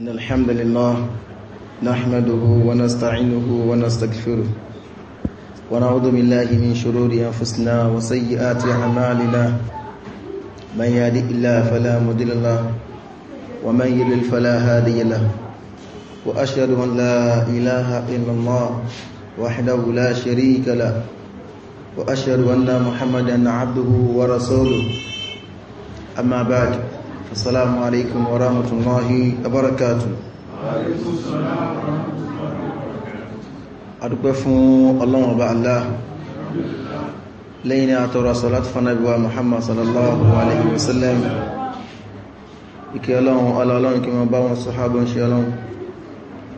إن الحمد لله نحمده ونستعينه ونستغفره ونعوذ بالله من شرور أنفسنا وسيئات أعمالنا من يهدئ الله فلا مضل له ومن يضلل فلا هادي له وأشهد أن لا إله إلا الله وحده لا شريك له وأشهد أن محمدا عبده ورسوله أما بعد assalamu alaikum wa rahmatullahi wa barakatuh adúpẹ́ fún ọlọ́run ọba Allah lẹ́yìn ni a tọrọ asọ́látù fanabiwa muhammad sallallahu alaihi wasallam ike ọlọ́run ọlọ́run kí ma bá wọn sọ́hábọn ṣe ọlọ́run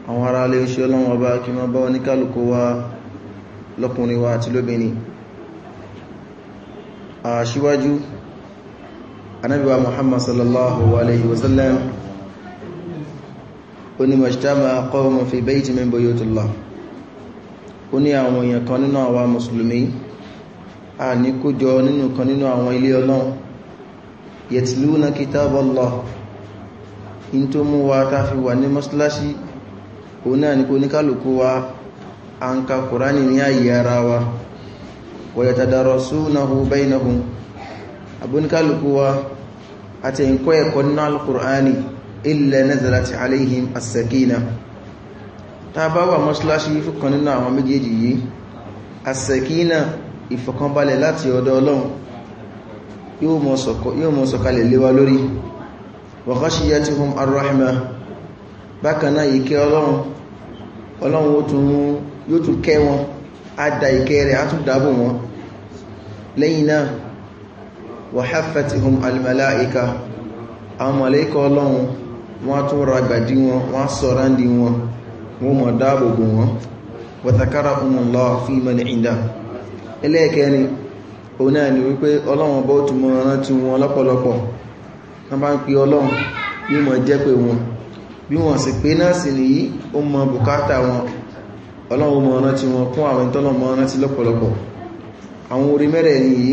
àwọn ará alẹ́ ṣe ọlọ́run ọba kí ma bá wọn ní kálùkù wa lọ́kùnrin wa àti lóbìnrin àṣíwájú anábíwá muhammad sallallahu alayhi wasallam ó ní mọ̀ṣítàmà qawmun fi bayti min buyutillah ó ní àwọn èèyàn kan nínú àwa mùsùlùmí a ní kójọ nínú kan nínú àwọn ilé ọlọ́run yatluna kitaballah in tó mú wa ta fi wà ní mọ́síláṣí òun náà ní kó ní wa a ka kùránì ní àyè wa wa yatadarasunahu bainahum abúnikálùkú wa àti ẹ̀kọ́ ẹ̀kọ́ nínú alkùránì ilẹ̀ nẹ́zẹ̀lá ti aléhìn asẹ̀kínà ta bá wà mọ́ṣíláṣí fúkan nínú àwọn méjèèjì yìí asẹ̀kínà ìfọ̀kànbalẹ̀ láti ọ̀dọ̀ ọlọ́run yóò mọ́ sọ̀kalẹ̀ léwa lórí wàkọ́ṣíyá wàháfẹ́tìhùn alìmọ̀láìka àwọn mọ̀lẹ́kọ̀ ọlọ́run wọ́n tún ragbàdí wọn wọ́n sọ̀rọ̀ ndí wọn wọ́n mọ̀ dáàbòbò wọn wàtàkàrà umùlọ́ ọlọ́run mọ̀ wọn wọ́n sì wọn wọn àwọn lọ́pọ̀lọpọ̀ àwọn orí yìí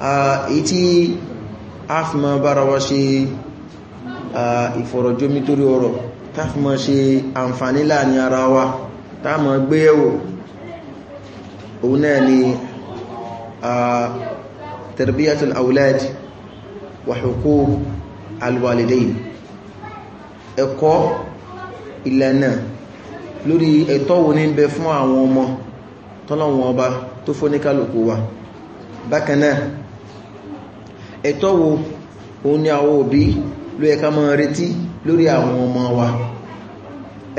èyí tí a fi ma bára wa ṣe ìfọ̀rọ̀jómi torí ọ̀rọ̀ tá fi ma ṣe àǹfàní láàrin ara wa tá ma gbé ẹ̀wò òun náà ni tarbiyatul awlad wa huquq alwalidayn ẹ̀kọ́ ìlànà lórí ẹ̀tọ́ wo ní bẹ fún àwọn ọmọ tọ́lọ̀wọ̀n ọba tó fóníkálùkù wa bákanáà ẹ̀tọ́ wo òun ni àwọn òbí ló yẹ ká máa retí lórí àwọn ọmọ wa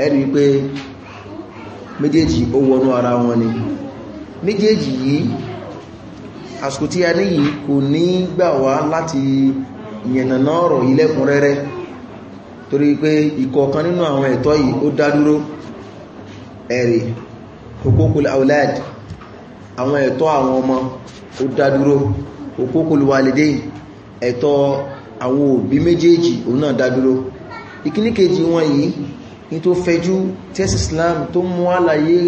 ẹ̀rí pé méjèèjì ó wọnú ara wọn ni méjèèjì yìí àsìkò tí a níyìí kò ní gbà wá láti yẹ̀nàná ọ̀rọ̀ yìí lẹ́kùnrẹ́rẹ́ torí pé ìkọ̀ọ̀kan nínú àwọn ẹ̀tọ́ yìí ó dá ẹ̀rì hukukul aulad àwọn ẹ̀tọ́ àwọn ọmọ ó dá dúró hukukul ẹ̀tọ́ àwọn òbí méjèèjì òun náà dádúró ìkíní kejì wọn yìí ní tó fẹjú tẹ́sì Islam tó mú àlàyé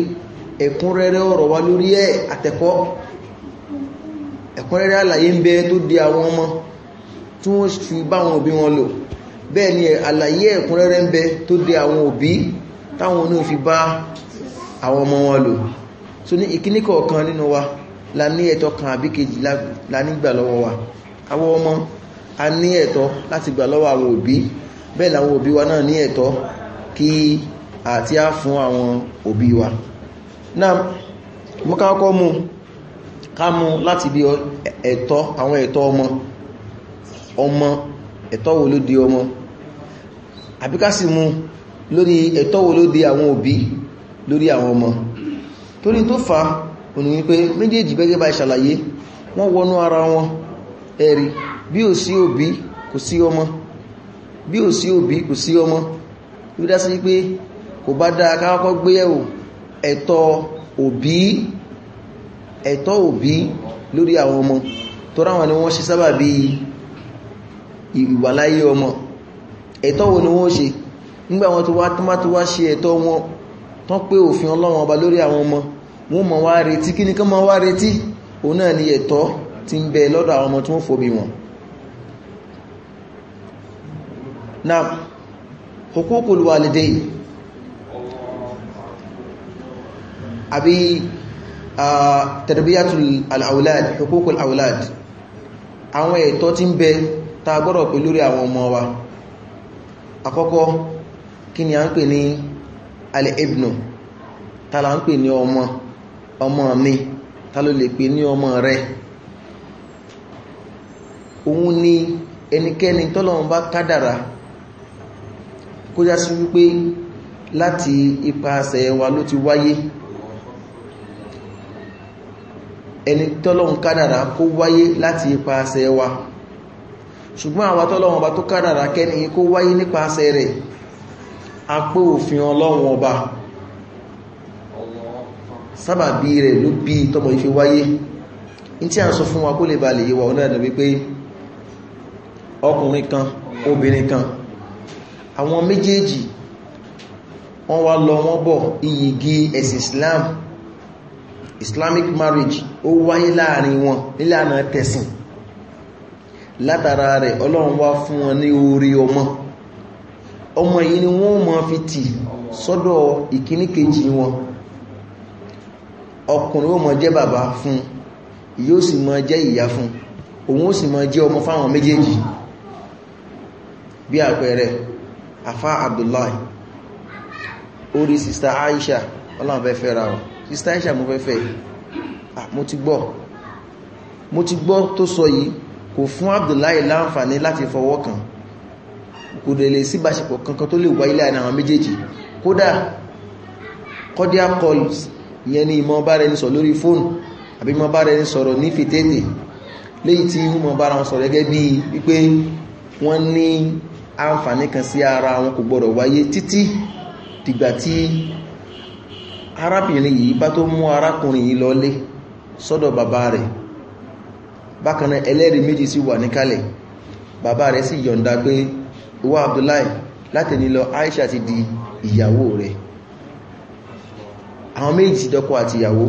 ẹ̀kúnrẹ́rẹ́ ọ̀rọ̀ wá lórí ẹ̀ àtẹ́kọ́ ẹ̀kúnrẹ́rẹ́ àlàyé ń bẹ tó di àwọn ọmọ tí wọ́n fi báwọn òbí wọn lò bẹ́ẹ̀ ni àlàyé ẹ̀kúnrẹ́rẹ́ ń bẹ tó di àwọn òbí táwọn oní fi bá àwọn ọmọ wọn lò so ní ìkíní kọ̀ọ̀kan nínú wa la ní ẹ̀tọ́ kan àbí la nígbà lọ́wọ́ wa àwọn ọmọ a ní ẹ̀tọ́ láti gbà lọ́wọ́ àwọn òbí bẹ́ẹ̀ làwọn òbí wa náà ní ẹ̀tọ́ kí àti á fún àwọn òbí wa náà mú káàkọ́ mú ká mú láti bí ẹ̀tọ́ àwọn ẹ̀tọ́ ọmọ ọmọ ẹ̀tọ́ wo ló di ọmọ àbíkásí mú lórí ẹ̀tọ́ wo ló di àwọn òbí lórí àwọn ọmọ torí tó fa òní wípé méjèèjì gẹ́gẹ́ bá ìṣàlàyé wọ́n wọnú ara wọn ẹ̀rí bí ò sí òbí kò sí ọmọ bí ò sí òbí kò sí ọmọ ló dá sí pé kò bá dáa káwọ́kọ́ gbé ẹ̀wò ẹ̀tọ́ òbí ẹ̀tọ́ òbí lórí àwọn ọmọ tó ráwọn ni wọ́n ṣe sábà bí ìwàláyé ọmọ ẹ̀tọ́ wo ni wọ́n ṣe nígbà wọn tó wá tó tó wá ṣe ẹ̀tọ́ wọn tán pé òfin ọlọ́wọ́n ọba lórí àwọn ọmọ wọn mọ̀ wá retí kí ni kán mọ̀ wá retí òun náà ni ẹ̀tọ́ tí ń bẹ lọ́dọ̀ àwọn ọmọ tí wọ́n fòbí wọn na hukukul walidayn àbí tarbiyatul al'aulad hukukul aulad àwọn ẹ̀tọ́ tí ń bẹ ta gbọ́dọ̀ pé lórí àwọn ọmọ wa àkọ́kọ́ kí ni a ń pè ní al'ibnu ta la ń pè ní ọmọ ọmọ mi ta ló lè pè ní ọmọ rẹ̀ òun ni ẹnikẹ́ni tọ́lọ́run bá kádàrá kó já sí wípé láti ipasẹ̀ wa ló ti wáyé ẹni tọ́lọ́run kádàrá kó wáyé láti ipasẹ̀ wa ṣùgbọ́n àwa tọ́lọ́run ọba tó kádàrá kẹ́ni kó wáyé nípasẹ̀ rẹ̀ a òfin ọlọ́run ọba sábàbí rẹ̀ ló bí tọ́mọ ìfi wáyé ní tí a ń sọ fún wa kó lè balẹ̀ yíwa ọ̀nà ìdàbí pé ọkùnrin kan obìnrin kan àwọn méjèèjì wọ́n wá lọ wọ́n bọ̀ iyìgì ẹ̀sìn Islam Islamic marriage ó wáyé láàrin wọn nílànà tẹ̀sìn látara rẹ̀ Ọlọ́run wá fún wọn ní orí ọmọ ọmọ yìí ni wọ́n mọ̀ fi tì sọ́dọ̀ ìkíníkejì wọn ọkùnrin ó mọ̀ jẹ́ bàbá fún yóò sì mọ̀ jẹ́ ìyá fún òun ó sì mọ̀ jẹ́ ọmọ fáwọn méjèèjì bí àpẹẹrẹ afá abdullahi orí sista aisha ọlọ́run fẹ́ fẹ́ ra wọn sista aisha mo fẹ́ fẹ́ ah, mo ti gbọ́ mo ti gbọ́ tó sọ yìí kò fún abdullahi láǹfààní láti fọwọ́ kàn kò dẹ̀ lè síbáṣepọ̀ kankan tó lè wáyé láàrin àwọn méjèèjì kódà kọ́díà calls ìyẹn ni ìmọ̀ bá rẹni sọ lórí fóònù àbí ìmọ̀ bá rẹni sọ̀rọ̀ ní fìtẹ́tẹ̀ léyìí tí ìhùn bá ra sọ̀rọ̀ gẹ́gẹ́ bí wípé wọ́n ní àǹfààní kan sí ara wọn kò gbọdọ̀ wáyé títí dìgbà tí arábìnrin yìí bá tó mú arákùnrin yìí lọlé sọ́dọ̀ bàbá rẹ̀ bákan náà ẹlẹ́rìí méjì sì wà níkàlẹ̀ bàbá rẹ̀ sì yọ̀ǹda pé ìwọ Abdullahi látẹni lọ Aisha ti di ìyàwó rẹ̀ àwọn méjì ti dọ́kọ àti ìyàwó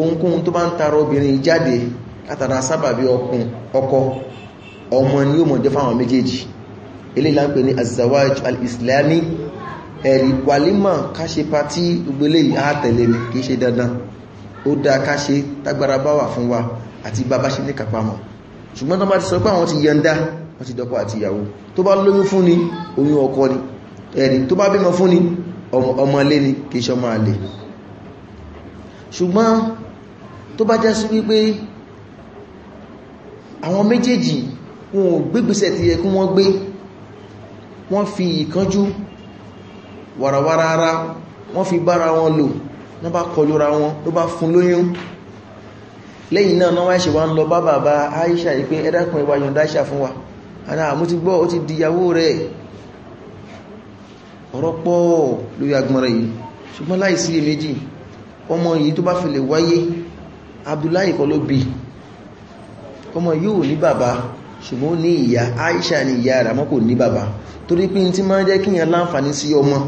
ohunkóhun tó bá ń tara obìnrin jáde látara sábàbí ọkọ ọmọ ni yóò mọ̀ jẹ́ fáwọn méjèèjì eléyìí là ń pè ní azawaj al-islami ẹ̀rì wàlímà káṣe pàtí ìgbélé àátẹ̀lẹ̀ mi kìí ṣe dandan ó dá káṣe tágbára bá wà fún wa àti bàbá ṣe ní kàpamọ̀ ṣùgbọ́n tó bá ti sọ pé àwọn ti yẹnda wọ́n ti dọ́kọ àti ìyàwó tó bá lóyún fún ni oyún ọkọ ni ẹ̀rì tó bá bímọ fún ni ọmọ ilé ni kìí ṣe ọmọ àlè ṣùgbọ́n tó bá já sí wípé àwọn méjèèjì wọn ò gbégbèsẹ̀ ti yẹ kí wọ́n gbé wọ́n fi ìkánjú wàràwàrà ara wọ́n fi bára wọn lò ní bá kọlura wọn ló bá fún lóyún lẹ́yìn náà náà ṣe wá ń lọ bá bàbá Aisha ìpé ẹ̀dàkùn ìwà yọ̀ǹda Aisha fún wa ara àmú ti gbọ́ ó ti dìyàwó rẹ̀ ọ̀rọ̀ pọ̀ lórí agbọ́nrẹ̀ yìí ṣùgbọ́n láìsí èméjì ọmọ yìí tó bá fi lè wáyé Abdullahi kọ́ ló bí ọmọ yóò ní bàbá ṣùgbọ́n ó ní ìyá Aisha ni ìyá rẹ̀ àmọ́ kò ní bàbá torí pé tí máa ń jẹ́ kíyàn láǹfààní sí ọmọ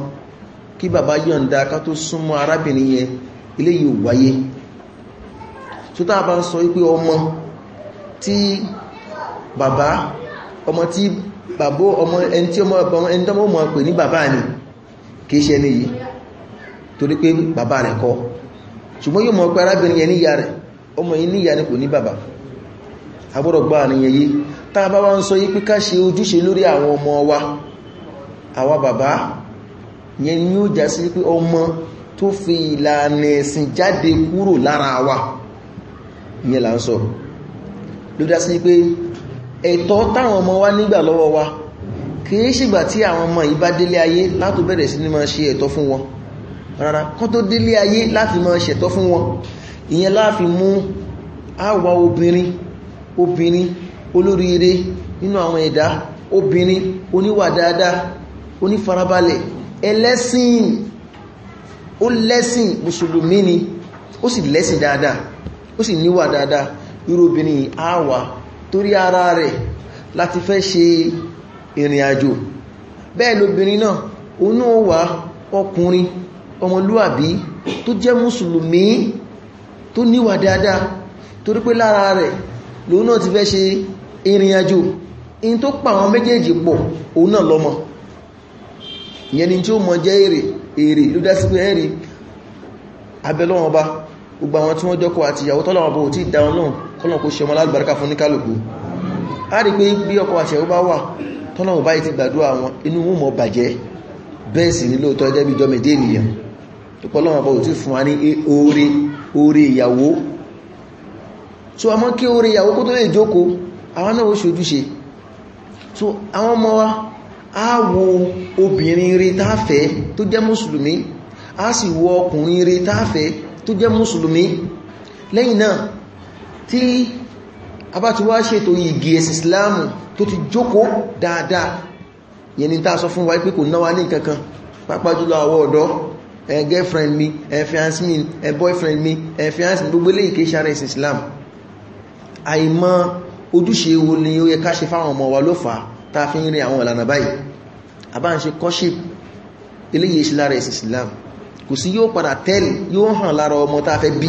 kí bàbá yọ̀ǹda ká tó súnmọ́ arábìnrin yẹn ilé yìí ò wáyé tó tá a bá ń sọ wípé ọmọ tí bàbá ọmọ tí bàbó ọmọ ẹni tí ọmọ pè ní bàbá ni kìí ṣe ẹni yìí torí pé bàbá rẹ̀ kọ́ ṣùgbọ́n yóò mọ̀ pé arábìnrin yẹn níyà rẹ̀ ọmọ yìí níyà ni kò ní bàbá agbọ́dọ̀ gbá àníyàn yìí tá a bá wá ń sọ yí pé ká ṣe ojúṣe lórí àwọn ọmọ wa àwa bàbá yẹn ni ó já sí pé ọmọ tó fi ìlànà ẹ̀sìn jáde kúrò lára wa ìyẹn là ń sọ ló dá sí pé ẹ̀tọ́ táwọn ọmọ wa nígbà lọ́wọ́ wa kìí ṣìgbà tí àwọn ọmọ yìí bá délé ayé látò bẹ̀rẹ̀ sí ní máa ṣe ẹ̀tọ́ fún wọn rárá kọ́ tó délé ayé láti máa ṣẹ̀tọ́ fún wọn ìyẹn láàfi mú àwa obìnrin obìnrin olóríire nínú àwọn ẹ̀dá obìnrin oníwà dáadáa onífarabalẹ̀ ẹlẹ́sìn ó lẹ́sìn mùsùlùmí ni ó sì lẹ́sìn dáadáa ó sì níwà dáadáa irú obìnrin àwà torí ara rẹ̀ láti fẹ́ ṣe ìrìn àjò bẹ́ẹ̀ lóbìnrin náà onú wà ọkùnrin ọmọlúàbí tó jẹ́ mùsùlùmí tó níwà dáadáa torí pé lára rẹ̀ lòun náà ti fẹ́ ṣe ìrìnàjò in tó pa àwọn méjèèjì pọ̀ òun náà lọ́mọ ìyẹn ni tí ó mọ jẹ́ èrè èrè ló dá sí pé èrè abẹ́lọ́wọ́n bá gbogbo àwọn tí wọ́n jọ́kọ̀ àti ìyàwó tọ́lọ̀wọ́ bó tí dáwọn náà kọ́lọ̀ kó ṣe ọmọ alágbàríkà fún níkàlùkù a rí pé bí ọkọ àti ìyàwó bá tí fún wa kí oore ìyàwó kó tó lè jókòó àwọn náà ó ṣojúṣe so àwọn ọmọ wa á wo obìnrin rí táfẹ́ tó jẹ́ mùsùlùmí á sì wo ọkùnrin rí táfẹ́ tó jẹ́ mùsùlùmí lẹ́yìn náà tí a bá ti wá ṣètò igi ẹ̀sìn islamu tó ti jókòó dáadáa yẹn ni tá a sọ fún wa pé kò náwa ní kankan pàápàá jùlọ àwọn ọ̀dọ́ girlfriend mi ẹ fiance mi ẹ boyfriend mi ẹ fiance mi gbogbo eléyìí kìí ṣàrẹ̀ ẹ̀sìn islam àìmọ́ ojúṣe wo ni ó yẹ ká ṣe fáwọn ọmọ wa ló fà á fi ń rin àwọn ìlànà báyìí àbá ń ṣe kọ́ṣìp eléyìí ṣe lára ẹ̀sìn Islam kò sí yóò padà tẹ́lì yóò hàn lára ọmọ tá fẹ́ bí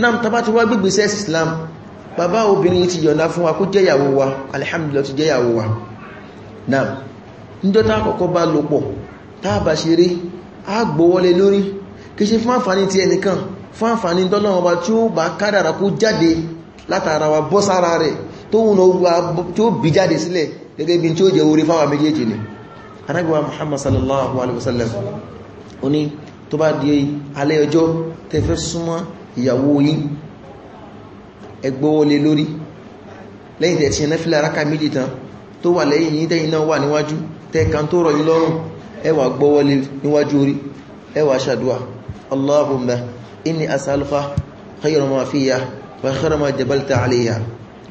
náà tàbá ti wá gbígbé sí ẹ̀sìn Islam bàbá obìnrin ti yọ̀nda fún wa kó jẹ́yàwó wa alhamdulillah ti jẹ́yàwó wa náà níjọ́ta kọ̀kọ́ bá lòpọ̀ tàbà ṣeré agbówọlé lórí kìí ṣe fún àǹfààní ti látara wa bọ́ sára rẹ̀ tó wùn wa tí ó bí jáde sílẹ̀ gẹ́gẹ́ bí tí ó jẹ orí fáwà méjèèjì ni anábíwa muhammad sallallahu alaihi wasallam ó ní tó bá di alẹ́ ọjọ́ tẹfẹ́ súnmọ́ ìyàwó yín ẹ gbọ́wọ́ lé lórí lẹ́yìn tẹ̀ tí ẹ náfílà rákà méjì tán tó wà kárama jabalta àlèyà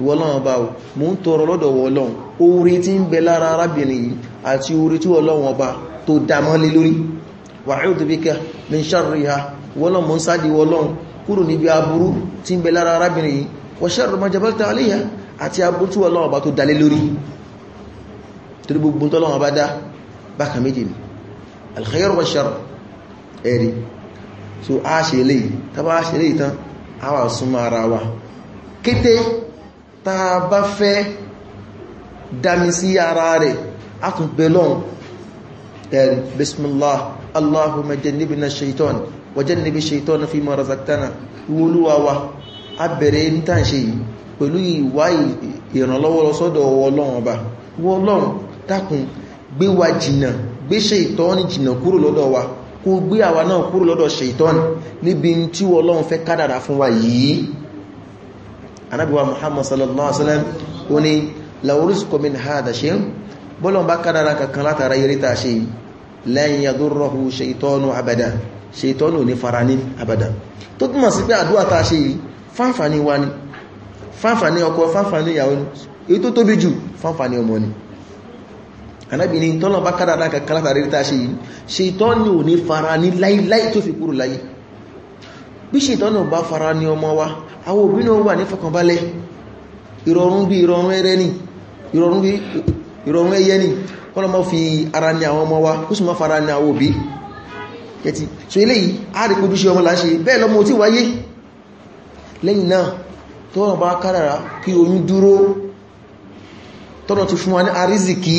wọ́lọ́wọ́ bá o mú ń tọrọ lọ́dọ̀ wọ́lọ́wọ́ orí tí ń bẹ lára arábìnrin yìí àti orí tí wọ́lọ́wọ́ bá tó dámọ́lé lórí wà áyùdùbíkà ní ṣàríyà wọ́lọ́wọ́ sáàdì wọ́lọ́wọ́ kúrò níbi aburú tí ń bẹ lára arábìnrin yìí wà ṣàrùmọ́ jabalta àlèyà àti aburú tí wọ́lọ́wọ́ bá tó dalé lórí torí alkhayar wa shar ẹ̀rí so a ṣe eléyìí tá bá ṣe eléyìí tán àwa súnmọ́ ara wa kété tá a bá fẹ́ dámi sí ara rẹ̀ a tún bẹ lọ́hùn ẹ̀rì bismillah allahumma jannibna shaitan wa jannibi shaitan fi ma razaqtana ìwolúwa wa a bẹ̀rẹ̀ ní tàn ṣe yìí pẹ̀lú ìwá ìrànlọ́wọ́ lọ́sọ́dọ̀ Ọlọ́run ọba Ọlọ́run dákun gbé wa jìnnà gbé ṣe ìtọ́ ní jìnnà kúrò lọ́dọ̀ wa kó gbé àwa náà kúrò lọ́dọ̀ ṣèitán níbi tí Ọlọ́run fẹ́ kádàrà fún wa yìí Ànábì wa Muhammad sallallahu alaihi wasallam ó ní laurisco min hada ṣe bọ́lọ̀n bá kádàrà kankan látara yìí ríta ṣe lẹ́yìn yadurruhu ṣeitanu anábì ní tọ́lọ̀ bá kádàdá kankan látàrí ríta ṣe yìí ṣe tọ́ni ò ní fara ní láíláí tó fi kúrò láyé bí ṣe tọ́nà bá fara ní ọmọ wa àwọn òbí náà wà ní fọkànbalẹ̀ ìrọ̀rùn bí ìrọ̀rùn ẹrẹ ni ìrọ̀rùn bí ìrọ̀rùn ẹyẹ ni kọ́lọ̀ mọ́ fi ara ní àwọn ọmọ wa kó sì mọ́ fara ní àwọn òbí kẹtì so eléyìí a rí pé ojúṣe ọmọ là ń ṣe bẹ́ẹ̀ lọ́mọ tí wáyé lẹ́yìn náà tọ́nà bá fún wa ní àrízìkí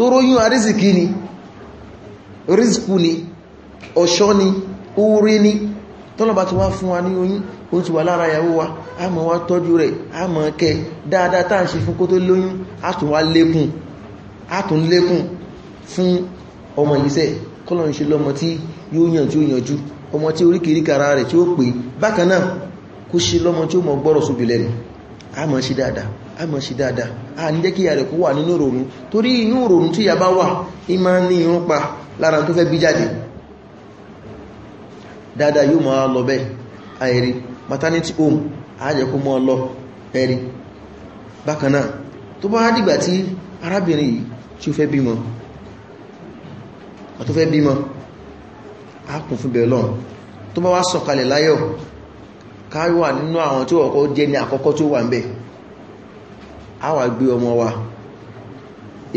tó róyún àrísìkí ni rísìkú ni ọ̀ṣọ́ ni orí ni tọ́lọ̀bá ti wá fún wa ní oyún ó ti wà lára ìyàwó wa a mọ̀ wá tọ́jú rẹ̀ a mọ̀ kẹ dáadáa tá à ń ṣe fún kó tó lóyún a tún wá lékún a tún lékún fún ọmọ ìṣẹ́ kọ́lọ̀ ṣe lọ́mọ tí yóò yàn tí ó yànjú ọmọ tí oríkèríkà ara rẹ̀ tí ó pè bákan kó ṣe lọ́mọ tí ó mọ̀ gbọ́rọ̀ sóbi lẹ́nu a mọ̀ ṣe dáadáa a mọ̀ sí dáadáa a ní jẹ́ kí ìyà rẹ̀ kó wà nínú òròrùn torí inú òròrùn tí ya bá wà ní ma ní irun pa lára tó fẹ́ bí jáde dáadáa yóò máa lọ bẹ́ẹ̀ àìrí maternity home a jẹ́ kó mọ́ lọ ẹ̀rí bákan tó bá dìgbà tí arábìnrin yìí tí ó fẹ́ bímọ tó fẹ́ bímọ a kún fún bẹ̀rẹ̀ lọ́n tó bá wá sọ̀kalẹ̀ láyọ̀ káyọ̀ wà nínú àwọn tí ó jẹ́ ní àkọ́kọ́ tó wà ń bẹ̀ẹ́ a wà gbé ọmọ wa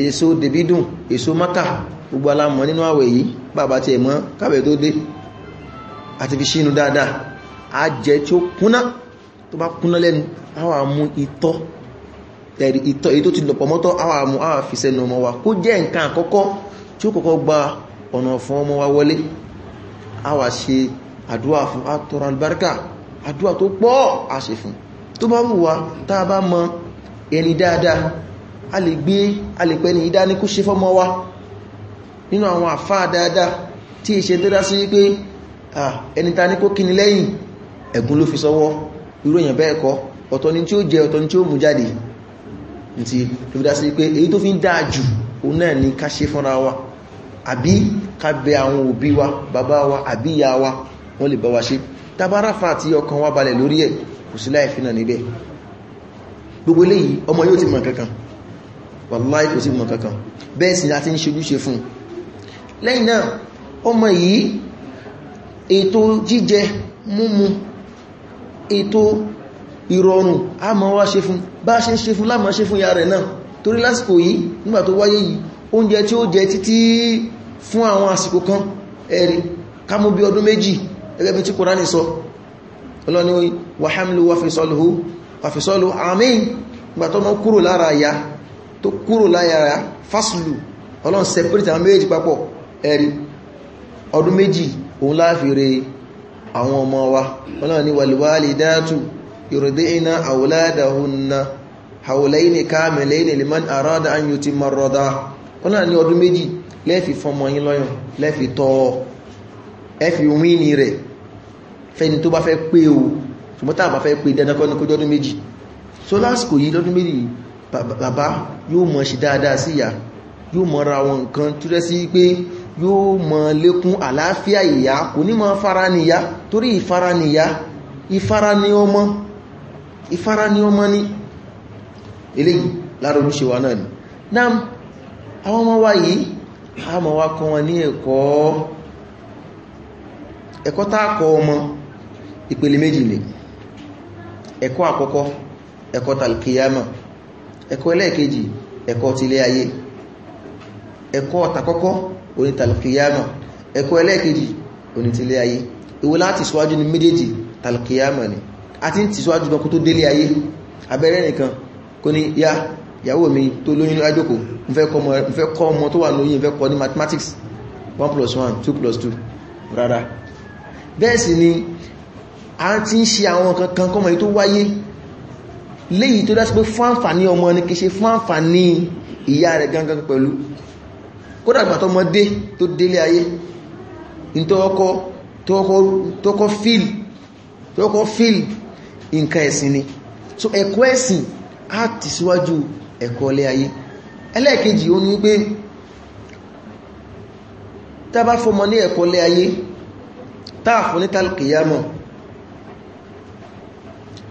èso dèbídùn èso mọ́kà gbogbo alámọ̀ nínú àwẹ̀ yìí bàbá ti ẹ̀mọ́ kábẹ̀ tó dé àti fi sínú dáadáa a jẹ tí ó kúnná tó bá kúnná lẹ́nu a wà mú itọ́ ẹ̀rì ìtọ́ èyí tó ti lọ̀pọ̀ mọ́tọ́ àwà mú àwà fi sẹ́nu ọmọ wa kó jẹ́ nǹkan àkọ́kọ́ tí ó kọ́kọ́ gba ọ̀nà fún ọmọ wa wọlé àwà ṣe àdúwà fún àtọrọ albarka àdúwà tó pọ̀ àṣẹ fún tó bá wù wá tá a bá mọ ẹni dáadáa a lè gbé a lè pẹ́ ní ìdánikú ṣe fọ́mọ wa nínú àwọn àfáà dáadáa tí ìṣe tó dá sí wípé ẹni ta ní kó kí ni lẹ́yìn ẹ̀gún ló fi sọwọ́ irú èèyàn bẹ́ẹ̀ kọ́ ọ̀tọ̀ ni tí ó jẹ ọ̀tọ̀ ni tí ó mú jáde nítí ló fi dá sí wípé èyí tó fi ń dáa jù òun náà ni ká ṣe fúnra wa àbí ká bẹ àwọn òbí wa bàbá wa àbí ìyá wa wọ́n lè bá wa ṣe tabarafa àti ọkàn wa balẹ̀ lórí ẹ̀ kò sí láì fi náà níbẹ̀ gbogbo eléyìí ọmọ yóò ti mọ̀ kankan wàláì kò sí mọ̀ kankan bẹ́ẹ̀ sì láti ń ṣojúṣe fún lẹ́yìn náà ọmọ yìí ètò jíjẹ múmu ètò ìrọ̀rùn a mọ̀ wá ṣe fún bá ṣe ń ṣe fún láàmọ́ ṣe fún ya rẹ̀ náà torí lásìkò yìí nígbà tó wáyé yìí oúnjẹ tí ó jẹ títí fún àwọn àsìkò kan ẹ̀rí kámú bí ọdún méjì ẹgbẹ́bí tí Kùránì sọ ọlọ́ni wa hamluhu wa fisaluhu àfisọ́lù àmín gbà tó mọ́ kúrò lára ya tó kúrò lára fásilù ọlọ́n separate àwọn méjì papọ̀ ẹ̀rí ọdún méjì òun láàfire àwọn ọmọ wa ọlọ́n ni wàlúwàlì dáàtù yurdina awladahunna hawlaini kamilaini liman arada an yutimma ar-radaa ọlọ́n ni ọdún méjì lẹ́ẹ̀fì fọmọ yín lọ́yàn lẹ́ẹ̀fì tọ́ ẹ̀fì fẹ́ni tó bá fẹ́ pé o ṣùgbọ́n tàbà fẹ́ pé dandakọ́ ní kójọ́dún méjì so lásìkò yìí lọ́dún méjì bàbá yóò mọ̀ ṣe dáadáa sí ìyá yóò mọ̀ ra wọn nǹkan tó rẹ́ sí pé yóò mọ̀ lékún àlàáfíà ìyá kò ní mọ̀ fara níyá torí ìfara níyá ìfara ní ọmọ ìfara ní ọmọ ní eléyìí lára wa náà ni náà àwọn ọmọ wa yìí a mọ̀ wá wọn ní ẹ̀kọ́ ẹ̀kọ́ ọmọ ìpele méjì nìyí ẹ̀kọ́ àkọ́kọ́ ẹ̀kọ́ talkiyama ẹ̀kọ́ ẹlẹ́ẹ̀kejì ẹ̀kọ́ tilé ayé ẹ̀kọ́ takọ́kọ́ oní talkiyama ẹ̀kọ́ ẹlẹ́ẹ̀kejì oní tilé ayé ìwò láti síwájú ní méjèèjì talkiyama ni a ti ń ti síwájú kan kó tó délé ayé abẹ́rẹ́ nìkan kó ní yá ìyàwó mi tó lóyún lájókò ń fẹ́ kọ́ ọmọ tó wà lóyún ń kọ́ ní mathematics 1 plus 1 2 plus 2 rárá bẹ́ẹ̀ sì ni a ti ń ṣe àwọn kankan kọmọ èyí tó wáyé léyìí tó dá sí pé fún àǹfààní ọmọ ní kìí ṣe fún àǹfààní ìyá rẹ̀ gangan pẹ̀lú kódà gbàtọ́mọdé tó délé ayé tọ́kọ́ fíìl nǹkan ẹ̀sìn ni so ẹ̀kọ́ ẹ̀sìn á ti síwájú ẹ̀kọ́ ilé ayé ẹlẹ́ẹ̀kejì ó ní pé tá bá fọmọ ní ẹ̀kọ́ ilé ayé táà fún ní tàlùkìyàmọ̀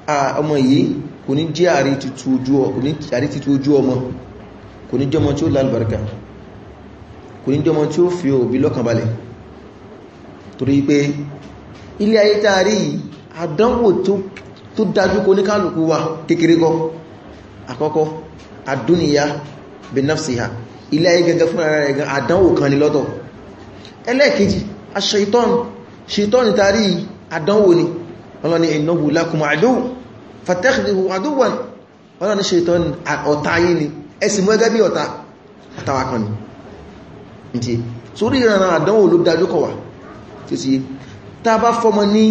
ọmọ yìí kò ní jẹ́ àrí títú ojú ọmọ kò ní jọmọ tí ó lálùbáríkà kò ní jọmọ tí ó fi òbí lọ́kànbalẹ̀ torí pé ilé ayé tààrí àdánwò tó dájú kó ní kálùkù wa kékeré kọ́ àkọ́kọ́ àdúnìyà benafsiha ilé ayé gẹ́gẹ́ fún ara rẹ̀ àdánwò kan ní lọ́tọ̀ ẹlẹ́ẹ̀kejì aṣe ìtọ́n ṣe àdánwò ni ọlọ́ni innahu lakum aduw fattakhidhuhu aduwwan ọlọ́ni ṣaitan ọ̀tá yìí ni ẹsì mọ́ gẹ́gẹ́ bí ọ̀tá àtàwà kan ní tí sórí ìrànà àdánwò ló dájú kọwà tí sí tá bá fọmọ ní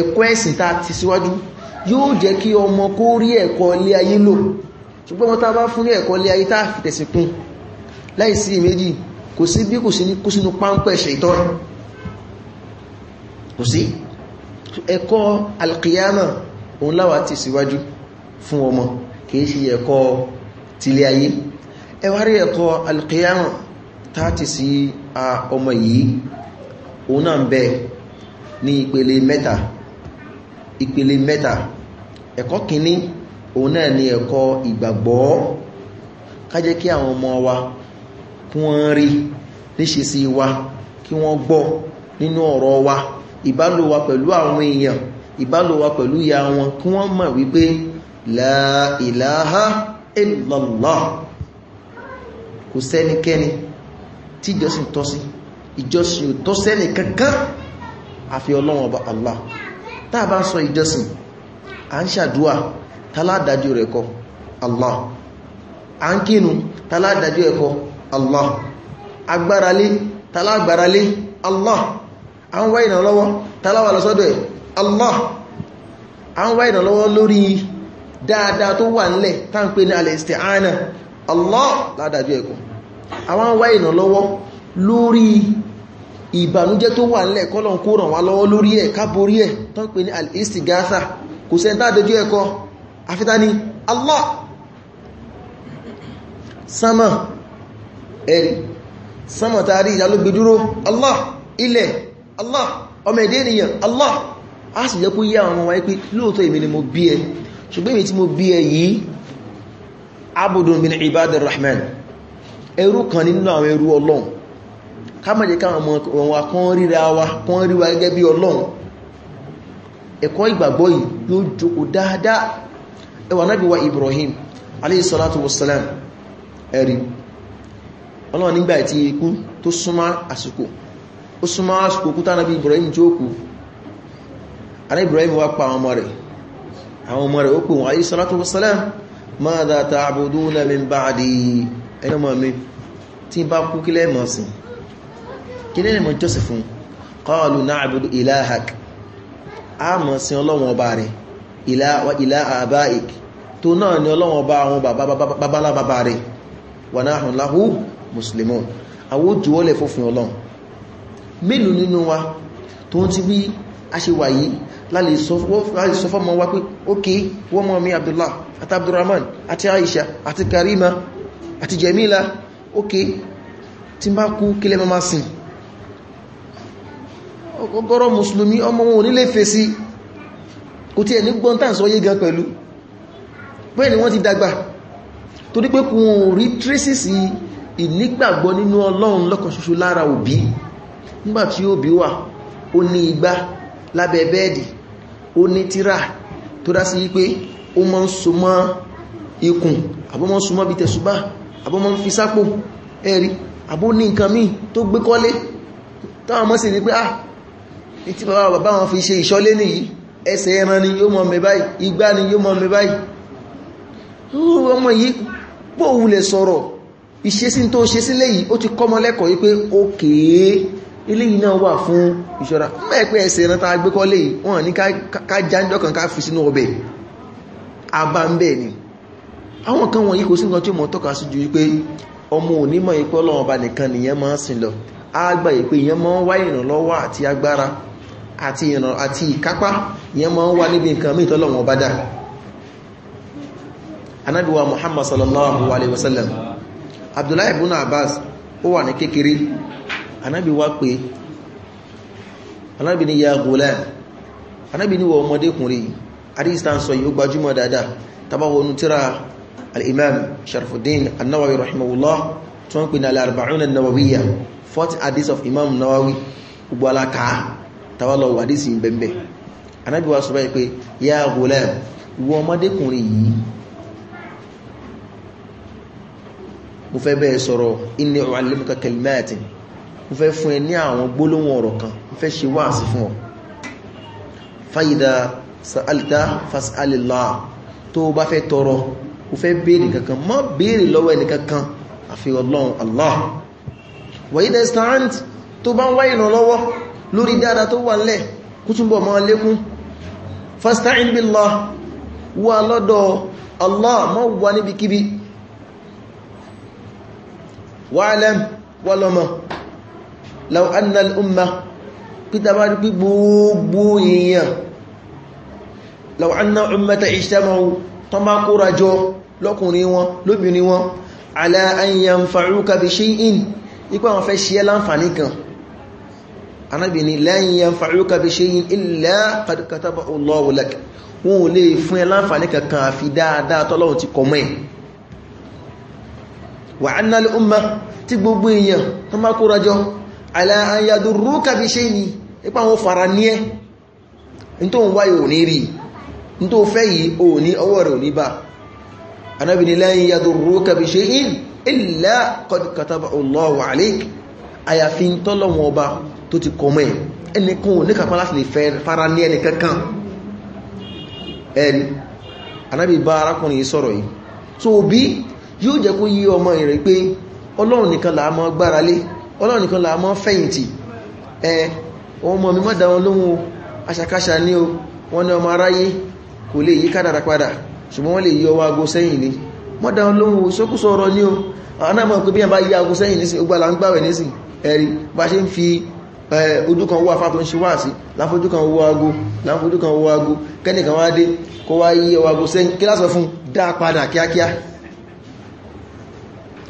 ẹ̀kọ́ ẹ̀sìn tá ti síwájú yóò jẹ́ kí ọmọ kó rí ẹ̀kọ́ ilé ayé lò ṣùgbọ́n wọn bá fún ní ẹ̀kọ́ ilé ayé tá fìtẹ̀sìnkún láìsí méjì kò sí bí kò sí ní kó sínú páńpẹ́ ṣaitan kò sí ẹ̀kọ́ alkiyama òun láwà ti síwájú fún ọmọ kìí ṣe ẹ̀kọ́ tilé ayé ẹwárí ẹ̀kọ́ alkiyama tààtì sí ọmọ yìí òun náà ń bẹ ní ìpele mẹ́ta ìpele mẹ́ta ẹ̀kọ́ kìíní òun náà ni ẹ̀kọ́ ìgbàgbọ́ ká jẹ́ kí àwọn ọmọ wa kún rí níṣe sí wa kí wọ́n gbọ́ nínú ọ̀rọ̀ wa ìbálòwà pẹ̀lú àwọn èèyàn ìbálòwà pẹ̀lú ìyá wọn kí wọ́n mọ̀ wípé la ilaha illallah kò sẹ́nikẹ́ni tí ìjọsìn tọ́ sí ìjọsìn ò tọ́ sẹ́ni kankan àfi ọlọ́run ọba Allah tá a bá sọ ìjọsìn à ń ṣàdúà taládájú rẹ̀ kọ Allah à ń kínu taládájú ẹ̀kọ Allah agbáralé talágbáralé Allah a ń wá ìrànlọ́wọ́ tàláwà lọ́sọ́dọ̀ ẹ̀ Allah a ń wá ìrànlọ́wọ́ lórí dáadáa tó wà nílẹ̀ tá ń pè ní al-isti'ana Allah ládájú ẹ̀kùn a wá ń wá lórí ìbànújẹ́ tó wà nílẹ̀ kọ́lọ̀n ilẹ̀ Allah ọmọ èdè ènìyàn Allah a sì jẹ́ kó yí àwọn ọmọ wáyé pé lóòótọ́ èmi ni mo bí ẹ ṣùgbọ́n èmi tí mo bí ẹ yìí abudun min ibadir rahman ẹrú kan nínú àwọn ẹrú ọlọ́run ká má jẹ́ káwọn ọmọ wa kán ríra wa kán rí wa ó súnmọ́ àsìkò kú tánàbí Ibrahim tí ó kú aná Ibrahim wá pa àwọn ọmọ rẹ̀ àwọn ọmọ rẹ̀ ó pè wọ́n ayé salatu wasalam madha ta'buduna min ba'di ẹni ọmọ mi tí bá kú kí lẹ́nà sí àwọn babalá fófin ọlọ́run mélòó nínú wa tó ń ti bí a ṣe wà yìí láàrín sọ fọ́mọ wa pé ókè wọ́n mọ́ mi Abdullah àti Abdurrahman àti Aisha àti Karima àti Jamila ókè tí bá kú kílẹ̀ mọ́ máa sìn ọgọ́rọ̀ mùsùlùmí ọmọ wọn onílé fèsí kò tí ẹni gbọ́n tàn sọ yé gan pẹ̀lú bẹ́ẹ̀ ni wọ́n ti dàgbà torí pé kò rí traces ìnígbàgbọ́ nínú Ọlọ́run lọ́kan lára òbí nígbàtí òbí wà ó ní igbá lábẹ́ bẹ́ẹ̀dì ó ní tírà tó dá sí wípé ó mọ́ ń so mọ́ ikùn àbọ́ mọ́ ń so mọ́ bí tẹ̀sùbá àbọ́ mọ́ ń fi sápò ẹ̀rí àbó ní nǹkan míì tó gbé kọ́lé táwọn mọ́ sí ní pé ah ní tí bàbá bàbá wọn fi ṣe ìṣọ́lé nìyí ẹsẹ̀ ẹran ni yóò mọ́ mẹ́ báyìí igbá ni yóò mọ́ mẹ́ báyìí ọmọ yìí pòwulẹ̀ sọ̀rọ̀ ìṣesí tó ṣe sílé yìí ó ti kọ́mọ lẹ́kọ̀ọ́ yìí pé ókèé okay ilé iná wà fún ìṣọ́ra mọ́ ẹ̀pẹ́ ẹsẹ̀ ìrántà agbékọ́lé wọn ní ká jáńjọ́ kan ká fi sínú ọbẹ̀ àbá ń bẹ̀ ni àwọn kan wọ̀nyí kò sí nǹkan tí mọ̀ tọ́ka sí ju wípé ọmọ onímọ̀ ipò ọlọ́ọ̀ba nìkan nìyẹn máa ń sìn lọ àgbà ìpé ìyẹn máa ń wá ìrànlọ́wọ́ àti agbára àti ìkápá ìyẹn máa ń wá níbi nǹkan mí wà ní kékeré anábi wá pé anábi ni ya gulam anábi ni wọ ọmọdékùnrin adistan sọ yíó gbajúmọ̀ dáadáa tabawo nu tíra al'imam sharfuddin annawawi rahimahullah tó ń pè ní al'arba'un annawawiyya 40 hadith of imam nawawi gbogbo alaka tawala hadith yin bẹ̀m̀bẹ̀ anábi wá sọ báyìí pé ya gulam wọ ọmọdékùnrin yìí mo fẹ́ bẹ́ẹ̀ sọ̀rọ̀ inni u'allimuka kalimatin mo fẹ́ fún ẹ ní àwọn gbólóhùn ọ̀rọ̀ kan mo fẹ́ ṣe wáàsí fún ọ fáyidà sa'alta fas'alillah tó bá fẹ́ tọrọ o fẹ́ béèrè kankan má béèrè lọ́wọ́ ẹnìkankan àfi Ọlọ́run Allah wàyí dẹ̀ stand tó bá ń wá ìrànlọ́wọ́ lórí dáadáa tó wà lẹ̀ kú túnbọ̀ law anna al-umma pítà bá rí pí gbogbo èèyàn law anna ummata ijtama'u tán bá kóra jọ lọ́kùnrin wọn lóbìnrin wọn ala an yanfa'uka bi shay'in ipá wọn fẹ́ ṣe láǹfàní kan anábìnrin lan yanfa'uka bi shay'in illa qad katabahu Allahu lak wọn ò lè fún ti gbogbo èèyàn tán bá kóra jọ ala an kàbí ṣe ni ipa àwọn fara ní ẹ́ ní tó ń wáyé ò ní rí ní tó fẹ́ yìí ba ní ọwọ́ rẹ̀ ni láyé yàdùrú kàbí ṣe in illa qad kataba Allahu alayk àyàfi tọ́lọ́wọ́n ọba ti fara ní ẹni kankan ẹni anábi bá arákùnrin yìí sọ̀rọ̀ so òbí yóò ọlọ́run nìkan la mọ́ fẹ̀yìntì ẹ ohun mọ̀ mímọ́ dáwọn lóhun aṣàkáṣà ní o wọ́n ní ọmọ aráyé kò lè yí kádàrà padà ṣùgbọ́n wọ́n lè yí ọwọ́ ago sẹ́yìn ní mọ́ dáwọn lóhun sókúsọ ọ̀rọ̀ ní o àwọn náà mọ̀ pé bí i bá yí ago sẹ́yìn ní sí ogbà là ń gbàwẹ̀ ní sí ẹ̀rí bá ṣe ń kí lásọ fún dá padà kíákíá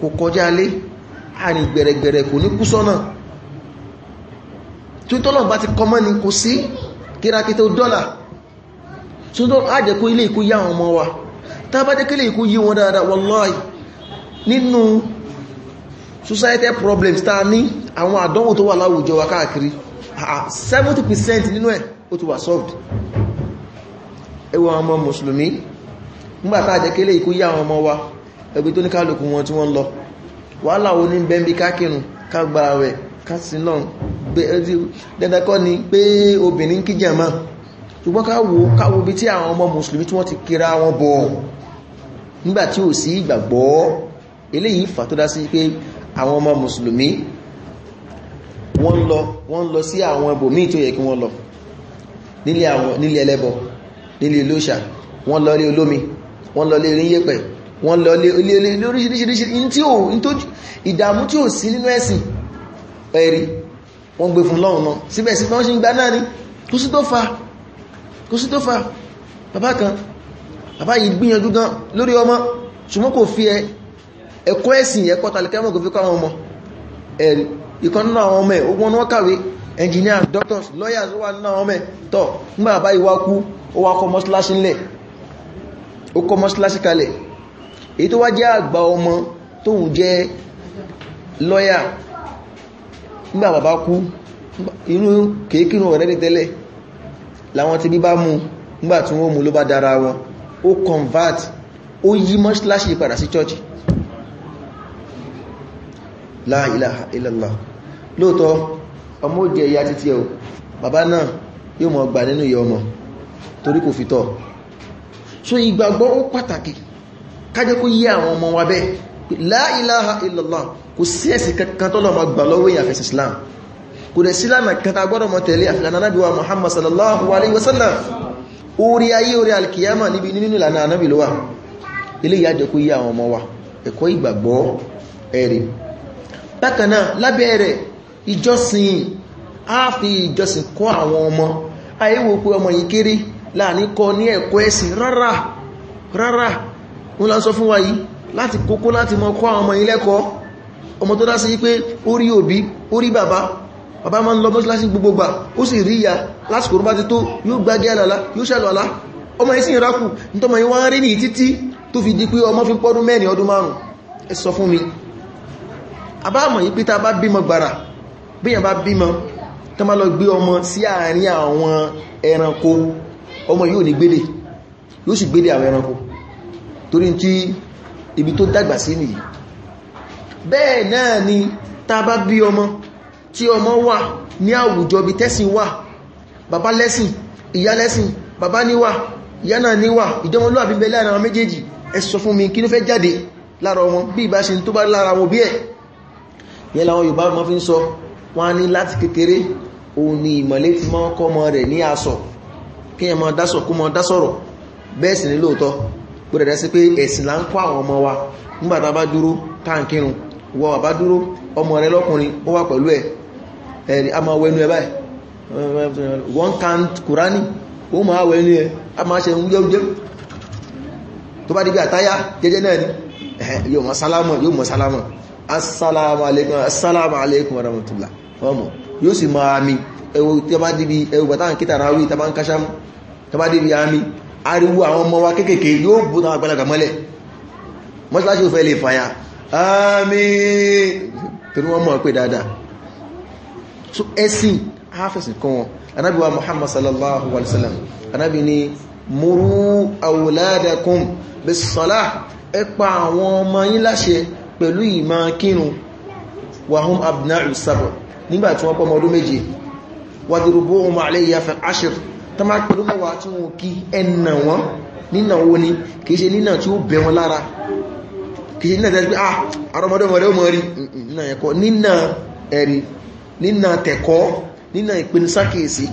kò kọjá lé àrìn gbẹ̀rẹ̀gbẹ̀rẹ̀ kò ní kú sọ́nà tí ó tọ́lọ̀ bá ti kọ mọ́ ni kò sí kírakítẹ́ dọ́là tí ó tọ́ àjẹ́kú ilé ikú yá ọmọ wa tá bá jẹ́kílé ikú yí wọn dáadáa wallahi nínú societal problems tá ní àwọn àdánwò tó wà láwùjọ wa káàkiri 70% nínú ẹ̀ ó ti wà solved ẹwọ ọmọ mùsùlùmí nígbàtá àjẹ́kílé ikú yá ọmọ wa ẹgbẹ́ tó ní kálùkù wọn tí wọ́n lọ wàhálà wo ní bẹ́m̀bí kákìrùn kágbára rẹ̀ kásìlọ́n dẹ́dẹ́kọ́ ni pé obìnrin kí jẹ̀má ṣùgbọ́n káwo bí tí àwọn ọmọ mùsùlùmí tí wọ́n ti kíra wọn bọ̀ nígbà tí ò sí ìgbàgbọ́ eléyìí fà tó dá sí pé àwọn ọmọ mùsùlùmí wọ́n lọ wọ́n lọ sí àwọn ibòmí tó yẹ kí wọ́n lọ nílé ẹlẹ́bọ nílé olóṣà wọ́n lọ lé olómi wọ́n lọ lé oníyẹ̀pẹ̀ wọ́n lọ lé lóríṣìíríṣìí ìdàmú tí ò sí nínú ẹ̀sìn ẹ̀rí wọ́n gbé fún lọ́run náà síbẹ̀ sí wọ́n ṣe ń gbá náà ní kò sí tó fa kò sí tó fa bàbá kan bàbá yìí gbìyànjú gan lórí ọmọ ṣùgbọ́n kò fi ẹ̀kọ́ ẹ̀sìn ẹ̀kọ́ talikẹ́mọ̀ kò fi kọ́ àwọn ọmọ ẹ̀rí ìkan nínú àwọn ọmọ ẹ̀ ogun wọn kàwé engineers doctors lawyers wà nínú àwọn ọmọ ẹ̀ tọ́ nígbà bàbá yìí wá kú ó wá kọ́ mọ́ṣáláṣí kalẹ̀ èyí tó wá jẹ́ àgbà ọmọ tóun jẹ́ lọ́yà nígbà bàbá kú inú kéèkínú ọ̀rẹ́ ní tẹ́lẹ̀ láwọn ti bí bá mú nígbà tí wọ́n mú ló bá dára wọn ó convert ó yí mọ́ṣíláṣì padà sí church la ilaha illallah lóòtọ́ ọmọ òjẹ́ ìyá títí ẹ̀ bàbá náà yóò mọ̀ gbà nínú ìyá ọmọ torí kò fi tọ́ so ìgbàgbọ́ ó pàtàkì kájẹ́ kó yí àwọn ọmọ wa bẹ́ẹ̀ la ilaha illallah kò sí ẹ̀sìn kankan tó lọ́mọ gbà lọ́wọ́ èèyàn fẹ̀sì islam kò dẹ̀ sílànà kẹta gbọ́dọ̀ mọ̀ tẹ̀lé àfihàn anábíwa muhammad sallallahu alaihi wasallam orí ayé orí alkiyama ní ẹ̀kọ́ ẹ̀sìn rárá rárá wọ́n lá sọ fún wa yìí láti kókó láti mọ́ kọ́ àwọn ọmọ ilẹ́kọ́ ọmọ tó dá sí pé ó rí òbí ó rí bàbá bàbá máa ń lọ mọ́sílásí gbogbogbà ó sì rí ìyá lásìkò rúbá ti tó yóò gbágẹ́ àlàlá yóò ṣàlọ́lá ọmọ ẹ̀sìn ìrákù nítọ́mọ yí rí ní títí tó fi di pé ọmọ fi pọ́dún mẹ́rin ọdún márùn ẹ sọ fún mi àbámọ̀ yí pé ta bá bímọ gbàrà bíyàn bá bímọ tó má lọ gbé ọmọ sí àárín àwọn ẹranko ọmọ yóò ní gbédè yóò sì gbédè àwọn ẹranko torí tí ibi tó dàgbà sí nìyí bẹ́ẹ̀ náà ni tá bá bí ọmọ tí ọmọ wà ní àwùjọ bí tẹ́sìn wà bàbá lẹ́sìn ìyá lẹ́sìn bàbá níwà ìyá náà níwà ìdánwòlúwàbí bẹ láàrin àwọn méjèèjì ẹ sọ fún mi kí ló fẹ́ jáde lára wọn bí ni ìmọ̀lé ti mọ́ kọ́ mọ́ rẹ̀ ní bẹ́ẹ̀ sì ní lóòótọ́ bó dẹ̀dẹ̀ sí pé ẹ̀sìn ń kọ́ ọmọ wa nígbàtà bá dúró táǹkìrùn wọ bá dúró ọmọ rẹ lọ́kùnrin ó wà pẹ̀lú ẹ̀ ẹ̀rì a máa wẹnu ẹ báyìí one count kùránì ó máa wẹnu ẹ a máa ṣe wújẹ́wújẹ́ tó bá dìbí àtáyá jẹ́jẹ́ náà ni yóò mọ̀ sálámọ̀ yóò mọ̀ sálámọ̀ ariwo àwọn ọmọ wa kéékèèké yóò bú náà àgbàlagbà mọ́lẹ̀ mọ́sálásí ò fẹ́ lè fàyà àmín torí wọ́n mọ̀ pé dáadáa so ẹ̀sìn afẹ́sìn kan wọn anábi wa muhammad sallallahu alaihi wasallam anábi ni múrú awladakum bis salah ẹ pa àwọn ọmọ yín láṣẹ pẹ̀lú ìmá kírun wahum abna'u sab nígbàtí wọ́n pọ́mọ ọdún méje wadrubuhum alayha fil ashr tó máa pẹ̀lú mẹ́wàá tí wọ́n kí wọn nínà owó ni kìí ṣe nínà tí ó bẹ̀ wọn lára kìí ṣe nínà tẹ́sí ah arọmọdọ́mọdẹ́ ó mọ̀ rí nínà ẹ̀kọ́ nínà ẹ̀rí nínà tẹ̀kọ́ nínà ìpinisákèsí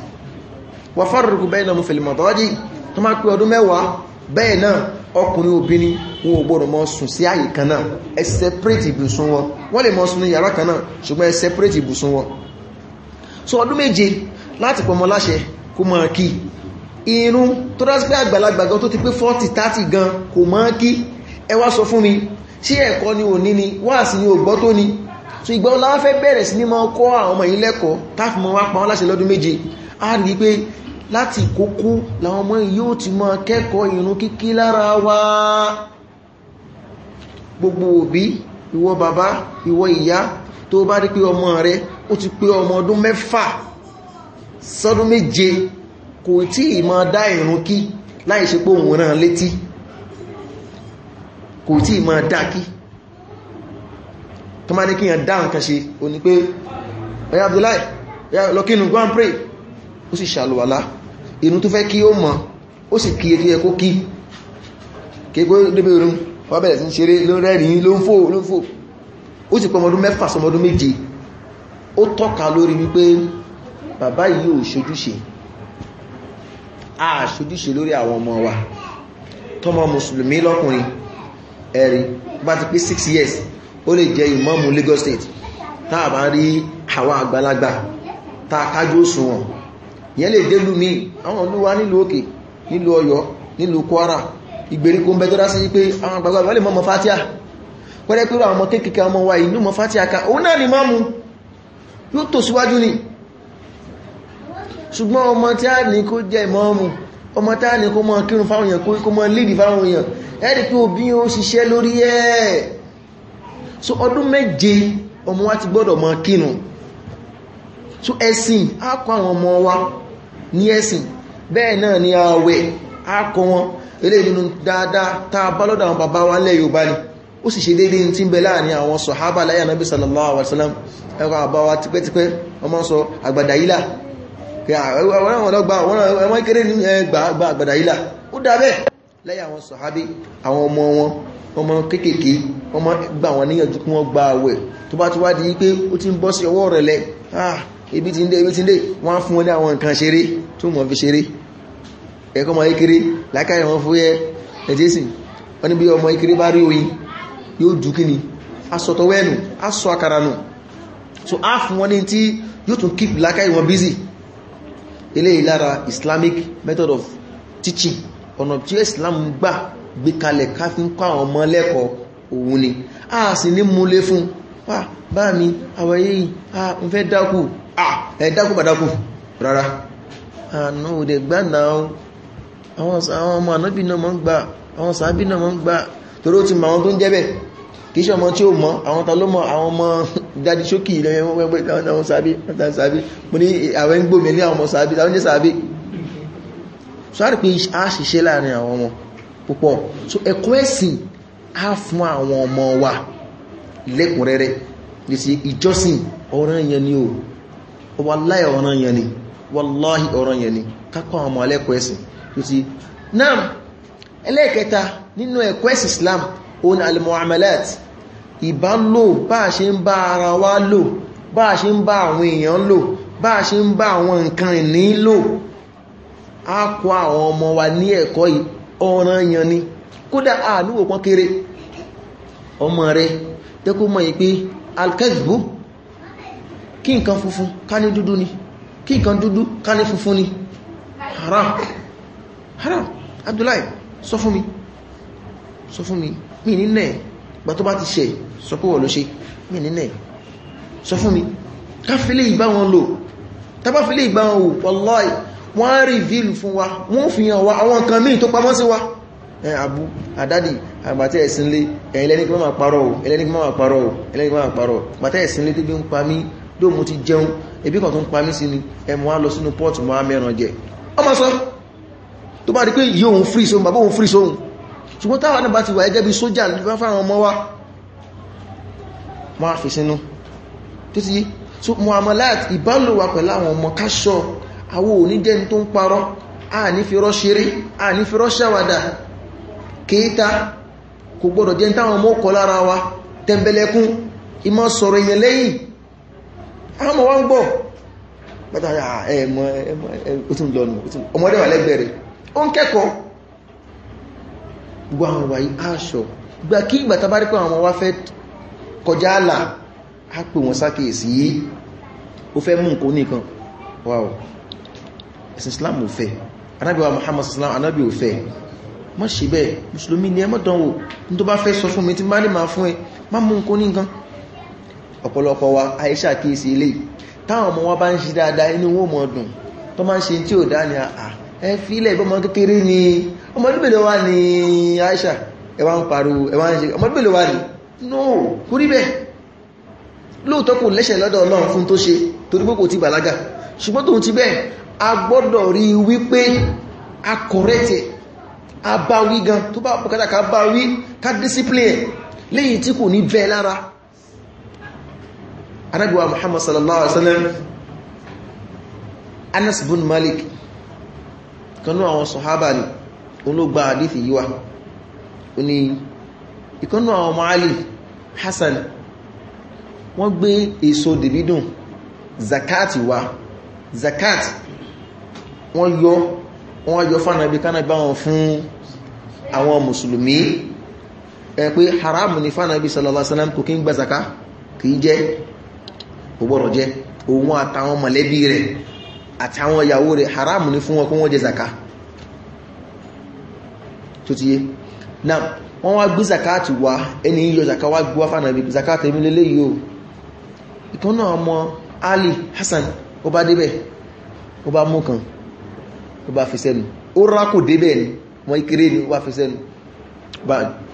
bẹ́ẹ̀ náà tó máa pẹ̀ ọdún mẹ́wàá bẹ́ẹ̀ náà ọkùnrin obìnrin wọn ò wọn lè sùn ní yàrá kan náà wọn so ọdún méje láti láṣẹ kò mọ̀ kí irun tó dá sí pé àgbàlagbà gan tó ti pé 40 30 gan kò mọ̀ kí ẹ wá sọ fún mi ṣé ẹ̀kọ́ ni ò ní ni wá sí ni ò gbọ́ tó ni so ìgbà wọn láwọn fẹ́ bẹ̀rẹ̀ sí ní máa kọ́ àwọn ọmọ yìí lẹ́kọ̀ọ́ táàfì mọ́ wá pa wọ́n láṣẹ lọ́dún méje a ó ti pé ọmọ ọdún mẹ́fà sọ́dún méje kò tí ìmọ̀ dá ìrun kí láì ṣe pé òun rán létí kò tí ìmọ̀ dá kí tó má ní kíyàn dá nǹkan ṣe o ní pé ọya Abdullahi lọ́kínú go and pray ó sì ṣàlùwàlá inú tó fẹ́ kí ó mọ̀ ó sì kí ètò ẹkó kí kéèkó débé orun wà bẹ̀rẹ̀ sí ṣeré ló rẹ́rìn ló ń fò ló ń fò ó sì pọmọdún mẹ́fà sọmọdún méje ó tọ́ka lórí wípé bàbá yìí ò ṣojúṣe a ṣojúṣe lórí àwọn ọmọ wa tọmọ mùsùlùmí lọ́kùnrin ẹ̀rí bá ti pé six years ó lè jẹ́ ìmáàmù Lagos State tá a bá rí àwọn àgbàlagbà tá a kájú òṣùwọ̀n yẹn lè délú mi àwọn olúwa nílùú òkè nílùú Ọ̀yọ́ nílùú Kwara ìgbèríko ń bẹ sí pé àwọn àgbàlagbà lè mọ́mọ́ fatia pẹ́rẹ́ pẹ́rẹ́ àwọn ọmọ kéékèèké ọmọ wa ìlú mọ́ fatia ká òun náà ni máàmù yóò tò síwájú ni ṣùgbọ́n ọmọ tí a ní kó jẹ́ ìmọ̀ọ́mù ọmọ tí a ní kó mọ́ kírun fáwọn èèyàn kó mọ́ lídì fáwọn èèyàn ẹ́rì pé òbí ó ṣiṣẹ́ lórí ẹ̀ so ọdún méje ọmọ wa ti gbọ́dọ̀ mọ́ kírun so ẹ̀sìn á kọ́ àwọn ọmọ wa ní ẹ̀sìn bẹ́ẹ̀ náà ni ààwẹ̀ á kọ́ wọn eré nínú dáadáa tá a bá lọ́dọ̀ àwọn bàbá wa lẹ́ Yorùbá ni ó sì ṣe dédé tí ń bẹ láàrin àwọn sọ̀hábà láyé ànábì sallallahu alaihi wasallam ẹ̀kọ́ àbáwá tipẹ́tipẹ́ ọmọ sọ àgbàdàyílà àwọn ọlọ́gbà àwọn kéré ní ẹgbà àgbàdà ilá ó dábẹ́ lẹ́yìn àwọn sọ̀hábí àwọn ọmọ wọn ọmọ kéèkèé ọmọ gbà wọn níyànjú kí wọ́n gba àwẹ̀ tó bá tó wá di pé ó ti ń bọ́ sí ọwọ́ rẹ̀ lẹ ibi ah, ti ń dé ibi ti ń dé wọ́n fún wọn ní àwọn nǹkan ṣeré tó mọ̀ fi ṣeré ẹ̀kọ́ ọmọ kékeré lákàrí wọn fún yẹ ẹ̀jẹ́sì wọ́n ní bí ọmọ kékeré bá rí oyin yóò dù kí ni aṣọ tọwẹ́nu aṣọ àkàrà nù so á fún wọn ní tí yóò tún keep lákàrí wọn busy eléyìí lára islamic method of teaching ọ̀nà tí islam gbà gbé kalẹ̀ ká fi ń kọ́ àwọn ọmọ lẹ́kọ̀ọ́ òun ni a sì ní múlé fún pa ah, bá mi àwọn yìí a ń fẹ́ dákù ah, ẹ̀ dákù pàdákù rárá àánú òdè gbà náà àwọn ọmọ ànábì náà mọ́ ń gbà àwọn sàábì náà mọ́ ń gbà torí ó ti kìí ṣe ọmọ tí ó mọ́ àwọn ta ló mọ́ àwọn ọmọ dájí ṣókì lẹ́kùnrẹ́rẹ́ lè sí ìjọsìn ọ̀rọ̀ ìyẹn ni o wàláì ọ̀rọ̀ ìyẹn ni wàláì ọ̀rọ̀ ìyẹn ni kápọ̀ àwọn alẹ́kọ̀ọ́ ẹ̀sìn tó ti náà ẹlẹ́ẹ̀kẹta nínú ẹ̀kọ́ ẹ̀sìn Islam òun al-mu'amalat ìbálò bá a ṣe ń bá ara wa lò bá a ṣe ń bá àwọn èèyàn lò bá a ṣe ń bá àwọn nǹkan ìní lò a kọ àwọn ọmọ wa ní ẹ̀kọ́ ọ̀ràn yàn ni kódà àánúwò pọ́n kéré ọmọ rẹ̀ tẹ́kó mọ̀ ìpé alkezbo kí nǹkan funfun ká ní dúdú ni kí nǹkan dúdú ká ní funfun ni haram haram Abdullahi sọ fún mi sọ fún mi mi ní nẹ́ẹ̀ gbà tó bá ti ṣe sọ pé wọ́n ló ṣe mí nílẹ̀ sọ fún mi káfílẹ̀ ìgbà wọn lò tàbá fílẹ̀ ìgbà wọn wò pọ̀lọ́ì wọ́n á rí vílù fún wa wọ́n fi hàn wa àwọn nǹkan míì tó pamọ́ sí wa àbú àdádì àgbàtẹ́ ẹ̀sìnlé ẹ̀lẹ́nìkí máa parọ́ ẹ̀lẹ́nìkí máa parọ́ ẹ̀lẹ́nìkí máa parọ́ àgbàtẹ́ ẹ̀sìnlé tó bí ń pa mí dóòmù ti jẹun ebí kan tó ń pa mí sí ni ẹmọ á lọ sínú ṣùgbọ́n táwọn náà bá ti wà ẹgẹ́ bí sójà bá fáwọn ọmọ wá wọ́n á fi sínú tó ti yí so muamalat ìbálòwà pẹ̀lú àwọn ọmọ káṣọ àwọ oníjẹni tó ń parọ́ a ní fi rọ́ ṣeré a ní fi rọ́ ṣàwàdà kéta kò gbọ́dọ̀ jẹ́ táwọn ọmọ kọ lára wa tẹ́mbẹ̀lẹ́kún ìmọ̀ sọ̀rọ̀ èèyàn lẹ́yìn àwọn ọmọ wa ń gbọ́ ọmọdé wà lẹ́gbẹ̀ẹ́ rẹ̀ ó gbogbo àwọn wàyí aṣọ gbà kí ìgbà tàbá rí pé àwọn wá fẹ́ kọjá àlà á pè wọn sákèèsí yìí ó fẹ́ mú nǹkan nìkan wáwọ̀ ẹ̀sìn islam ò fẹ́ anábíwá muhammad islam anábí ò fẹ́ má ṣe bẹ́ẹ̀ mùsùlùmí ni ẹ má dánwò ní tó bá fẹ́ sọ fún mi tí má ní máa fún ẹ má mú nǹkan nìkan ọ̀pọ̀lọpọ̀ wa àìṣà kíyèsí ilé táwọn ọmọ wa bá ń ṣe dáadáa inú wọn mọ̀ dùn tó máa ń ṣe tí ọmọdúnbèlò wá ní Aisha ẹwà ń pariwo ẹwà ń ṣe ọmọdúnbèlò wá ní no kú rí bẹ́ẹ̀ lóòtọ́ kò lẹ́ṣẹ̀ lọ́dọ̀ Ọlọ́run fún tó ṣe torí pé kò ti bàlágà ṣùgbọ́n tóun ti bẹ́ẹ̀ a gbọ́dọ̀ rí wípé a kọ̀rẹ́tẹ̀ a bá wí gan tó bá pọ̀kátà ká bá wí ká discipline lẹ́yìn tí kò ní bẹ́ lára anábíwá Muhammad sallallahu alaihi wasallam Anas bin Malik kanú àwọn sọ̀hábà ni òun ló gba àdífì yíwá ó ní ìkọ́nà àwọn ọmọ alì Hassan wọ́n gbé èso dìbídùn zakat wá zakat wọ́n yọ wọ́n yọ fánàbí kánàbí àwọn fún àwọn mùsùlùmí ẹ pé haramu ni fánàbí sallallahu alaihi wasallam kò kí ń gba zaka kì í jẹ́ kò gbọ́dọ̀ jẹ́ òun àtàwọn mọ̀lẹ́bí rẹ̀ àtàwọn ìyàwó rẹ̀ haramu ni fún wọn kó wọ́n jẹ zaka tó ti yé náà wọ́n wá gbé zakat wá ẹni yíyọ zakat wá gbé wá fánàbí zakat èmi lélẹ́ yìí o ìkan náà ọmọ Ali Hassan ó bá débẹ̀ ó bá mú kan ó bá fi sẹ́nu ó rákò débẹ̀ ni wọ́n ikere ni ó bá fi sẹ́nu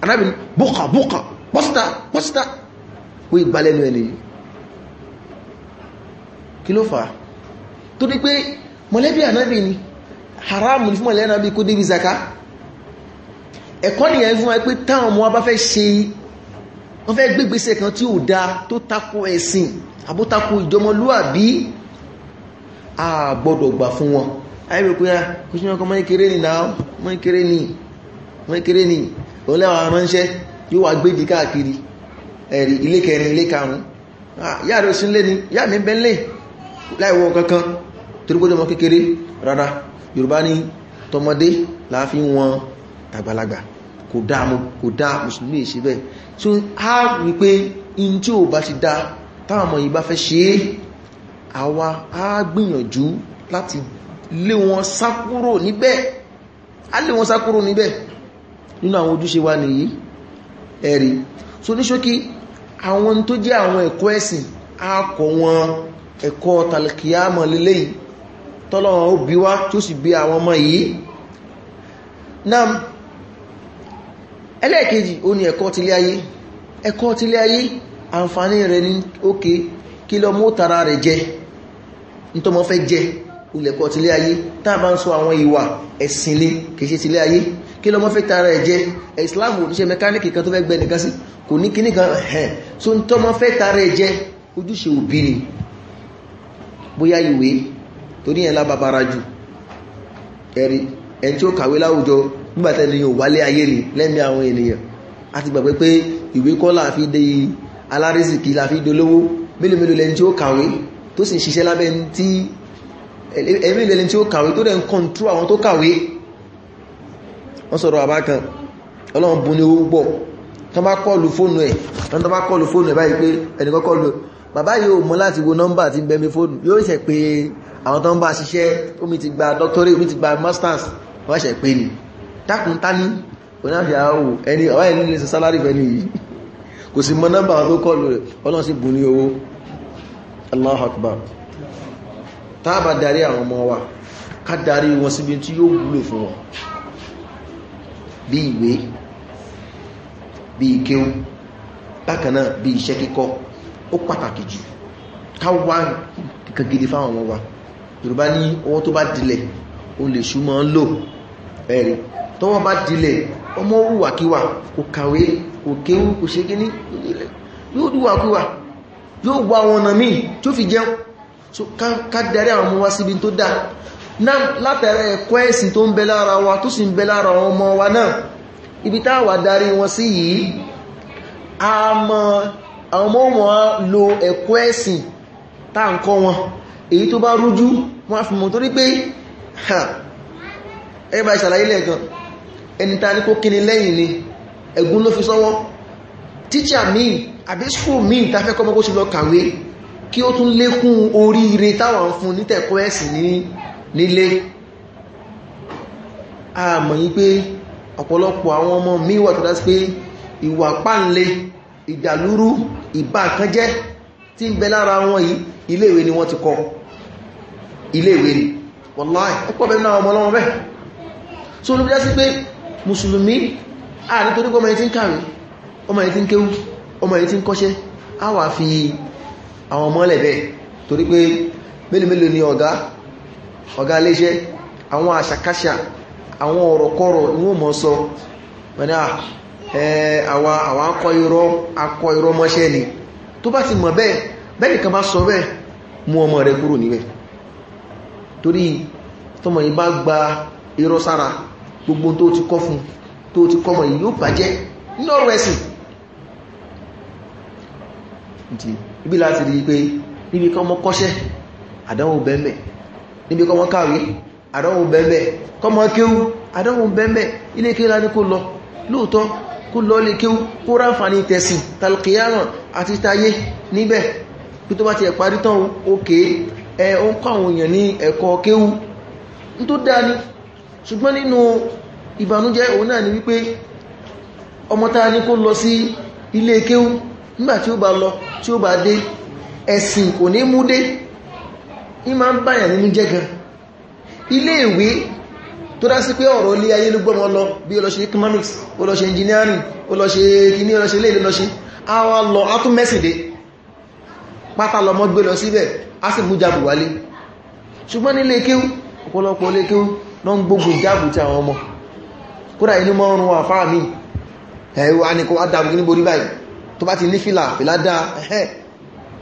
anábì búkà búkà pọ́sítà pọ́sítà ó ìgbálẹ́nu ẹni kí ló fà á tó ní pé mọ̀lẹ́bí anábì ni haram ni fún mọ̀lẹ́bí anábì kó débi zakat ẹ̀kọ́ nìyẹn fún wa pé táwọn ọmọ wa bá fẹ́ ṣe wọ́n fẹ́ gbégbèsè kan tí ò da tó tako ẹ̀sìn àbótako ìjọmọlúàbí a gbọ́dọ̀ gbà fún wọn ayébẹ̀ pé ah, kò sí ọkọ̀ mọ́íkéré ni náà mọ́íkéré ni mọ́íkéré ni òun lẹ́wàá ránṣẹ́ yóò wà gbéjì káàkiri ẹ̀rì ilé kẹrin ilé karùn-ún ah, yà rẹ̀ sí lé ni yà mí bẹ́lẹ̀ láìwọ kankan torípójọmọ kékeré rárá Yorùbá ní tọmọdé láàfin wọn tàgbàlagbà kò dáa mú kò dáa mùsùlùmí èṣe bẹ́ẹ̀ so a rí pé in tí ò bá ti dá táwọn ọmọ yìí bá fẹ́ ṣe é àwa a gbìyànjú láti lé wọn sá kúrò níbẹ̀ a lé wọn sá kúrò níbẹ̀ nínú àwọn ojúṣe wa nìyí ẹ̀rí so ní ṣókí àwọn tó jẹ́ àwọn ẹ̀kọ́ ẹ̀sìn a kọ́ wọn ẹ̀kọ́ tàlìkìyàmọ̀ lélẹ́yìn tọ́lọ́wọ́n ó bí wá tó sì bí àwọn ọmọ yìí náà ẹlẹ́ẹ̀kejì ó ní ẹ̀kọ́ tilé ayé ẹ̀kọ́ tilé ayé àǹfààní rẹ̀ ní ókè kí lọ mú tara rẹ̀ jẹ nítọ́mọ́ fẹ́ jẹ ulẹ̀kọ́ tilé ayé tàà bá ń sọ àwọn ìwà ẹ̀sìn ní kìí tilé ayé kí lọ mọ́ fẹ́ tara rẹ̀ jẹ Islam oníṣẹ́ mẹkáníkì kan tó fẹ́ gbẹ ẹni tí ó kàwé láwùjọ nígbàtẹ́lẹ̀ yóò wálé ayé ni lẹ́mí àwọn ènìyàn a ti gbàgbé pé ìwé kọ́ la fi dé alárísìkí la fi dolówó mélòó mélòó lẹni tí ó kàwé tó sì ṣiṣẹ́ lábẹ́ tí ẹ̀mí lẹni tí ó kàwé tó dẹ̀ ń kọ̀ntró àwọn tó kàwé wọ́n sọ̀rọ̀ àbá kan ọlọ́run bu ní owó pọ̀ tó bá kọlù fóònù ẹ̀ tó bá kọlù fóònù ẹ̀ báyìí pé ẹnìkan kọlù bàbá yóò mọ́ masters wọ́n ṣẹ̀ pé ni dákùn tání onáfíà ò ẹni ọ̀wá ẹni lè ṣe sálárì fẹ́ni yìí kò sí mọ́ nọ́mbà tó kọlù rẹ̀ ọlọ́run sì bù ní owó Allahu Akbar táàbà darí àwọn ọmọ wa ká darí wọn síbi tí yóò wúlò fún wọn bí ìwé bí ìkéwú bákanáà bí iṣẹ́ kíkọ́ ó pàtàkì jù ká wá kíkà gidi fáwọn ọmọ wa Yorùbá ní ọwọ́ tó bá dilẹ̀ o lè ṣú mọ́ ń lò ẹ̀rí tọwọ́ bá dilẹ̀ ọmọ orúwàkíwà kò kàwé kò kéwú kò ṣe gíní ilẹ̀ yóò dúwàkíwà yóò wà wọn nà míì tí ó fi jẹun so ká darí àwọn ọmọ wa síbi tó dáa náà látẹ̀rẹ ẹ̀kọ́ ẹ̀sìn tó ń bẹ lára wa tó sì ń bẹ lára àwọn ọmọ wa náà ibi tá wà darí wọn sí yìí àmọ́ àwọn ọmọ wọn lo ẹ̀kọ́ ẹ̀sìn tá ń kọ́ wọn èyí tó bá rújú wọn fi mọ̀ torí pé ẹgbà ìṣàlàyé lẹ́ẹ̀kan ẹni ta ní kó kíni lẹ́yìn ni ẹ̀gún ló fi sọ́wọ́ tíṣà míì àbí skul míì ta fẹ́ kọ́mọ́kó ṣe lọ kàwé kí ó tún lékún oríire táwọn fún nítẹ̀kọ́ ẹ̀sìn ní nílé a mọ̀ yí pé ọ̀pọ̀lọpọ̀ àwọn ọmọ míì wà tó dá pé ìwà páńlé ìdàlúrú ìbákanjẹ́ tí ń bẹ lára wọn yìí iléèwé ni wọ́n ti kọ́ iléèwé ni wọ́n láì ọ̀pọ̀ bẹ́ẹ̀ náà ọmọ ọlọ́wọ́ bẹ́ẹ̀ so olùbíjá sí pé mùsùlùmí a nítorí ọmọ yìí tí ń kàwé ọmọ yìí tí ń kéwú ọmọ yìí tí ń kọ́ṣẹ́ a wà fi àwọn ọmọ lẹ̀bẹ̀ torí pé mélòmélò ni ọ̀gá ọ̀gá iléeṣẹ́ àwọn àṣàkáṣà àwọn ọ̀rọ̀kọ́rọ̀ ni wọ́n mọ́ sọ mẹ́nà àwọn akọ irọ́ ni tó bá ti mọ̀ bẹ́ẹ̀ bẹ́ẹ̀ nìkan bá sọ sára gbogbo tó ti kọ́ fún tó ti kọ́ mọ̀ yìí yóò bàjẹ́ nínú ọ̀rọ̀ ẹ̀sìn ibi láti rí pé níbi kan mọ́ kọ́ṣẹ́ àdánwò bẹ́ẹ̀mẹ̀ níbi kan mọ́ kàwé àdánwò bẹ́ẹ̀mẹ̀ kọmọ kéwú àdánwò bẹ́ẹ̀mẹ̀ ilé kéwú ní kó lọ lóòótọ́ kó lọ lè kéwú kó ráǹfààní tẹ̀sìn talqiyama àti tayé níbẹ̀ pí tó bá ti ẹ̀parí tán òkè ẹ̀ ó ń kọ́ àwọn èèyàn ní ẹ̀kọ́ kéwú tó dáa ni ṣùgbọ́n nínú ìbànújẹ́ òun náà ni wípé ọmọ tàà ní kó lọ sí ilé kéwú nígbà tí ó bá lọ tí ó bá dé ẹ̀sìn kò ní mú dé ní máa ń báyàn nínú jẹ́ gan ilé ìwé tó dá sí pé ọ̀rọ̀ ilé ayé ló gbọ́mọ lọ bí ó lọ ṣe economics ó lọ ṣe engineering náà ń gbógun jáàbù ti àwọn ọmọ kódà inú mọ́ ọrùn àfáà mi ẹ̀wọ́ anìkọ́ adàmù ní borí báyìí tó bá ti ní fìlà fìlà dá ẹ̀hẹ́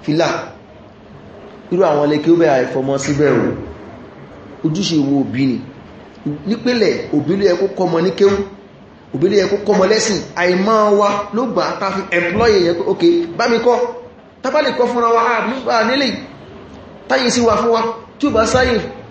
fìlà irú àwọn ilé kí ó bẹ̀rẹ̀ àìfọmọ́ síbẹ̀ o ojúṣe wo òbí ni nípínlẹ̀ òbí ló yẹ kó kọ́mọ ní kéwú òbí ló yẹ kó kọ́mọ lẹ́sìn àìmọ́ wa ló gbà á ok bá mi kọ́ tábàlì kọ́ fúnra wa nígbà nílé táyé sí wa fún wa tí ò bá sáyè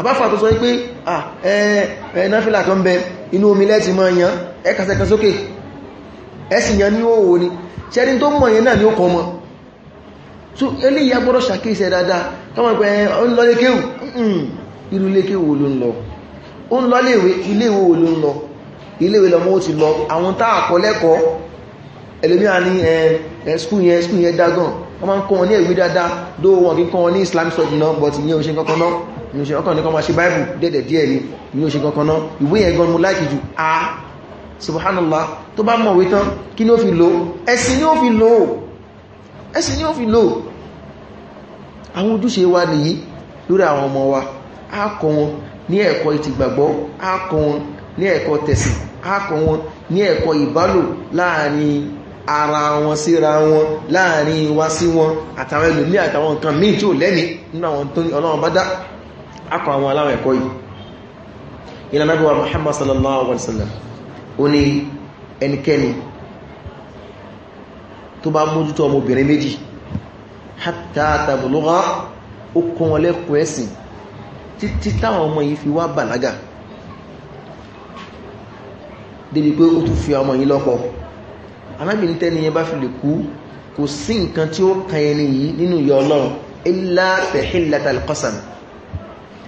àbáfà tó sọ wípé ẹ̀ẹ́náfílà tó ń bẹ inú omi lẹ́ti máa yan ẹkàsẹ̀kan sókè ẹ̀sì ní òwò ni ṣẹ́rí tó mọ̀ yẹn náà so eléyìí agbọ́dọ̀ ṣàkíyèsí dáadáa tọ́wọ́n pẹ̀ ń lọ lékéwù irú lékéwù ló ń lọ ó ń lọ léèwé iléèwé wo ló ń lọ iléèwé lọmọ ó ti lọ àwọn tá àkọ ní ẹ skul yẹn skul yẹn dágàn wọ́n dáadáa dó wọn kí kọ́ Islam study náà but ìyẹn ò ṣe ní oṣe ọkàn ní kan ma ṣe báìbù dẹ́dẹ̀ díẹ̀ ní ní oṣe kankaná ìwé ẹ̀gọ́n mú láìkì jù a subhanallah tó bá mọ̀ wítán kí ni ó fi lò ẹ̀sìn ni ó fi lò ẹ̀sìn ni ó fi lò àwọn ojúṣe wa nìyí lórí àwọn ọmọ wa a kọ́ wọn ní ẹ̀kọ́ ìtìgbàgbọ́ a kọ́ wọn ní ẹ̀kọ́ tẹ̀sìn a kọ́ wọn ní ẹ̀kọ́ ìbálò láàrin ara wọn síra wọn láàrin wa sí wọn àtàwọn ẹlòmí àtàwọn nǹkan míì tí ò lẹ́ni nínú àwọn tó ọlọ́run bá dá akọ àwọn aláwọ̀ ẹ̀kọ́ yìí ìlànà bí wa Muhammad sallallahu alaihi wasallam ó ní ẹnikẹ́ni tó bá mójútó ọmọbìnrin méjì hatta tablugha ó kọ́ wọn lẹ́kọ̀ọ́ ẹ̀sìn títí táwọn ọmọ yìí fi wá bàlágà débi pé ó tún fi ọmọ yìí lọ́kọ anábìnrin tẹ́ni kò sí nǹkan tí ó kan ẹni yìí nínú ìyà Ọlọ́run illa tahillata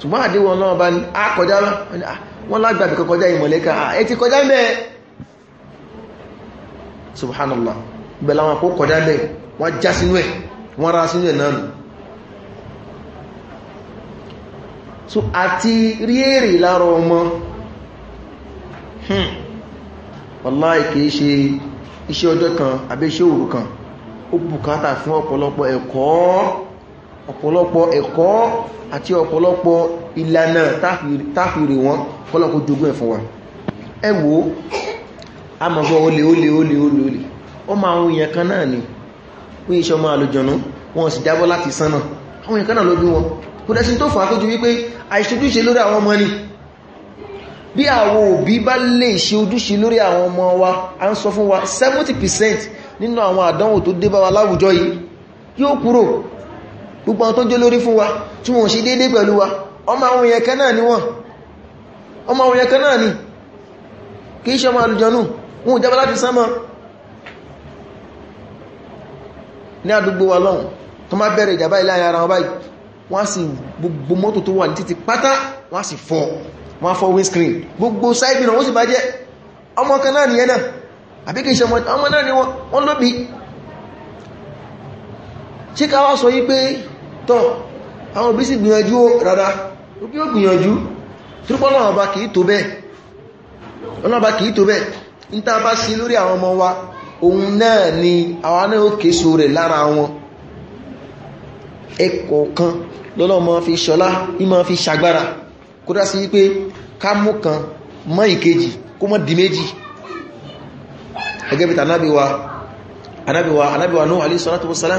ṣùgbọ́n àdíwọ̀ náà bá ní a kọjá wọ́n ah, lágbàbí kọjá ìmọ̀lẹ́ka ah, ẹ ti kọjá mẹ́ subhanallah bẹ̀lá wọn kó kọjá mẹ́ wọ́n já sínú ẹ̀ wọ́n rá sínú ẹ̀ náà nù so àti rí èrè lára ọmọ hmm. wallahi kìí ṣe iṣẹ́ ọjọ́ kan àbí iṣẹ́ òru kan ó bùkátà fún ọ̀pọ̀lọpọ̀ ẹ̀kọ́ ọ̀pọ̀lọpọ̀ ẹ̀kọ́ àti ọ̀pọ̀lọpọ̀ ìlànà táfìrì wọn kọ́lọ̀kọ́ jogún ẹ̀ wa ẹ a mọ̀ gbọ́ olè olè olè olè olè ó ma àwọn èèyàn kan náà ni wọ́n iṣẹ́ ọmọ àlùjọ̀nú wọn sì dábọ́ láti sánà àwọn èèyàn kan náà ló wọn kò dẹ̀ tó fà á tó dé bá yóò kúrò gbogbo àwọn tó jẹ́ lórí fún wa tí wọ́n ṣe déédé pẹ̀lú wa ọmọ àwọn èèyàn kan náà ni wọ́n ọmọ àwọn èèyàn kan náà ni kì í ṣe ọmọ àlùjọnù wọn ò jábá láti sánmọ́ ní àdúgbò wa lọ́hùn tó má bẹ̀rẹ̀ ìjàmbá ilé ara wọn báyìí wọ́n sì gbogbo mọ́tò tó wà ní títì pátá wọ́n sì fọ́ wọ́n fọ́ windscreen gbogbo side mirror wọ́n sì bàjẹ́ ọmọ kan náà nìyẹn náà àbí kì í ṣe ọmọ náà ni wọ́n lóbi ṣíkà wá sọ yí pé tọ́ àwọn òbí sì gbìyànjú rárá òbí ó gbìyànjú trúpọ́ náà bá kìí tó bẹ́ẹ̀ ọ̀nà bá kìí tó bẹ́ẹ̀ ní tá bá sí lórí àwọn ọmọ wa òun náà ni àwọn náà ó késo rẹ̀ lára wọn ẹkọ̀ kan lọ́nà ma fi ṣọlá ní ma fi ṣagbára kó dá sí wípé ká mú kan mọ́ ìkejì kó mọ́ di méjì ẹgẹ́bìtà anábíwa anábíwa anábíwa náà alẹ́ sọ́lá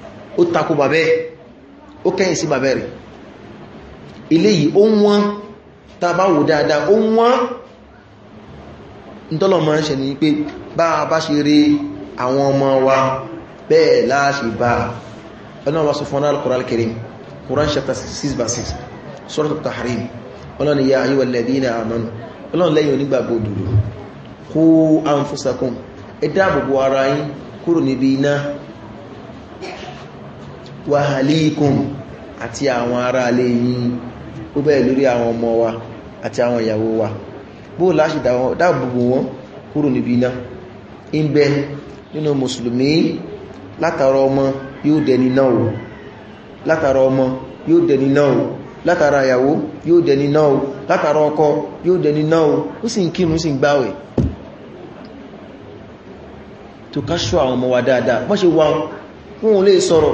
ó takò bàbẹ́ ó kẹ́yìn sí bàbẹ́ rẹ̀ eléyìí ó wọ́n tá bá wò dáadáa ó wọ́n nítọ́lọ̀ máa ń ṣe ní pé bá a bá ṣe rí àwọn ọmọ wa bẹ́ẹ̀ láàṣì bá ọlọ́run wá sọ fún Al-Qur'an Al-Karim Quran chapter 6 verse 6 Surat At-Tahrim ọlọ́run ya ayyuhal ladhina amanu ọlọ́run lẹ́yìn onígbàgbọ́ òdòdó qu anfusakum ẹ dáàbò bo ara yín kúrò níbi iná wa ahlikum àti àwọn ará ilé yín ó bẹ́ẹ̀ lórí àwọn ọmọ wa àti àwọn ìyàwó wa bó láṣì dáàbòbò wọn kúrò níbi iná ń bẹ nínú mùsùlùmí látara ọmọ yóò dẹni náà o látara ọmọ yóò dẹni náà o látara ìyàwó yóò dẹni náà o látara ọkọ yóò dẹni náà o ó sì ń kírun sì gbáwẹ̀ tó ká ṣọ́ àwọn ọmọ wa dáadáa bọ́n ṣe wá wọn ò sọ̀rọ̀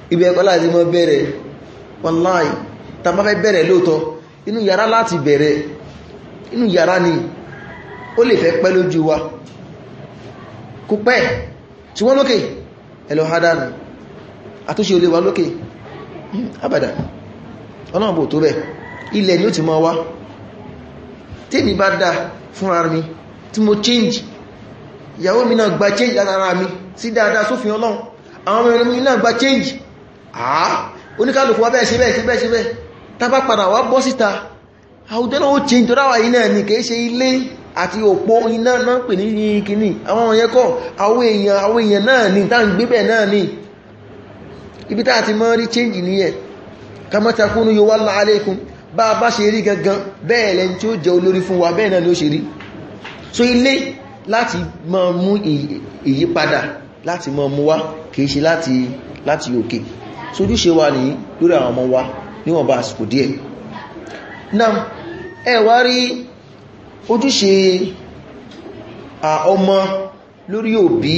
ibi ẹ̀kọ́ láti mọ́ bẹ̀rẹ̀ wàláì tàbáfẹ́ bẹ̀rẹ̀ lóòtọ́ inú yàrá láti bẹ̀rẹ̀ inú yàrá ni ó lè fẹ́ pẹ́ lójú wa kò pẹ́ tí wọ́n lókè ẹ̀lọ hádánù àtúnṣe olè wa lókè hmm, abàdà ọlọ́ọ̀bò tó bẹ̀ ilẹ̀ ni ó ti mọ́ wá tí change ìyàwó mi náà gba change lára mi sí dáadáa sófin ọlọ́run àwọn ọmọ ẹ̀rọ mi náà gba change àá ah, oníkàlùkù wa bẹ́ẹ̀ ṣe bẹ́ẹ̀ ṣe bẹ́ẹ̀ ṣe bẹ́ẹ̀ tábà padà wá bọ́ síta àwùjọ náà ó ti ń tọ́ra wà yìí náà ni kìí ṣe ilé àti òpó iná náà pè ní kìíní àwọn ọ̀yẹ́ kọ́ àwọn èèyàn àwọn èèyàn náà ni tá ń gbé bẹ̀ náà ni ibi tá ti mọ́ rí change nìyẹn kamatakunu yóò wá bẹ́ẹ̀ náà ni láti òkè okay sojúṣe wa ní lórí àwọn ọmọ wa níwọ̀n bá àsìkò díẹ̀ náà ẹ wá rí ojúṣe ọmọ lórí òbí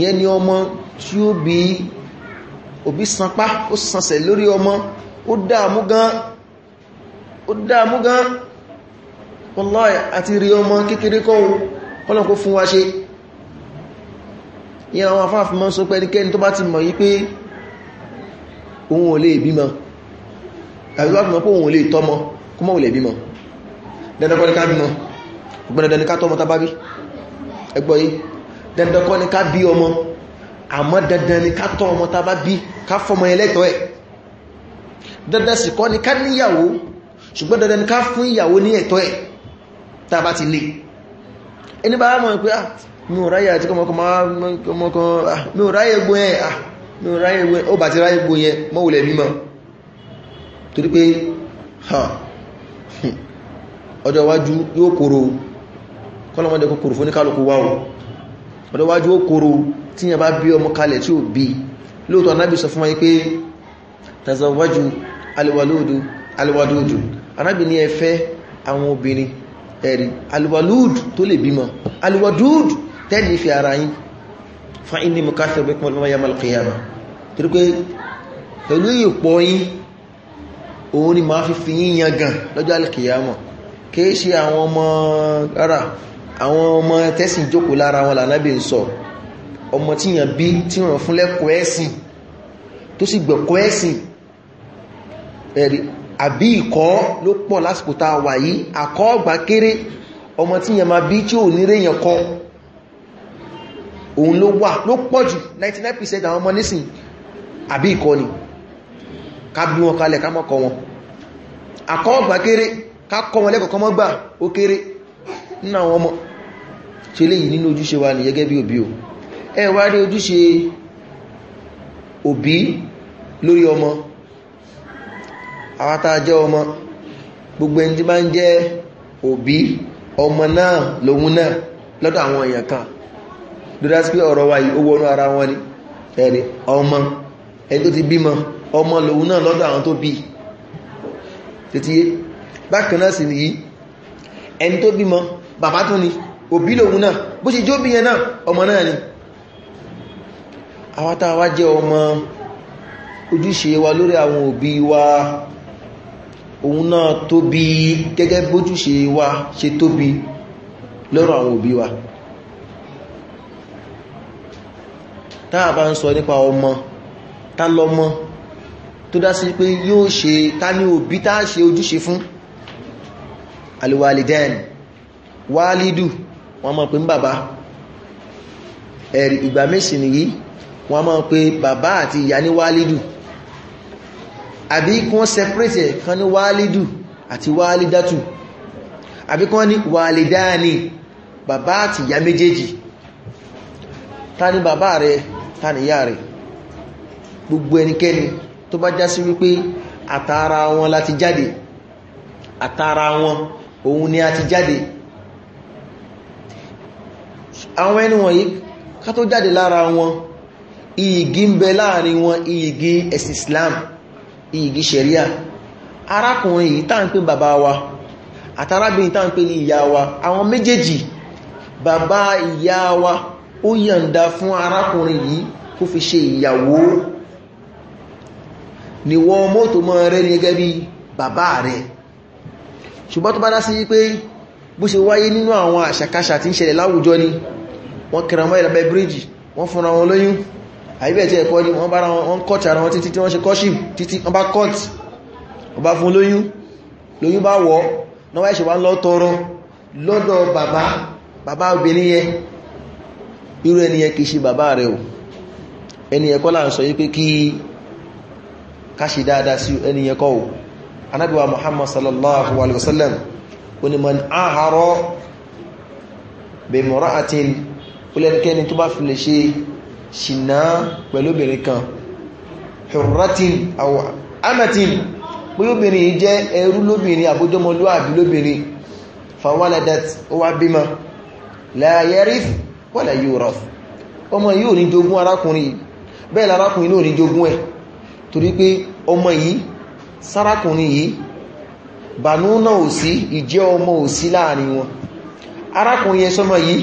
yẹn ni ọmọ tí ó bí òbí sanpá ó sansẹ̀ lórí ọmọ ó dáàmú gan ó dáàmú gan wallahi àti rí ọmọ kékeré kọ́ ọlọ́n kó fún wa ṣe yẹn àwọn afáàfin mọ́ sọ pé tó bá ti mọ̀ yí pé òun ò lè bímọ àbí wá fún mọ́ pé òun ò lè tọ́mọ kó mọ́ ò lè bímọ dandakọ́ ní ká bímọ ọgbọ́n dandan ní ká tọ́mọ tábábí ẹgbọ́ yìí dandakọ́ ní ká bí ọmọ àmọ́ dandan ní ká tọ́ ọmọ tábábí ká fọmọ ẹlẹ́tọ́ ẹ̀ dandan sì kọ́ ní ká níyàwó ṣùgbọ́n dandan ní ká fún ìyàwó ní ẹ̀tọ́ ẹ̀ tàbá ti bá mọ̀ pé ah, mi ò ráyè àti ah, ẹ̀ ah, ó bá ti ráyé gbò yẹn mọ́wùlẹ̀ mímọ̀ torí pé ọjọ́ wájú yóò kòrò kọ́lọ̀mọ́dé kò kòrò fún ní kálùkù wáwọ̀ ọjọ́ wájú ó kòrò tí yẹn bá bí ọmọ kalẹ̀ tí ó bí lóòtọ́ anábì sọ fún wáyé pé tazawwaju alwaludu alwadudu anábì ní ẹ fẹ́ àwọn obìnrin ẹ̀rí alwaludu tó lè bímọ alwadudu tẹ́ni fi ara yín fa inni mukathir bikum al-yawma al-qiyamah torí pé pẹ̀lú ìpọ̀ yín òun ni máa fi fi yín yangàn lọ́jọ́ alìkìyàmọ̀ kìí ṣe àwọn ọmọ rárá àwọn ọmọ tẹ́sìn jókòó lára wọn lànàbì ń sọ ọmọ tí yàn bí tí wọ́n fún lẹ́kọ̀ọ́ ẹ̀sìn tó sì gbẹ̀kọ́ ẹ̀sìn ẹ̀rí àbí ìkọ́ ló pọ̀ lásìkò tá a wà yìí àkọ́ ọgbà kéré ọmọ tí yàn máa bí tí ò ní réyàn kọ òun ló wà ló pọ̀ jù 99% àwọn ọmọ nísìnyí àbí ìkọni ká bí wọn kalẹ̀ ká mọ́ kọ wọn àkọ́ọ̀gbà kéré ká kọ wọn lẹ́kọ̀ọ́ mọ́ gbà ó kéré nínú àwọn ọmọ ṣe léyìí nínú ojúṣe wa ní gẹ́gẹ́ bí òbí o ẹ wá rí ojúṣe òbí lórí ọmọ àwátá jẹ́ ọmọ gbogbo ẹni tí bá ń jẹ́ òbí ọmọ náà lòun náà lọ́dọ̀ àwọn ara wọn ẹni tó ti bímọ ọmọ lòun náà lọ́dọ̀ àwọn tó bí tètíyé bákan náà sì nìyí ẹni tó bímọ bàbá tó ni òbí lòun náà bó ṣe jó bí yẹn náà ọmọ náà ni àwa a wá jẹ́ ọmọ ojúṣe wa lórí àwọn òbí wa òun náà tóbi gẹ́gẹ́ bójúṣe wa ṣe tóbi lọ́rọ̀ àwọn òbí wa táà bá ń sọ nípa ọmọ ta lọmọ tó dá sí pé yóò ṣe ta ní òbí tá ṣe ojúṣe fún alìwàlìdẹ́ẹ̀nì wálídù wọ́n mọ̀ pé ń bàbá ẹ̀rì ìgbà méṣì nìyí wọ́n mọ̀ pé bàbá àti ìyá ní wálídù àbí kí wọ́n separate kan ní wálídù àti wálídátù àbí kí wọ́n ní wálídáàni bàbá àti ìyá méjèèjì ta ni bàbá rẹ̀ ta ni ìyá rẹ̀ gbogbo ẹnikẹ́ni tó bá já sí wípé àtàrà wọn láti jáde àtàrà wọn òun ni a ti jáde àwọn ẹni wọ̀nyí ká tó jáde lára wọn iyìgì ń bẹ láàrin wọn iyìgì ẹ̀sìn Islam iyìgì Sharia, arákùnrin yìí tá ń pè bàbá wa àtàrábìnrin tá ń pè ní ìyá wa àwọn méjèèjì bàbá ìyá wa ó yànda fún arákùnrin yìí kó fi ṣe ìyàwó ni wọ́n mọ́tò mọ́ rẹ ní gẹ́gẹ́ bí bàbá rẹ̀ ṣùgbọ́n tó bá dá sí wípé bó ṣe wáyé nínú àwọn àṣàkáṣà tí ń ṣẹlẹ̀ láwùjọ ni wọ́n kìrà mọ́ ìlàbẹ̀ bíríjì wọ́n fúnra wọn lóyún àyíbẹ̀ tí ẹ̀kọ́ ni wọ́n bára wọn kọ́ọ̀tì ara wọn títí tí wọ́n ṣe kọ́ṣìp títí wọ́n bá kọ́ọ̀tì wọ́n bá fún lóyún lóyún bá wọ́ náwà ìṣẹ̀ wá lọ tọrọ lọ́dọ̀ bàbá bàbá obìnrin yẹn irú ẹniyẹn kìí ṣe bàbá rẹ̀ o ẹniyẹn kọ́ là ń sọ yí pé kí káṣe dáadáa sí ẹniyẹn kọ́ anábíwa muhammad sallallahu alaihi wasallam oní man áhàrọ́ bèmọ̀rá àti olẹ́nikẹ́ni tó bá fi lè ṣe ṣìnà pẹ̀lóbìnrin kan hurratin aw amatin pẹ̀lóbìnrin yìí jẹ́ ẹrú lóbìnrin àbójọmọlúwàbí lóbìnrin fawaladat ó wá bímọ la yarith wala yurath ọmọ yìí ní jogún arákùnrin bẹ́ẹ̀ torí pé ọmọ yìí sárakùnrin yìí bànú náà ò sí ìjẹ́ ọmọ ò sí láàrin wọn arákùnrin yẹn sọmọ yìí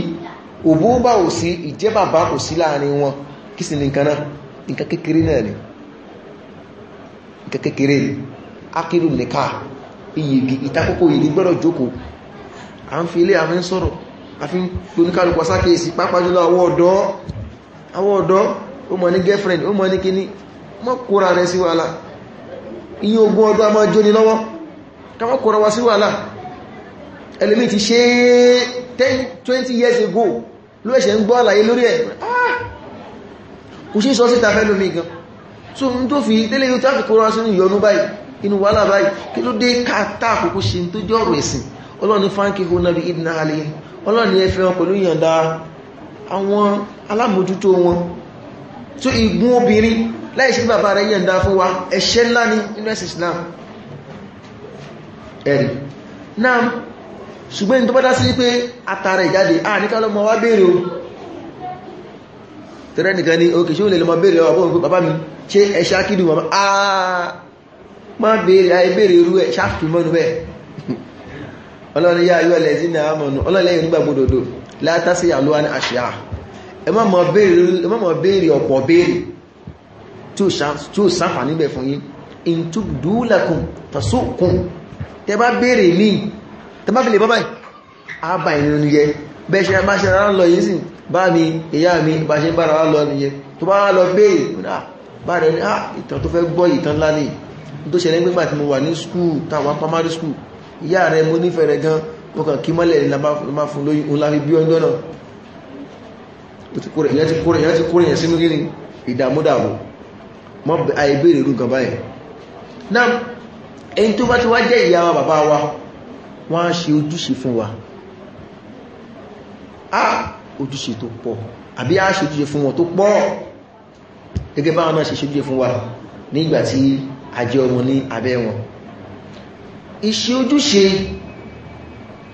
òbúbà ò sí ìjẹ́ bàbá kò sí láàrin wọn kí sì nìkan náà nǹkan kékeré náà ni nǹkan kékeré akílù nìka iyìgì ìtakókò yìí ní gbọ́dọ̀ jókòó à ń ọ̀dọ́ àwọn mọ̀ ní girlfriend ó mọ̀ ní kíní mọ́ kóra rẹ̀ sí wàhálà iye ogun ọdún a máa lọwọ lọ́wọ́ ká mọ́ wa sí wàhálà ẹlẹ́mí ti ṣe 10 20 years ago ló ẹ̀ṣẹ̀ ń gbọ́ àlàyé lórí ẹ̀ ah! kò sí sọ síta fẹ́ gan so n tó fi tẹ́lẹ̀ yóò tàbí kóra sínú ìyọnu báyìí inú wàhálà báyìí láìsí bàbá rẹ̀ yẹ̀ndà fún wa ẹ̀ṣẹ̀ ńlá ní inú ẹ̀sìn Islam ẹ̀rì náà ṣùgbọ́n tó bọ́dá sí pé àtàrà ìjáde à wá bèèrè o tẹ́rẹ nìkan ní ṣe ó bèèrè bàbá mi ṣe ẹ̀ṣẹ́ akídù mọ́ ẹ mọ̀ bèèrè ọ̀pọ̀ bèèrè tí ó sáfà níbẹ̀ fún yín in tó dúlàkùn tàṣókùn tẹ bá béèrè mí tẹ bá fi lè bábáì àbà ìrìn yẹ bẹ́ ṣe bá ṣe rárá lọ yìí sí bá mi ìyá mi bá ṣe bára wá lọ nìyẹ tó bá lọ béèrè ah, bá rẹ̀ ní ah, ìtàn tó fẹ́ gbọ́ ìtàn ńlá ní tó ṣẹlẹ̀ nígbà tí mo wà ní skúù táwọn primary school ìyá rẹ̀ mo nífẹ̀ẹ́ rẹ̀ gan mo kàn kí mọ́lẹ̀ ní lábá fún lóyún òun láfi bí ọjọ́ náà ìyá ti kúrẹ̀ yẹn sínú gíní ìdàmúdàmú mọ́ àìbèrè irú nǹkan báyìí náà ẹni tó bá ti wá jẹ́ ìyá wa bàbá wa wọ́n á ṣe ojúṣe fún wa á ojúṣe tó pọ̀ àbí á ṣe ojúṣe fún wọn tó pọ̀ gẹ́gẹ́ báwọn náà ṣe ṣe ojúṣe fún wa nígbà tí a ọmọ ní abẹ́ wọn ìṣe ojúṣe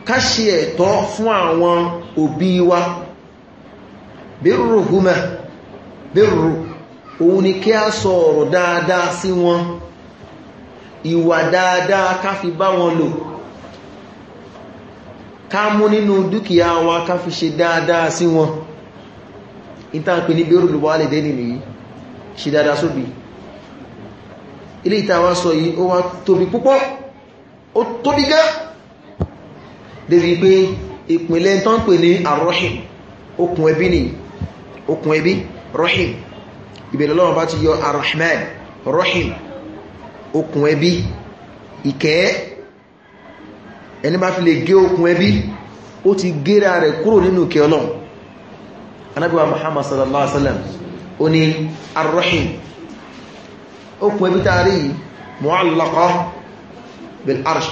ká ṣe ẹ̀tọ́ fún àwọn òbí wa bẹ́rù rùhùmẹ́ bẹ́rù rùhùmẹ́ òun ni kí a sọ ọ̀rọ̀ dáadáa sí wọn ìwà dáadáa ká fi bá wọn lò ká mú nínú dúkìá wa ká fi ṣe dáadáa sí wọn ìtànpé ní bí olùlùwà lè dé nìlú yìí ṣe dáadáa sóbi ilé ìtawà sọ yìí ó wá tóbi púpọ̀ ó tóbi gá débi pé ìpínlẹ̀ tán pè ní àrọ́hìn okùn ẹbí ni okùn ẹbí rọ́hìn ìbẹ̀rẹ̀ lọ́wọ́ bá ti yọ arahman rahim okùn ẹbí ìkẹ́ ẹni bá fi lè gé okùn ẹbí ó ti gẹ́ra rẹ̀ kúrò nínú ìkẹ́ ọlọ́run anábíwá muhammad sallallahu alaihi wasallam ó ní arahim okùn ẹbí tààrí mu'allaqa bil arsh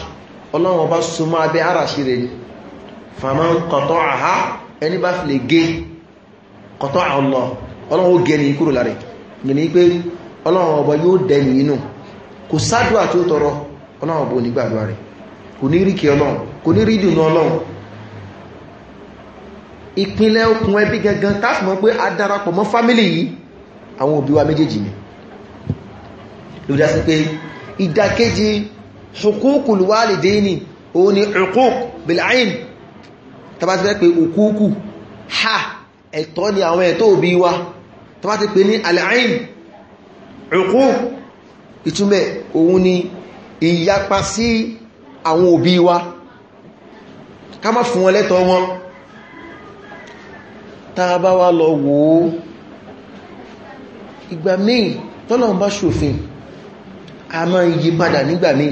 ọlọ́run ọba súnmọ́ abẹ́ arashi rẹ̀ ni fàmọ́ kọ̀tọ́ àhá ẹni bá fi lè gé kọ̀tọ́ Allah ọlọ́run ó gẹ́ ni kúrò lára gbìnì pé ọlọ́run ọba yóò dẹni inú kò sádùá tó tọrọ ọlọ́run ọba onígbàdùá rẹ̀ kò ní ríkì ọlọ́run kò ní rí dùnú ọlọ́run ìpínlẹ̀ okùn ẹbí gangan táàfìmọ́ pé a darapọ̀ mọ́ fámílì yìí àwọn òbí wa méjèèjì ni ló dá sí pé ìdàkejì hukukul walidaini òun ni tó bá ti pè ní al'ain ẹ̀kú ìtumẹ̀ òun ni ìyapa sí àwọn òbí wa ká má fún wọn lẹ́tọ̀ wọn tá a bá wá lọ wò ó ìgbà míì tọ́lọ̀n bá ṣòfin a máa yí padà nígbà míì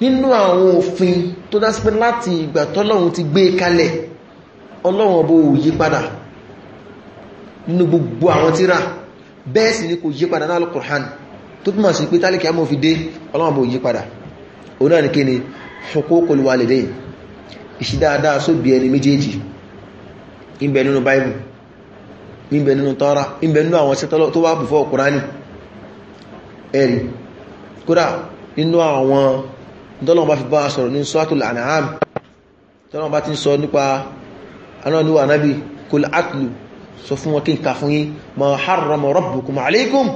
nínú àwọn òfin tó dá sí pé láti ìgbà tọ́lọ̀un ti gbé kalẹ̀ ọlọ́run ọbọ̀ òyí padà nínú gbogbo àwọn tíra bẹ́ẹ̀ sì ni kò yí padà náà al-Qur'an tó túnmọ̀ sí pé tálíkì àmọ́ fi dé ọlọ́wọ́n bó yí padà òun náà ni kí ni huququl walidayn ìṣí dáadáa sóbi ẹni méjèèjì ìbẹ̀ nínú báìbù ìbẹ̀ nínú tọ́ra ìbẹ̀ nínú àwọn sẹ́tọ́lọ́ tó wà bùfọ́ Kùránì ẹ̀rì kódà nínú àwọn dọ́lọ́wọ́n bá kul atlu sọ fún wọn kí n ka fún yín ma harrama rabbukum alaykum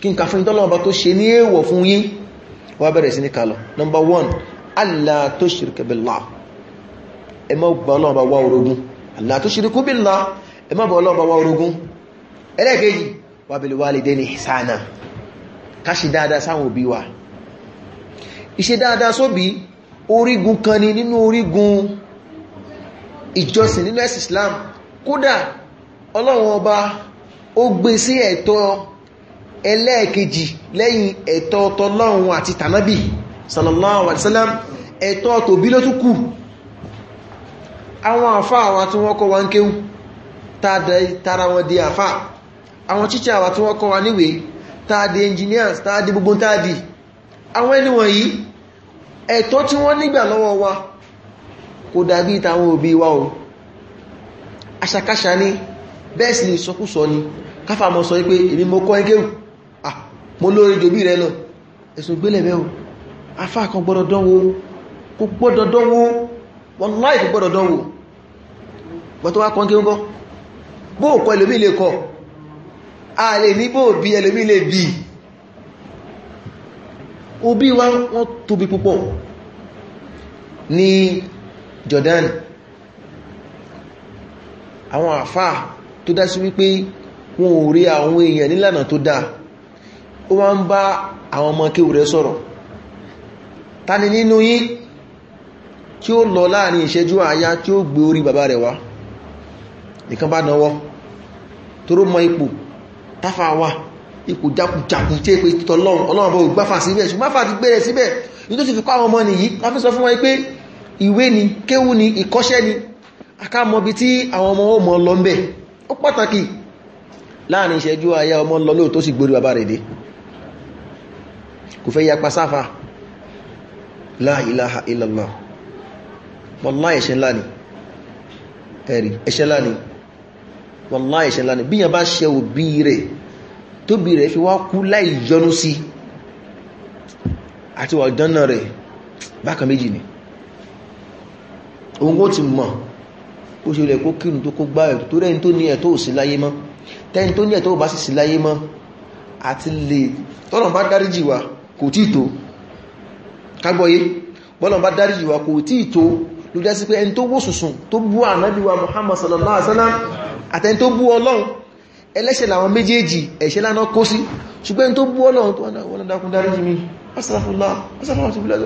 kí n ka fún yín tọ́lọ́ ọba tó ṣe ní èèwọ̀ fún yín wá bẹ̀rẹ̀ sí ní kalọ̀ number one alla tushriku billah ẹ má bá Ọlọ́run bá wá orogún alla tushriku billah ẹ má bá Ọlọ́run bá wá orogún ẹlẹ́ẹ̀kejì wa bil walidayni ihsana ká ṣe dáadáa orígun kan ni nínú orígun ìjọsìn nínú ẹ̀sìn Islam kódà ọlọ́run ọba ó gbé sí ẹ̀tọ́ ẹlẹ́ẹ̀kejì lẹ́yìn ẹ̀tọ́ tọlọ́run àti tànábì sallallahu alaihi wasallam ẹ̀tọ́ tòbí ló tún kù àwọn àfá àwọn tí wọ́n kọ́ wa ń kéwú tààdà wọn di àfá àwọn teacher àwọn tí wọ́n kọ́ wa níwé tààdì engineers tààdì gbogbo tààdì àwọn ẹni wọ̀nyí ẹ̀tọ́ tí wọ́n nígbà lọ́wọ́ wa kò dàbí tàwọn òbí wa o àṣàkáṣà ni bẹ́ẹ̀ sì ni ìsọkúsọ ni káfà mọ́ sọ wípé èmi mo kọ́ ẹgẹ́ mo lórí jòbí rẹ lọ ẹ̀sùn gbélẹ̀ mẹ́wọ̀n afá kan gbọ́dọ̀ dánwò kò gbọ́dọ̀ dánwò wọ́n láì kò gbọ́dọ̀ dánwò bọ́tọ́ wá wa wọ́n tóbi púpọ̀ ni Jordan àwọn àfáà tó dá sí wípé wọn ò rí àwọn èèyàn nílànà tó dáa ó máa ń bá àwọn ọmọ kéwù rẹ̀ sọ̀rọ̀ ta ni nínú yí tí ó lọ láàrin ìṣẹ́jú àyá tí ó gbé orí bàbá rẹ̀ wá nìkan bá náwọ́ toró mọ ipò táfà wà ipò jákùjákù tí èpè tọ́lọ́run ọlọ́run bó ni kéwù ni ni akámọbi tí àwọn ọmọ ó ó pàtàkì láàrin ìṣẹ́jú àyá ọmọ ń lọ lóò tó sì gbórí bàbá rẹ̀ dé kò fẹ́ ya pasáfà la ilaha illallah wallahi ẹ̀ṣẹ̀ bí yàn bá ṣe òbí rẹ̀ tóbi rẹ̀ fi wá kú láì sí àti wà dánà rẹ̀ bákan méjì ni òun ó ti mọ̀ bó ṣe lẹ̀ kó kírun tó kó gbá ẹ̀tọ́ rẹ̀ tó ní ẹ̀tọ́ òsì láyé mọ́ tẹ́ni tó ní ẹ̀tọ́ bá sì sí láyé mọ́ àti lè tọ́nà bá dáríjì wa kò tí tó kágbọ́yé bọ́nà bá kò tí tó ló já sí pé ẹni tó wó tó bú ànábì Muhammad sallallahu alaihi wasallam àtẹni tó bú Ọlọ́run ẹlẹ́ṣẹ̀ làwọn méjèèjì ẹ̀ṣẹ̀ lánàá kó sí ṣùgbọ́n tó bú Ọlọ́run tó wọ́n dákun dáríjì mi astaghfirullah astaghfirullah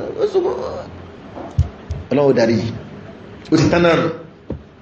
ọlọ́run dáríjì ó ti tánà rẹ̀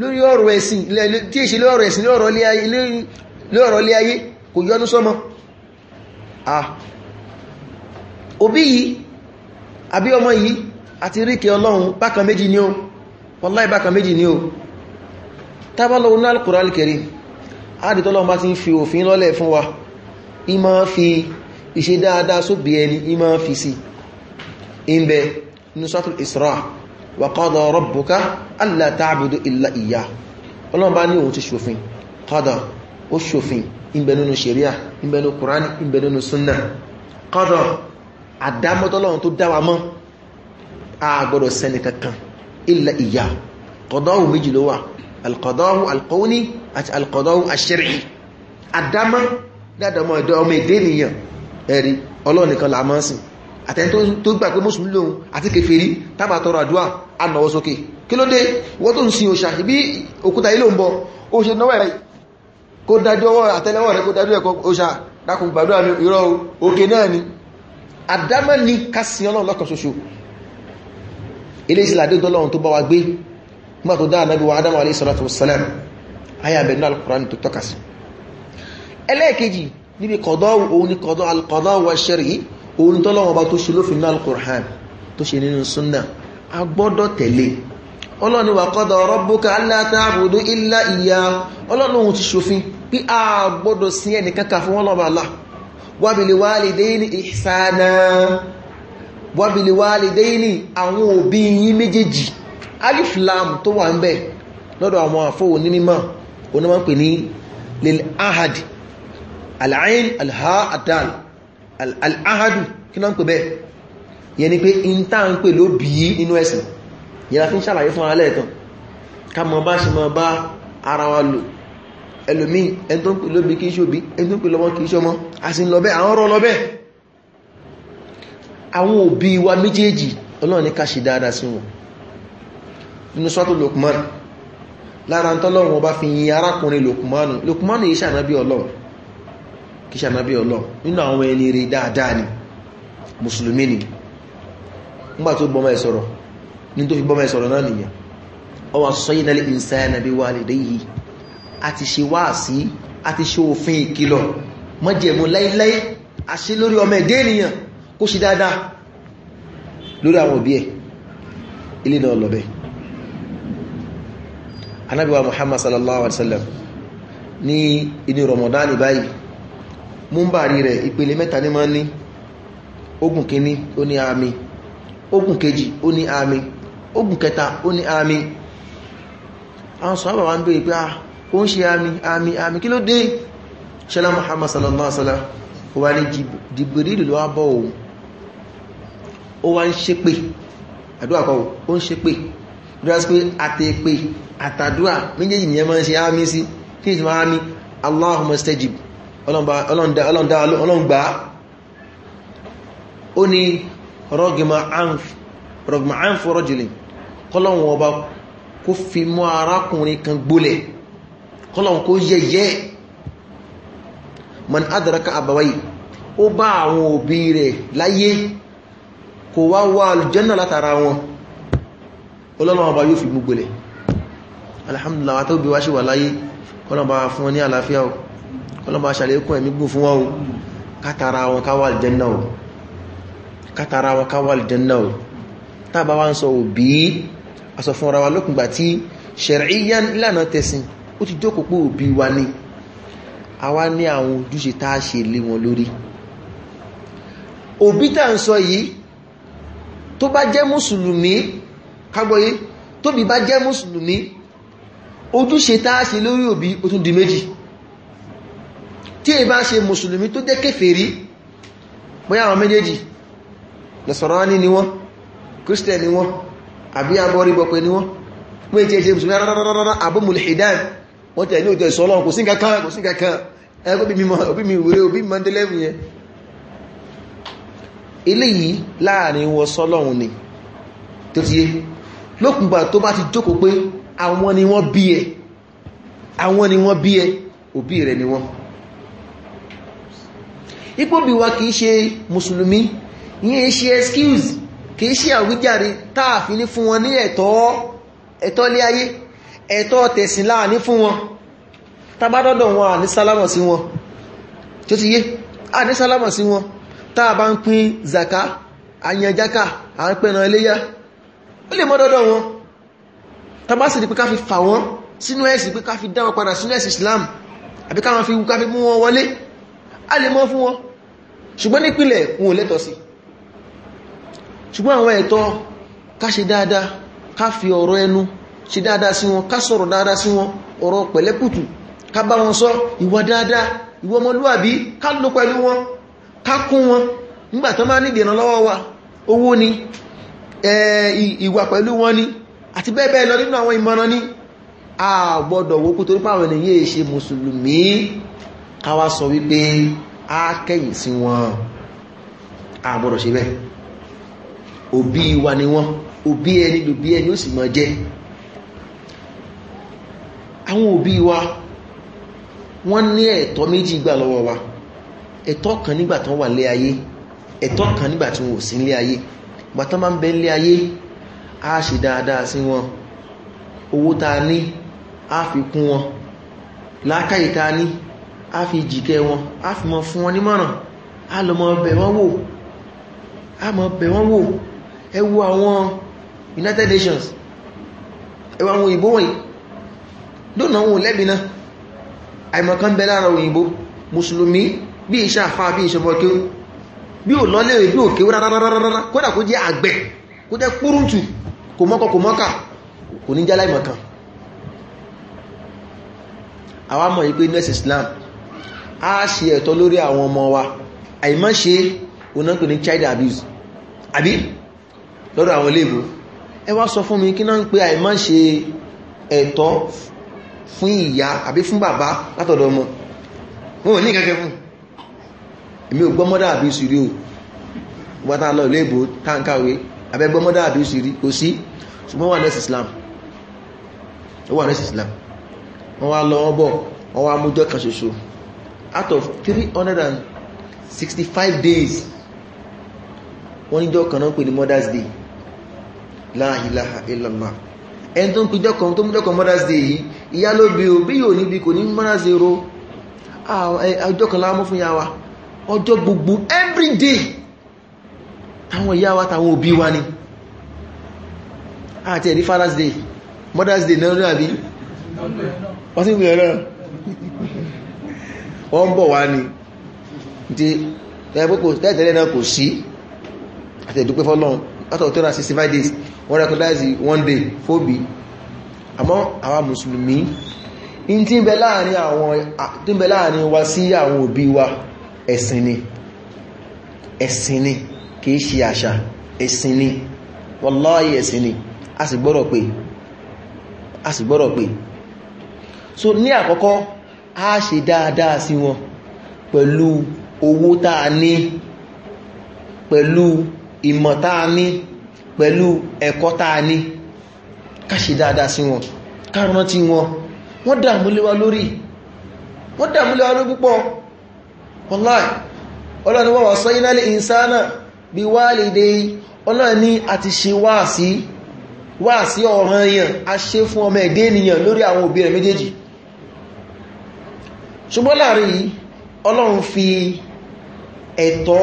lórí ọ̀rọ̀ ẹ̀sìn tí èṣe lórí ọ̀rọ̀ ẹ̀sìn lórí ọ̀rọ̀ ilé ayé kò yọ́nú sọ́mọ́ òbí yìí àbí ọmọ yìí àti ríkẹ ọlọ́run bákan méjì ni ó wọláì bákan méjì ni ó tábálọ́ oní alkùnrin alkẹrì àdìtọ́lọ́run bá ti ń fi òfin allah ta'budu illa iya ọlọ́run bá ní òun ti ṣòfin qada ó ṣòfin ìbẹ̀ nínú sharia ìbẹ̀ nínú quran ìbẹ̀ nínú sunna qada àdámọ́tọ́lọ́run tó dáwà mọ́ a gbọ́dọ̀ sẹ́ni kankan illa iya qadahu méjì ló wà alqadahu alqawni àti alqadahu àtẹni tó gbà pé mùsùlùmí lòun àti kèfèrí tábà tọrọ àdúrà ànàwọ́ sókè kí ló dé wọ́n tó ń sin òṣà bí òkúta ilé ń bọ ó ṣe náwọ́ ẹ̀rẹ́ kó dájú ọwọ́ àtẹ́lẹwọ́ rẹ̀ kó dájú ẹ̀kọ́ òṣà dákùn gbàdúrà ní irọ́ òkè náà ni àdámọ́ ni kásìn ọlọ́run lọ́kàn ṣoṣo ilé ìsìlẹ̀ ọlọ́run tó bá wa gbé nígbà tó dá ànábì wa Ádámù salatu wassalam aya bẹ̀rẹ̀ náà al-Qur'an tó tọ́ka sí ẹlẹ́ẹ̀kejì níbi kọ̀dọ́ ni kọ̀dọ́ al-qada wa shar'i orin tọ́lọ́wọ́ ọba tó ṣe lófin náà al-Qur'an tó ṣe nínú súnnà a gbọ́dọ̀ tẹ̀lé ọlọ́ni wa qada rabbuka alla ta'budu illa iyyah ọlọ́ni ohun ti ṣòfin pí a gbọ́dọ̀ sí ẹni kankan kàfún wọn lọ́wọ́ Allah wa bil walidayni ihsana wa bil walidayni al ha ad al'ahadu kí náà ń pè bẹ́ẹ̀ yẹn ni pé in tá ń pè ló bí inú ẹ̀sìn yẹn la fi ń ṣàlàyé fún alẹ́ ẹ̀kan ká mọ bá ṣe mọ bá ara wa lò ẹlòmí ẹni tó ń pè lóbi kìí ṣòbí ẹni tó ń lára ń tọ́lọ́run ọba fi yin arákùnrin Lukmanu Lukmanu yìí ṣànábí ọlọ́run kìí ṣànábí ọlọ́run nínú àwọn ẹni rí dáadáa ni mùsùlùmí ni nígbà tó bọ́mọ̀ ìsọ̀rọ̀ ní tó fi bọ́mọ̀ ìsọ̀rọ̀ náà nìyàn ọwà sọ́yìn alẹ́ insana bi walidayhi a ti ṣe wáàsí a ti ṣe òfin ìkìlọ̀ mọ́jẹ̀mú láíláí a inú ramadan báyìí múmbàrí rẹ̀ ìpele mẹ́ta ní máa ń ní ogun o ó ní àmì ogun kejì ó ní àmì ogun kẹta ó ní àmì àwọn sọ́bà wá ń bèèrè pé ó ń ṣe àmì àmì àmì kí ló dé ṣẹlá Muhammad sallallahu alaihi wasallam ó wá ní Jibril ló wá bọ́ òun ó wá ń ṣépè àdúrà kọ́ ó ń ṣépè dúrásí pé àtẹ́pè àtàdúrà méjèèjì ni máa ń ṣe àmì sí kí ọlọ́ngbà ó ní rọ́gìmọ̀ àǹfọ́ rọ́jìlìn kọ́lọ̀wọ̀n ọba kó fi mọ́ arákùnrin kan gbólẹ̀ kọ́lọ̀wọ̀n kó yẹ̀yẹ́ man adaraka àbáwáyì ó bá àwọn òbí rẹ̀ láyé kò wá wá aljanna látara wọn ọlọ́lọ́wọ́n ọba yóò fi gbogbo alhamdulillah àtọ́bí wá ṣe wà láyé kọ́lọ̀wọ̀n bá fún wọn ní àlàáfíà o ọlọ́mà ṣàlékún ẹ̀mí gbò fún wọn kátara wọn káwàl jẹ́nà o kátara wọn káwàl jẹ́nà o tàbá wá ń sọ òbí aṣọ fún ọra wa lókùngbà tí ṣẹ̀ríyàn ìlànà tẹ̀sìn ó ti jókòó pé òbí wa ni a wá ní àwọn ojúṣe tá a ṣe lé wọn lórí òbí tá ń sọ yìí tó bá jẹ́ mùsùlùmí kágbọ́yé tóbi bá jẹ́ mùsùlùmí ojúṣe tá ṣe lórí òbí ó tún di méjì tí è bá ṣe mùsùlùmí tó jẹ́ kéfèrí bóyá àwọn méjèèjì nasarani ni wọ́n christian ni wọ́n àbí abọ́rìbọ̀pẹ̀ ni wọ́n pé tí è ṣe mùsùlùmí rárárárá àbú mulhidan wọ́n tẹ̀ ní òjò ìsọ́lọ́run kò sí kankan kò sí kankan ẹgbẹ́ bí mi wèrè òbí mi mọ́ndẹ́lẹ́mù yẹn eléyìí láàrin wọn sọ́lọ́run ni tó ti yé ipòbí wa kìí ṣe mùsùlùmí yíyẹ ṣe excuse kìí ṣe àwíjàre táàfin ní fún wọn ní ẹ̀tọ́ ẹ̀tọ́ lé ayé ẹ̀tọ́ tẹ̀sìn láàní fún wọn tàbádọ́dọ̀ wọn àní sálámọ̀ sí wọn tí ó ti yé àní sálámọ̀ sí wọn táà bá ń pín zaka àyànjáká à ń pẹ̀nà iléyá ó lè mọ́dọ́dọ̀ wọn tàbá sì pé ká fi fà wọn sínú ẹ̀sìn pé ká fi dá padà sínú ẹ̀sìn Islam àbí ká wọn fi wú ká fi mú wọn wọlé a lè mọ́ fún wọn ṣùgbọ́n nípìlẹ̀ wọn ò lẹ́tọ̀ sí ṣùgbọ́n àwọn ẹ̀tọ́ ká ṣe dáadáa ká fi ọ̀rọ̀ ẹnu ṣe dáadáa sí wọn ká sọ̀rọ̀ dáadáa sí wọn ọ̀rọ̀ pẹ̀lẹ́kùtù ká bá wọn sọ ìwà dáadáa ìwà ọmọlúwàbí ká lò pẹ̀lú wọn ká kún wọn wa owó ni ìwà pẹ̀lú wọn ni àti bẹ́ẹ̀ bẹ́ẹ̀ lọ ni a gbọ́dọ̀ wó kú torípàwọn ènìyàn ṣe mùsùlùmí á kẹ́yìn sí wọn àgbọ̀dọ̀ ṣe bẹ́ẹ̀ òbí wa ni wọ́n òbí ẹni lòbí ẹni ó sì mọ̀ jẹ́ àwọn òbí wa wọ́n ní ẹ̀tọ́ méjì gbà lọ́wọ́ wa ẹ̀tọ́ kan nígbà wà lé ayé ẹ̀tọ́ kan nígbà tí sí lé ayé gbà tán ń bẹ lé ayé ṣe dáadáa sí wọn owó fi kún wọn ní a fi jìkẹ́ wọn a fi mọ fún wọn nímọ̀ràn a lọ mọ bẹ̀ wọ́n wò a mọ bẹ̀ wọ́n wò ẹ wo àwọn United Nations ẹ wo àwọn òyìnbó wọ̀nyí lónà òun lẹ́bi náà àìmọ̀kan bẹ lára òyìnbó mùsùlùmí bí iṣẹ́ àfáà bí iṣẹ́ mọ́kí bí ò lọ́lẹ̀ bí ò kéwú rárárárá kódà kó jẹ́ àgbẹ̀ kó jẹ́ kúrùntù kò mọ́kọ̀ kò mọ́kà kò ní jálá ìmọ̀kan àwọn mọ̀ yí pé nurse Islam a ṣe ẹ̀tọ́ lórí àwọn ọmọ wa àìmọ́ ṣe onápè ní child abuse àbí lọ́dọ̀ àwọn iléèbó ẹ wá sọ fún mi kí náà ń pé àìmọ́ ṣe ẹ̀tọ́ fún ìyá àbí fún bàbá látọ̀dọ̀ ọmọ wọn ò ní kẹ́kẹ́ fún èmi ò gbọ́mọ́dá àbí ìsìrí o wátá lọ ilé táǹkàwé abẹ́ gbọ́mọ́dá àbí kò sí ṣùgbọ́n Islam wọ́n wà nẹ́sì Islam wọ́n wá lọ ọbọ̀ wọ́n wá mú jọ́ kan ṣoṣo out of three hundred and sixty-five days wọ́n níjọ́ kan náà pè ní mother's day la ilaha illallah ẹni tó ń pèjọ́ kan tó mújọ́ kan mother's day yìí ìyá ló bí o bí yóò níbi kò ní mother's day ro ọjọ́ kan láwọn fún yá wa ọjọ́ gbogbo every day táwọn ìyá wa táwọn òbí wa ni àti ẹ̀rí father's day mother's day náà rí àbí wọ́n sí ìwé ẹ̀rọ wọ́n ń bọ̀ wá ní tí tẹ́tẹ̀lẹ́ náà kò sí àti ìdúpẹ́ fọ́lọ́run out of 365 days wọ́n recognize one day fóbi àmọ́ àwa mùsùlùmí in tí ń bẹ láàrin wa sí àwọn òbí wa ẹ̀sìn ni ẹ̀sìn ni kìí ṣe àṣà ẹ̀sìn ni wallahi ẹ̀sìn ni a sì gbọ́rọ̀ pé a sì gbọ́rọ̀ pé so ní àkọ́kọ́ a ṣe dáadáa sí wọn pẹ̀lú owó táa ní pẹ̀lú ìmọ̀ táa ní pẹ̀lú ẹ̀kọ́ táa ní ká ṣe dáadáa sí wọn ká rántí wọn wọ́n dààmú lé wa lórí wọ́n dààmú lé wa lórí púpọ̀ wọ́láì ọlọ́ni wọ́n wà sọ́yínà lè ìsáná bí wà lè dé ọlọ́ni àti ṣe wáàsí wáàsí ọ̀ràn èèyàn a ṣe fún ọmọ ẹ̀dẹ́ ènìyàn lórí àwọn òbí rẹ̀ méjèèjì ṣùgbọ́n láàrin yìí ọlọ́run fi ẹ̀tọ́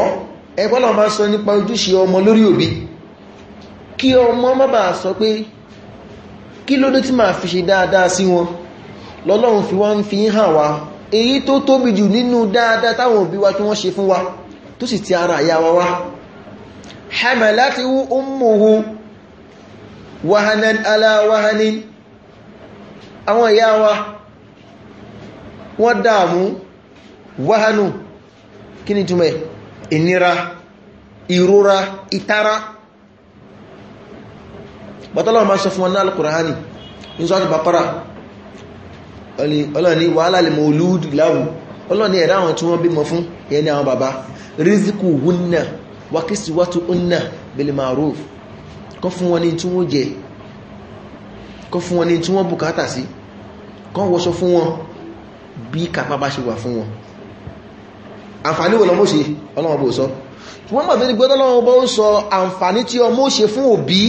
ẹgbọ́lọ̀ máa sọ nípa ojúṣe ọmọ lórí òbí kí ọmọ má bàa sọ pé kí ló dé tí máa fi ṣe dáadáa sí wọn lọ́lọ́run fi wá ń fi ń hàn wá èyí tó tóbi jù nínú dáadáa táwọn òbí wa tí wọ́n ṣe fún wa tó sì ti ara ìyá wa wá hamalatihu ummuhu wahanan ala wahanin àwọn ìyá wa wọ́n dààmú wáhánù kí ni túnmẹ̀ ìnira ìrora ìtara bàtọ́lọ́wọ́ máa sọ fún wọn náà al-Qur'ani ní sọ́tù bàpára ọlọ́ni wàhálà lè mọ̀ olúdì láwù ọlọ́ni ẹ̀dá àwọn tí wọ́n bímọ fún ẹni àwọn bàbá rízíkù húnnà wákísíwátú húnnà bil ma'ruf kọ́ fún wọn ní tí wọ́n jẹ kọ́ fún wọn ní tí wọ́n bùkátà sí kọ́ wọ́sọ fún wọn bí kàpá bá ṣe wà fún wọn àǹfààní wo lọ mọ́ ṣe ọlọ́wọ́ bó sọ wọ́n mọ̀ tó ní gbọ́dọ̀ lọ́wọ́ bó ń sọ àǹfààní tí ọmọ ó ṣe fún òbí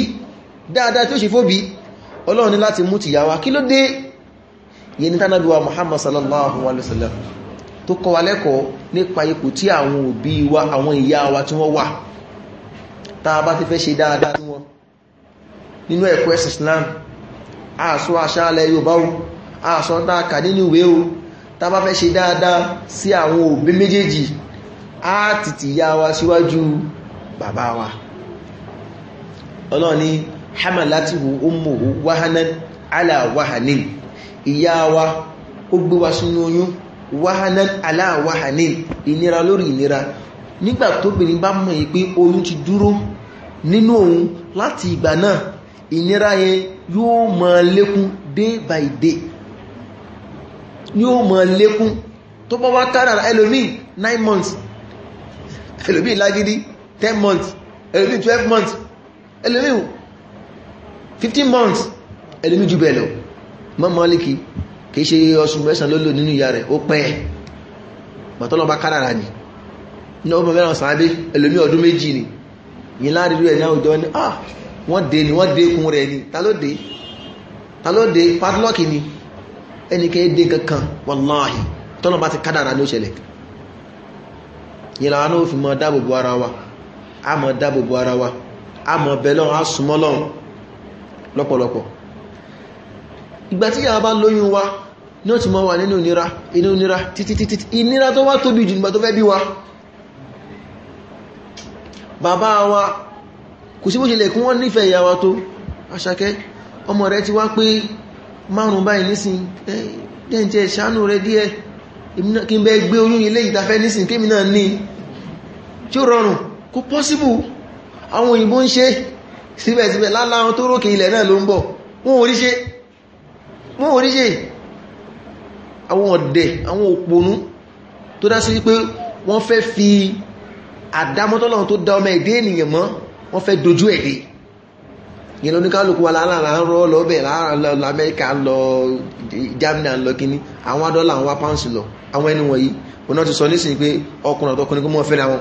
dáadáa tí ó ṣe fóbi ọlọ́run ní láti mú tìyàwó kí ló dé yẹn ní tánàbí Muhammad sallallahu alaihi wasallam tó kọ́ wa lẹ́kọ̀ọ́ nípa ipò tí àwọn òbí wa àwọn ìyá wa tí wọ́n tá a bá ti fẹ́ ṣe dáadáa tí wọ́n nínú ẹ̀kọ́ ẹ̀sìn Islam àṣọ àṣà alẹ́ Yorùbá o àṣọ kà nínú ìwé o tá bá fẹ́ ṣe dáadáa sí àwọn òbí méjèèjì á tìtì ya wa síwájú bàbá wa ọlọ́ni hamalatihu ummuhu wahanan ala wahanin ìyá wa ó gbé wa sínú oyún wahanan ala wahanin ìnira lórí ìnira nígbà tóbìnrin bá mọ̀ yìí pé oyún ti dúró nínú òun láti ìgbà náà ìnira yẹn yóò máa lékún day by day yóò mọ̀ lékún tó bọ́ wá kádàrà ẹlòmí 9 months ẹlòmí lágídí 10 months ẹlòmí 12 months ẹlòmí 15 months ẹlòmí jù bẹ́ẹ̀ lọ mọ́ mọ́líkì kìí ṣe oṣù mẹ́sàn ló lò nínú ìyá rẹ̀ ó pẹ́ bàtọ́lọ́bá kádàrà ni ní ọmọ mẹ́ràn sàábé ẹlòmí ọdún méjì ni yìí láàrin rẹ̀ ní àwùjọ ni ah wọ́n dé ni wọ́n dé kún rẹ̀ ni ta ló dé ta ló dé padlock ni ẹnikẹ́ dé kankan wàláhì tọ́nà bá ti kádàrà ní òṣèlẹ̀ ìlànà náà fi mọ́ dáàbòbò ara wa a mọ́ dáàbòbò ara wa a mọ́ bẹ̀lọ́n a súnmọ́ lọ́n lọ́pọ̀lọpọ̀ ìgbà tí yàrá bá lóyún wa náà ti mọ́ wà nínú ìnira inú ìnira títítítí ìnira tó wá tóbi jù nígbà tó fẹ́ bí wa bàbá wa kò sí bó ṣe lè kún wọ́n nífẹ̀ẹ́ ìyá tó àṣàkẹ́ ọmọ rẹ̀ ti wá pé márùn báyìí nísìn jẹ́ ìṣánú rẹ díẹ̀ kí n bẹ́ gbé oyún ilé ìtafẹ́ nísìn kí mi náà ní tí ó rọrùn kó pọ́síbù àwọn òyìnbó ń ṣe síbẹ̀síbẹ̀ láláwọn tó rókè ilẹ̀ náà ló ń bọ̀ wọ́n oríṣẹ́ wọ́n oríṣẹ́ àwọn ọ̀dẹ̀ àwọn òpònú tó dá sí wípé wọ́n fẹ́ fi àdámọ́tọ́lọ́run tó dá ọmọ ẹ̀dẹ́ ènìyàn mọ́ wọ́n fẹ́ dojú ẹ̀dẹ́ yẹn ló ní kálukú wa lára ń rọ́ lọ́bẹ̀ lára ń lọ amẹ́ríkà ń lọ germany ń lọ kíní àwọn dọ́là àwọn pounds lọ àwọn ẹni wọ̀nyí òun náà ti sọ nísìnyí pé ọkùnrin àtọkùnrin kó mọ̀ fẹ́ ra wọn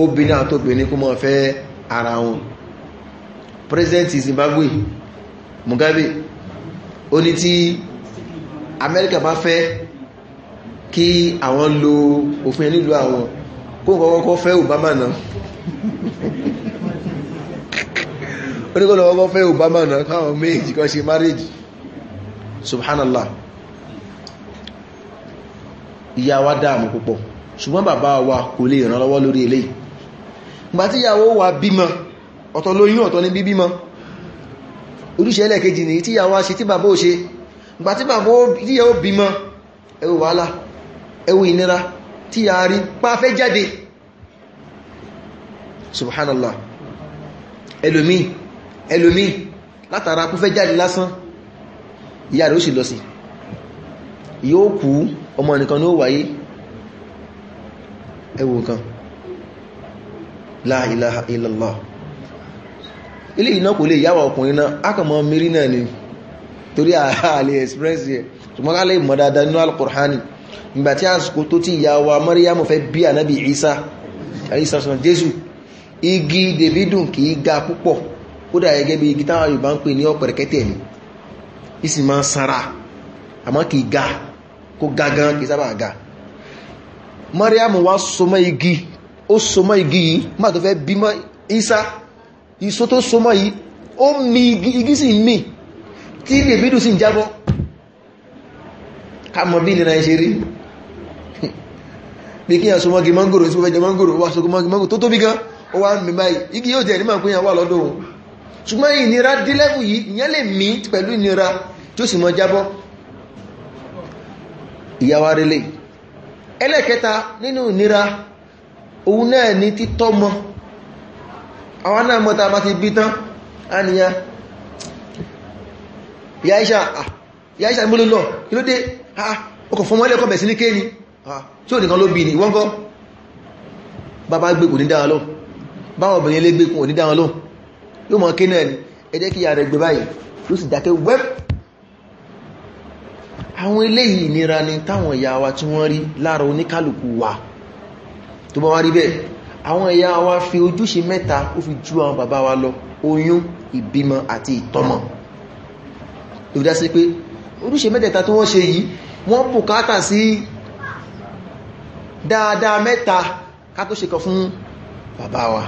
obìnrin àtọkùnrin kó mọ̀ fẹ́ ara wọn president zimbabwe mugabe ó ní tí amẹ́ríkà bá fẹ́ kí àwọn lo òfin nílùú àwọn kó kọ́kọ́ fẹ́ obama náà oníkọ́nà ọgbọ́ fẹ́ obama náà káwọn méjì kan ṣe márèjì subhanallah ìyá dáàmù púpọ̀ ṣùgbọ́n bàbá wa kò lè lọ́wọ́ lórí ilé ìgbà ìyàwó wa bímọ ọ̀tọ̀ lóyún ọ̀tọ̀ ní bíbímọ ojúṣe ní tí ìyàwó ṣe tí bàbá ò ṣe ẹlòmí látara kú fẹ́ jáde lásán ìyá rẹ̀ ó sì lọ sí yóò kú ọmọ nìkan ní ó wáyé ẹwù kan la ilaha ilé iná kò lè yáwà ọkùnrin náà akọ̀mọ̀ mìírí náà ni torí àhàlè express yẹ ṣùgbọ́n ká lè mọ̀ dáadáa nínú igi kìí ga púpọ̀ kódà gẹ́gẹ́ bí gítà yorùbá ń pè ní ọ̀pẹ̀rẹ̀kẹ́tẹ̀ ni ìsì máa sára àmọ́ kì í ga kó ga gan kì í sábà ga Mariam wá sọmọ́ igi ó sọmọ́ igi yìí má tó fẹ́ bímọ Isa iso tó sọmọ́ yìí ó mi igi sì mi tí ilé ìbídù sì ń jábọ́ ká mọ̀ bí ilẹ̀ náà ṣe rí bí kí yà sọmọ́ igi mangoro tí ó fẹ́ sọmọ́ igi mangoro tó tóbi gan ó wá mi báyìí igi yóò jẹ́ ní màá pín wà lọ́dọ̀ ṣùgbọ́n ìnira dé lẹ́fù yìí ìyẹn lè mí pẹ̀lú ìnira tí ó sì mọ jábọ́ ìyàwó arẹlẹ̀ ẹlẹ́kẹta nínú ìnira òun náà ní títọ́ mọ àwọn náà mọ́ta bá ti bí tán àníyàn yàíṣà yàíṣà ní múlùlọ ilódé ọkọ̀ fọmọ ẹlẹ́kọ̀ bẹ̀ sí ní kéèni tí ò nìkan ló bí ní ìwọ́n kọ́ bàbá gbẹ̀kùn gbẹ̀kùn ò ní yóò mọ̀ kí náà ni ẹjẹ́ kí ya rẹ̀ gbé báyìí ló sì dákẹ́ wẹ́p àwọn eléyìí ìnira ni táwọn ìyá wa tí wọ́n rí lára oníkálùkù wa tó bá wá rí bẹ́ẹ̀ àwọn ìyá wa fi ojúṣe mẹ́ta ó fi ju àwọn bàbá wa lọ oyún ìbímọ àti ìtọ́mọ tó wa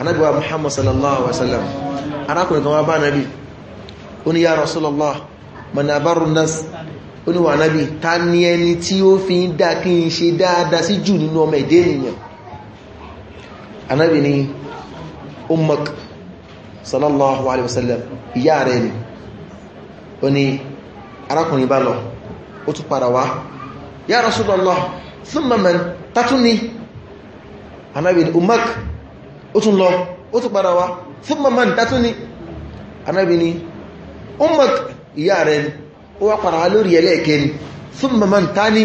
anábíwá muhammad sallallahu alaihi wasallam arákùnrin kan wá bá anábí ó ní ya rasulallah mana barun nas ó ní wà anábí ta ni ẹni tí ó fi ń dá kí n ṣe dáadáa sí jù nínú ọmọ ẹ̀dẹ́ ènìyàn anábí ni ummak sallallahu alaihi wasallam ìyá rẹ̀ ni ó ní arákùnrin bá lọ ó tún padà wá ya rasulallah thumma man tatuni anábí ni ummak ó tún lọ ó tún padà wá thumma man dátú ni anábi ni ummak ìyá rẹ̀ ni ó wá padà wá lórí ẹlẹ́ẹ̀kẹ́ ni thumma man tani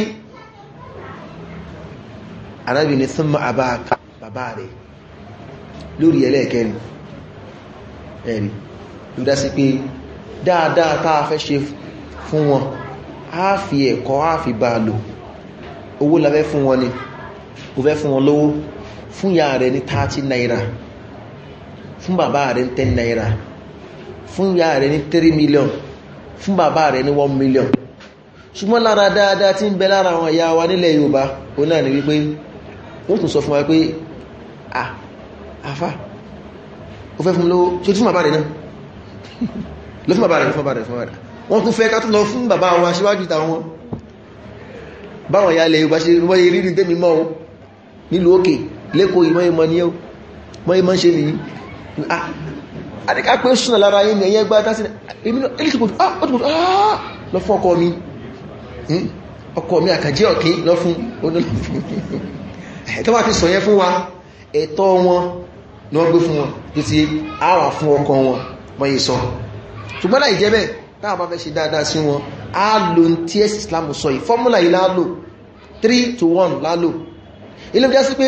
anábi ni thumma abaka bàbá rẹ̀ lórí ẹlẹ́ẹ̀kẹ́ ni ẹ̀rí ló dá sí pé dáadáa táa fẹ́ ṣe fún wọn a fi ẹ̀kọ́ a fi bá lò owó la fẹ́ fún wọn ni kò fẹ́ fún wọn lówó fún ìyá rẹ̀ ní 30 naira fún bàbá rẹ̀ ní 10 naira fún ìyá rẹ̀ ní 3 million fún bàbá rẹ̀ ní 1 million ṣùgbọ́n lára dáadáa tí ń bẹ lára àwọn ìyá wa nílẹ̀ Yorùbá òun náà ni wípé wọ́n tún sọ fún wa pé àfá o fẹ́ fún lówó tí ó tún fún bàbá rẹ̀ náà ló fún bàbá rẹ̀ fún bàbá rẹ̀ fún bàbá rẹ̀ wọ́n tún fẹ́ ká tún lọ fún bàbá wọn aṣíwájú ìtàwọn wọn báwọn ìyá ilẹ̀ Yorùbá ṣe rí rí tẹ́mi mọ́ nílùú òkè lẹ́kọ̀ọ́ ìmọ̀ ìmọ̀ ni ẹ́ mọ́ ìmọ̀ ṣe nìyí ah, àdíká pé ó ṣúnà lára yìí ẹ̀yẹ́ gbá dásí ah, ah, lọ fún ọkọ mi hmm? ọkọ mi àkàjẹ́ ọ̀kí lọ fún olólùfún ẹ̀tọ́ wà fi sọ yẹ fún wa ẹ̀tọ́ wọn ni wọ́n gbé fún wọn tó ti àwà fún ọkọ wọn mọ́ yìí sọ ṣùgbọ́n láì jẹ́ bẹ́ẹ̀ táà bá fẹ́ ṣe dáadáa sí wọn á lò ń tí ẹ̀sì Islam sọ yìí fọ́múlà yìí lálò 3 to 1 lálò ilé ìjásí pé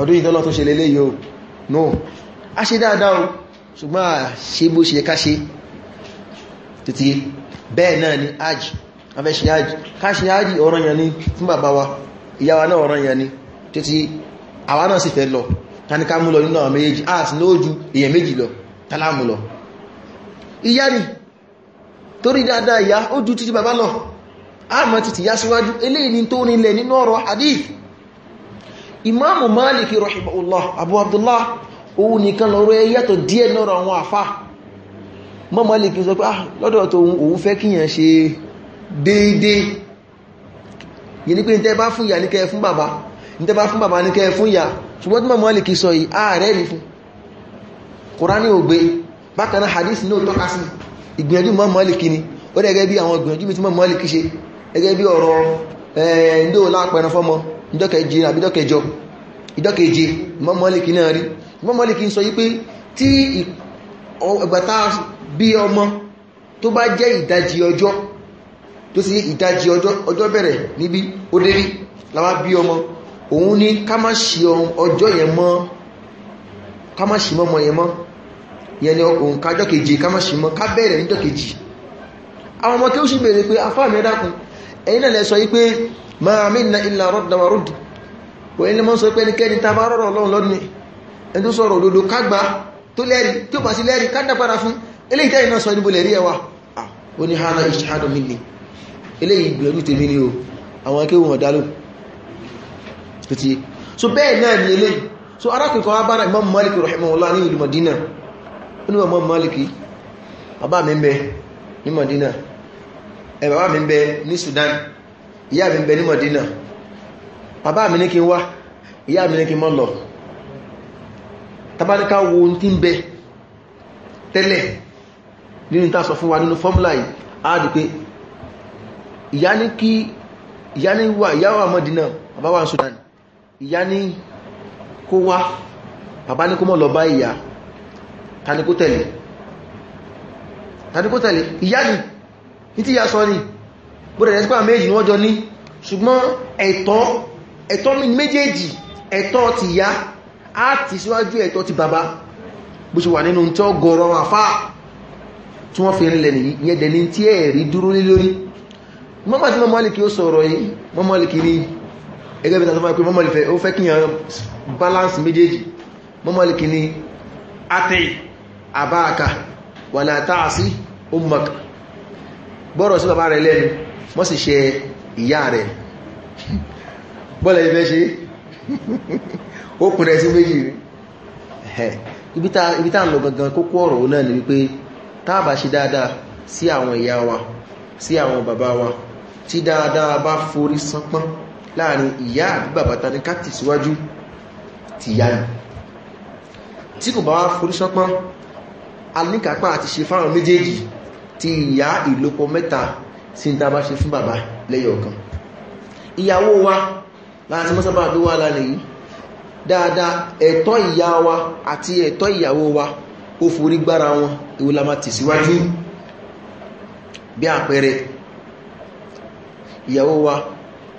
ọdún ìdọ́lọ́ tó ṣe lélé yóò no a ṣe dáadáa o ṣùgbọ́n a ṣe bó ṣe ká ṣe títí bẹ́ẹ̀ náà ni ajì afẹ́ṣe ajì ká ṣe ajì ọ̀ranyàn ni fún bàbá wa ìyá wa náà ọ̀ranyàn ni títí àwa náà sì fẹ́ lọ tanika mú lọ nínú àwọn méjì art lóòjú èèyàn méjì lọ tálámù lọ ìyá ni torí dáadáa ìyá ó ju títí bàbá lọ àmọ́ títí yá síwájú eléyìí ni tó nílẹ̀ nínú ọ̀rọ̀ hadith imamu maliki rahimahullah abu abdullah òun nìkan lọ́rọ̀ ẹ yàtọ̀ díẹ̀ lọ́rọ̀ àwọn àfá mọ́ maliki sọ pé ah, lọ́dọ̀ tó òun fẹ́ kíyàn ṣe déédé yìí ni pé ní tẹ́ bá fún ìyá ní kẹ́ fún bàbá ní tẹ́ bá fún bàbá ní kẹ́ fún ìyá ṣùgbọ́n tí mọ́ maliki sọ yìí ààrẹ rí fún kùránì ògbé bákan náà hadith náà tọ́ka sí ìgbìyànjú mọ́ mọ́ maliki ṣe gẹ́gẹ́ bí ọ̀rọ̀ ẹ̀ẹ́ndó lápẹran fọ́mọ ìdọ́kẹ̀ẹ́jì àbí ìdọ́kẹ̀ẹ́jọ ìdọ́kẹ̀ẹ́jì mọ́mọ́lìkì náà rí mọ́mọ́lìkì sọ wípé tí ìgbàtà bí ọmọ tó bá jẹ́ ìdajì ọjọ́ tó sì ìdajì ọjọ́ bẹ̀rẹ̀ níbi ó dérí láwá bí ọmọ òun ní kámáṣì ọjọ́ yẹn mọ́ kámáṣì mọ́mọ́ yẹn mọ́ yẹn ni òun kájọ́ kejì máa mínà ilà rọ́dàmà rọ́dì kò ní mọ́ sọ pé ní kẹ́ni tàbá rọ̀rọ̀ ọlọ́run lọ́dún ẹni tó sọ̀rọ̀ òdòdó kágbà tó lẹ́rí tí ó bá sí lẹ́rí kádà padà fún eléyìí tẹ́yìn náà sọ níbo lẹ́rí ẹwà ah, ó ní hana ìṣàdọ̀ mi ni eléyìí gbẹ̀rú tèmi ni o àwọn akéwù wọn dálò títí so bẹ́ẹ̀ náà ni eléyìí so arákùnrin kan wá bára Imam Malik rahimahullah ní ìlú Madina ó ní Imam Malik bàbá mi ń bẹ Madina ẹ bàbá mi ń bẹ Sudan ìyá mi ń bẹ ní Mọ̀dínà bàbá mi ní kí n wá ìyá mi ní kí mọ́ lọ tàbáníká wo ohun tí ń bẹ tẹ́lẹ̀ nínú tá sọ fún wa nínú fọ́mùlà yìí a rí pé ìyá ní kí ìyá ní wà ìyá wà Mọ̀dínà bàbá wà Sudan ìyá ní kó wá bàbá ní kó mọ́ lọ bá ìyá tani kó tẹ̀lé tani kó tẹ̀lé ìyá ni ní tí ìyá sọ ni bóde ẹ̀sìpá méjì ni wọ́n jọ ní ṣùgbọ́n ẹ̀tọ́ ẹ̀tọ́ méjèèjì ẹ̀tọ́ ti yá á ti síwájú ẹ̀tọ́ ti bàbá bó ṣe wà nínú tí ó gọ̀rọ̀ àfá tí wọ́n fi rinlẹ̀ yẹn dẹ̀ ní tí ẹ̀ rí dúró lé lórí mọ́mọ́ balance méjèèjì mọ́mọ́ alìkí ní àtẹ̀ àbáàkà wà látàásí ó mọ̀kà bọ́rọ̀ sí bàbá rẹ̀ lẹ́nu wọ́n sì ṣe ìyá rẹ̀ bọ́lẹ̀ ìfẹ́ ṣe ó kùn rẹ̀ sí méjì ibi tá ń lọ gangan kókó ọ̀rọ̀ náà ni wípé tá bá ṣe dáadáa sí àwọn ìyá wa sí àwọn bàbá wa tí dáadáa bá forí sánpọ́n láàrin ìyá àbí bàbá ta ní ká tẹ̀síwájú ti yá ni tí kò bá wá forí sánpọ́n a àti ṣe fáwọn méjèèjì ti ìyá ìlọ́po mẹ́ta sí ní tàbá ṣe fún bàbá lẹ́yọ̀ ọ̀kan ìyàwó wa láti mọ́sábà bí wà lálẹ́ yìí dáadáa ẹ̀tọ́ ìyá wa àti ẹ̀tọ́ ìyàwó wa ó forí gbára wọn ìwòlà máa tẹ̀síwájú bí àpẹẹrẹ ìyàwó wa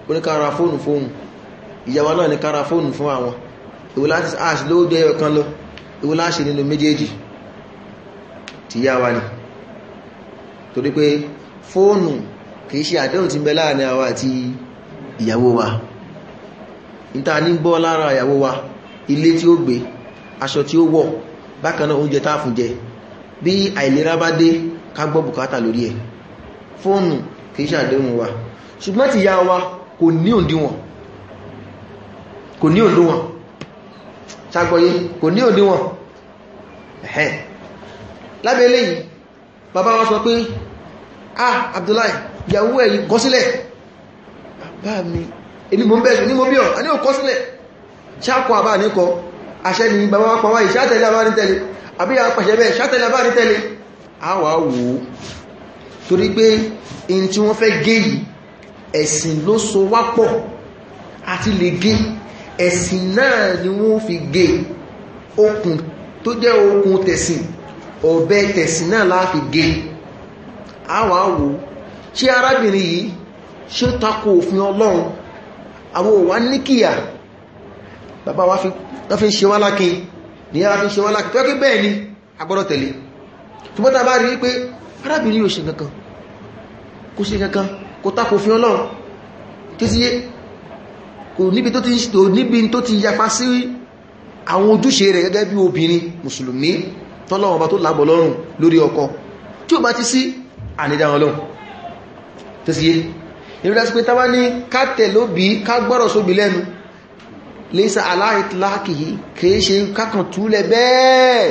ó ní kára fóònù fóònù ìyàwó náà ní kára fóònù fún àwọn ìwòlà àti àṣì lówó jẹ́ ọ̀kan lọ ìwòlà àṣì nínú méjèèjì tìyá wa ni torí pé fóònù kìí ṣe àdéhùn tí ń bẹ láàrin àwa àti ìyàwó wa níta ní gbọ́ lára ìyàwó wa ilé tí ó gbé aṣọ tí ó wọ̀ bákan náà oúnjẹ táà fún jẹ bí àìlera bá dé ká gbọ́ bùkátà lórí ẹ̀ fóònù kìí ṣe àdéhùn wa ṣùgbọ́n ti ya wa kò ní òdiwọ̀n ṣàgbọ́yé kò ní òdiwọ̀n ẹ̀hẹ́ lábẹ́ eléyìí bàbá wa sọ pé ah Abdullahi ìyàwó ẹ̀yí gọ́sílẹ̀ bá mi èmi mọ́ bẹ́ẹ̀ ní mọ́ bí ọ̀ a ní ò kọ́sílẹ̀ ṣákọ̀ àbá níkọ àṣẹ ni bàbá wá pàwá ìṣátẹ̀lẹ̀ àbá nítẹ̀lẹ̀ àbí àpàṣẹ bẹ́ẹ̀ ṣátẹ̀lẹ̀ àbá nítẹ̀lẹ̀ àwà wò ó torí pé in tí wọ́n fẹ́ gé yìí ẹ̀sìn ló so wá pọ̀ àti lè gé ẹ̀sìn náà ni wọ́n fi gé okùn tó jẹ́ okùn tẹ̀sìn ọ̀bẹ tẹ̀sìn náà láà gé àwọn àwò ṣé arábìnrin yìí ṣe tako òfin ọlọ́run àwọn òwà níkìyà bàbá wá fi ṣe wá lákí ní ara fi ṣe wá lákí pẹ́kí bẹ́ẹ̀ ni agbọ́dọ̀ tẹ̀lé ṣùgbọ́n tá bá rí pé arábìnrin yóò ṣe kankan kò ṣe kankan kò tako òfin ọlọ́run tí sí kò níbi tó ti yapa sí àwọn ojúṣe rẹ̀ gẹ́gẹ́ bí obìnrin mùsùlùmí tọ́lọ́wọ́n bá ó bá ti sí ànídáwọn lọ tó sì yé ìrìnlẹ̀ sí pé tàbá ní kátẹ̀ ló bí ká gbọ́rọ̀ sóbi lẹ́nu lẹ́sà aláìtìláàkì kìí ṣe kákan túlẹ̀ bẹ́ẹ̀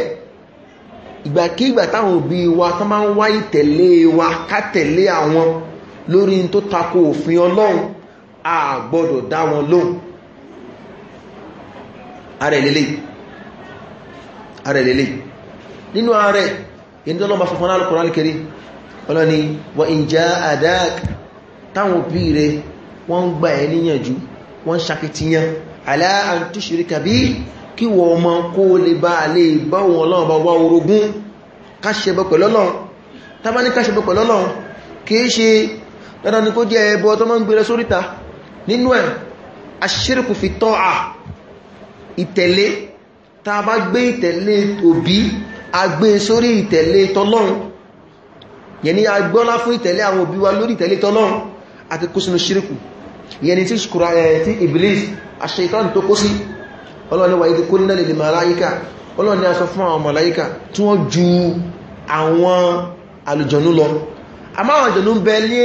ìgbàkígbà táwọn òbí wa tán máa ń wá ìtẹ̀lé wa kátẹ̀lé àwọn lórí tó tako òfin ọlọ́run a gbọ́dọ̀ dá wọn lóhùn ààrẹ lélẹ̀ ààrẹ lélẹ̀ nínú ààrẹ ìdọ́lọ́mà fọ́fọ́n alùkùnrin ọlọ́ni ni in já àdáàk táwọn òbí rẹ̀ wọ́n ń gba ẹ̀ níyànjú wọ́n ṣakitiyan aláà tó ṣeré kàbí kí wọ́n ọmọ kó lè bá alẹ́ bá wọn ọlọ́run bá wá orogún káṣẹbọ pẹ̀lọ́lọ́run tàbá ní káṣẹbọ pẹ̀lọ́lọ́run kìí ṣe dandan ni kó jẹ́ ẹbọ tó mọ́ ń gbẹ̀rẹ̀ sóríta nínú ẹ̀ aṣírìkù gbé ìtẹ̀lé òbí agbé e sórí ìtẹ̀lé tọ́lọ́run yẹn ni a fún ìtẹ̀lé àwọn òbí wa lórí ìtẹ̀lé tọ́lọ́run àti kó sínú ṣíríkù yẹn ni tí iblis aṣeitan tó kó sí ọlọ́ni wa ìdí kólínà lè màláíkà ọlọ́ni a sọ fún àwọn màláíkà tí wọ́n ju àwọn àlùjọ̀nú lọ àmọ́ àwọn àlùjọ̀nú bẹ ní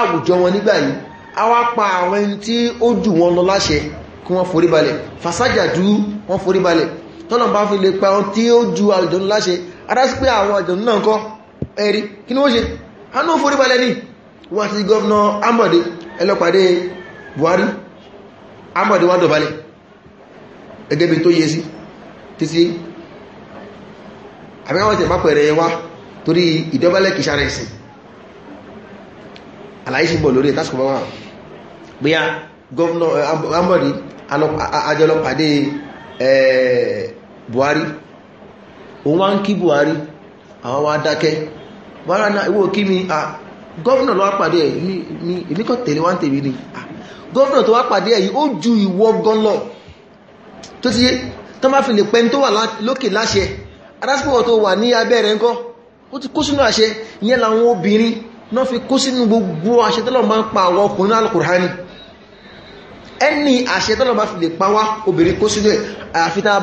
àwùjọ wọn nígbà yìí a wá pa àwọn ẹni tí ó jù wọn lọ láṣẹ kí wọ́n forí balẹ̀ fàṣájàdú wọ́n forí balẹ̀ tọ́lọ̀ bá lè pa wọn tí ẹ̀rí kí ni wọ́n ṣe a náà forí balẹ̀ ní wọ́n àti gọ́ọ̀nà amọ̀dé ẹlọ́pàdé buhari amọ̀dé wọ́n dọ̀balẹ̀ ẹgẹ́bí tó yẹ sí títí àbẹ́wọ̀n tẹ̀ mápẹ̀rẹ̀ wá torí ìdọ́balẹ̀ kìí sára ẹ̀sìn àlàyé sí bọ̀ lórí ìtàṣkọ̀ eh, eh, bọ́wà àwọn wá dákẹ́ wàhálà náà ìwò kí mi à gọ́ọ̀nà ló wá pàdé ẹ̀ mi èmi kọ́ tẹ̀lé wá ń tèmi ni gọ́ọ̀nà tó wá pàdé ẹ̀ yìí ó ju ìwọ gan lọ tó ti yé tó má fi lè pẹ́ tó wà lókè láṣẹ adásípò tó wà ní abẹ́ rẹ̀ ńkọ́ ó ti kó sínú àṣẹ ìyẹn làwọn obìnrin náà fi kó sínú gbogbo àṣẹ tọ́lọ̀ máa ń pa àwọn ọkùnrin alukurhani ẹni àṣẹ tọ́lọ̀ máa fi lè pa wá obìnrin kó sínú ẹ̀ àfi tá a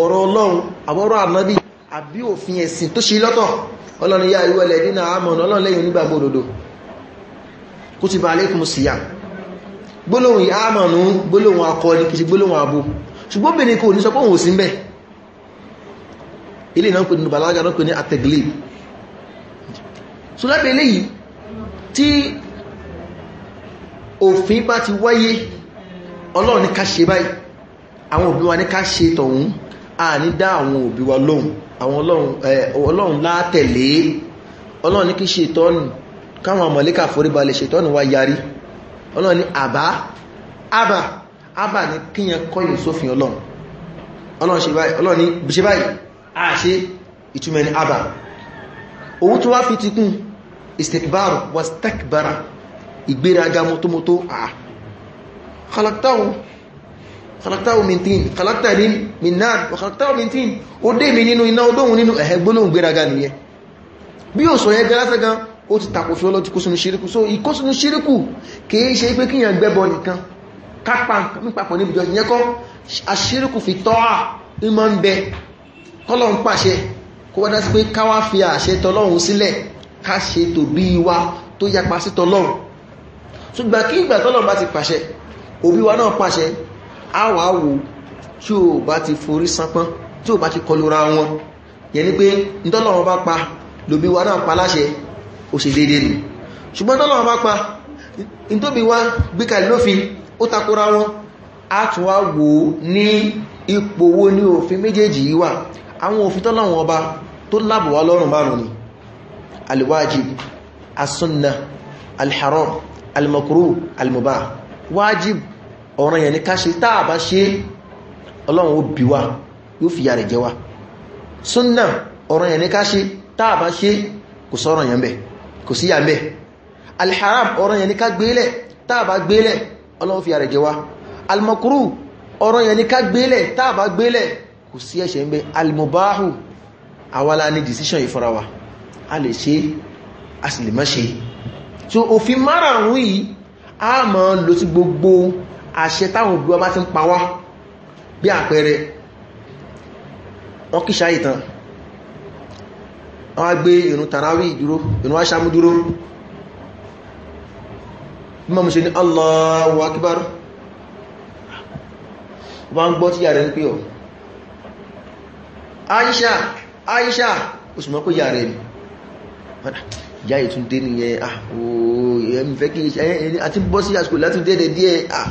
ọ̀rọ̀ ọlọ́run àbọ̀rọ̀ ànábì àbí òfin ẹ̀sìn tó ṣe lọ́tọ̀ ọlọ́run yá ìwọ̀lẹ̀ dínà àmọ̀nà ọlọ́run lẹ́yìn onígbàgbọ́ òdodo kú ti bá alékùn síyà gbólóhùn àmọ̀nà gbólóhùn akọni kìí gbólóhùn àbò ṣùgbọ́n obìnrin kò ní sọ pé òun ò sí mbẹ̀ ilé náà pè ní balaga náà pè ní atẹ̀gìlì so lábẹ́ eléyìí tí òfin bá ti wáyé ọlọ́run ní ká ṣe báyìí àwọn òbí wa ní ká ṣe tọ̀hún a ní dá àwọn òbí wa lóhùn àwọn ọlọ́run látẹ̀lé ọlọ́run ní kí ṣètọ́nù káwọn àmọ̀lẹ́kà foríbalẹ̀ ṣètọ́nù wa yarí ọlọ́run ní àbá àbà àbà ní kíyàn kọ́yìn sófin ọlọ́run ọlọ́run ṣe báyìí a ṣe ìtumẹ̀ ní àbà òun tó wá fi ti kún istikbaru wastakbara ìgbéraga mọ́tómọ́tó à khalaqtahu khalaqtahu min tin khalaqtani min nar wa khalaqtahu min tin ó dé mi nínú iná odóhun nínú ẹ̀hẹ́ gbólóhùn gbéraga nìyẹn bí ó sọ yẹn gẹ́lásẹ́ gan ó ti tako fi ọlọ́tí kó sínú ṣíríkù so ìkó sínú ṣíríkù kìí ṣe pé kíyàn gbẹ́bọ nìkan kápá nípapọ̀ níbi jọ ìyẹn kọ́ aṣíríkù fi tọ́ à ń mọ́ ń bẹ kọ́lọ̀ ń pàṣẹ kó wá dá sí pé káwá fi àṣẹ tọlọ́run sílẹ̀ ká ṣe tò bí wa tó yapa sí tọlọ́run ṣùgbọ́n kí òbí wa náà pàṣẹ àwọn àwò tí ò bá ti forí sánpán tí ò bá ti kọlura wọn yẹ ní pé ìtọ́lọ́wọ́ bá pa lòbí wa náà pa láṣẹ ó ṣe dédé nù ṣùgbọ́n ìtọ́lọ́wọ́ bá pa ìtóbi wa gbíkàlẹ̀ lófin ó takora wọn a tún wá wò ó ní ipò wo ní òfin méjèèjì yìí wà àwọn òfin tọ́lọ́wọ́ ọba tó lábò wá lọ́rùn bá rùn ni alwajib ọ̀ràn yẹn ni ká ṣe tá a bá ṣe ọlọ́run ó bí wa yóò fìyà rẹ̀ jẹ wa súnà ọ̀ràn yẹn ni ká ṣe tá a bá ṣe kò sọ́ràn yẹn bẹ̀ kò sí yà ń bẹ̀ alharam ọ̀ràn yẹn ni ká gbélẹ̀ tá a bá gbélẹ̀ ọlọ́run fìyà rẹ̀ jẹ a bá lọ sí gbogbo àṣẹ táwọn òbí wa bá ti ń pa wá bí àpẹẹrẹ wọ́n kíṣà ìtàn wọ́n gbé ìrun tàráwì ìdúró ìrun aṣàmú dúró bí mọ́ mú ṣe ní Allahu Akbar wọ́n ń gbọ́ tí yà rẹ̀ ń pè ọ̀ Aisha Aisha ó sì mọ̀ pé yà rẹ̀ ni ìyá ìtúndé nìyẹn ah ooo ẹ̀mí fẹ́ kí àti bọ́ sí àsìkò látúndé dẹ̀ díẹ̀ ah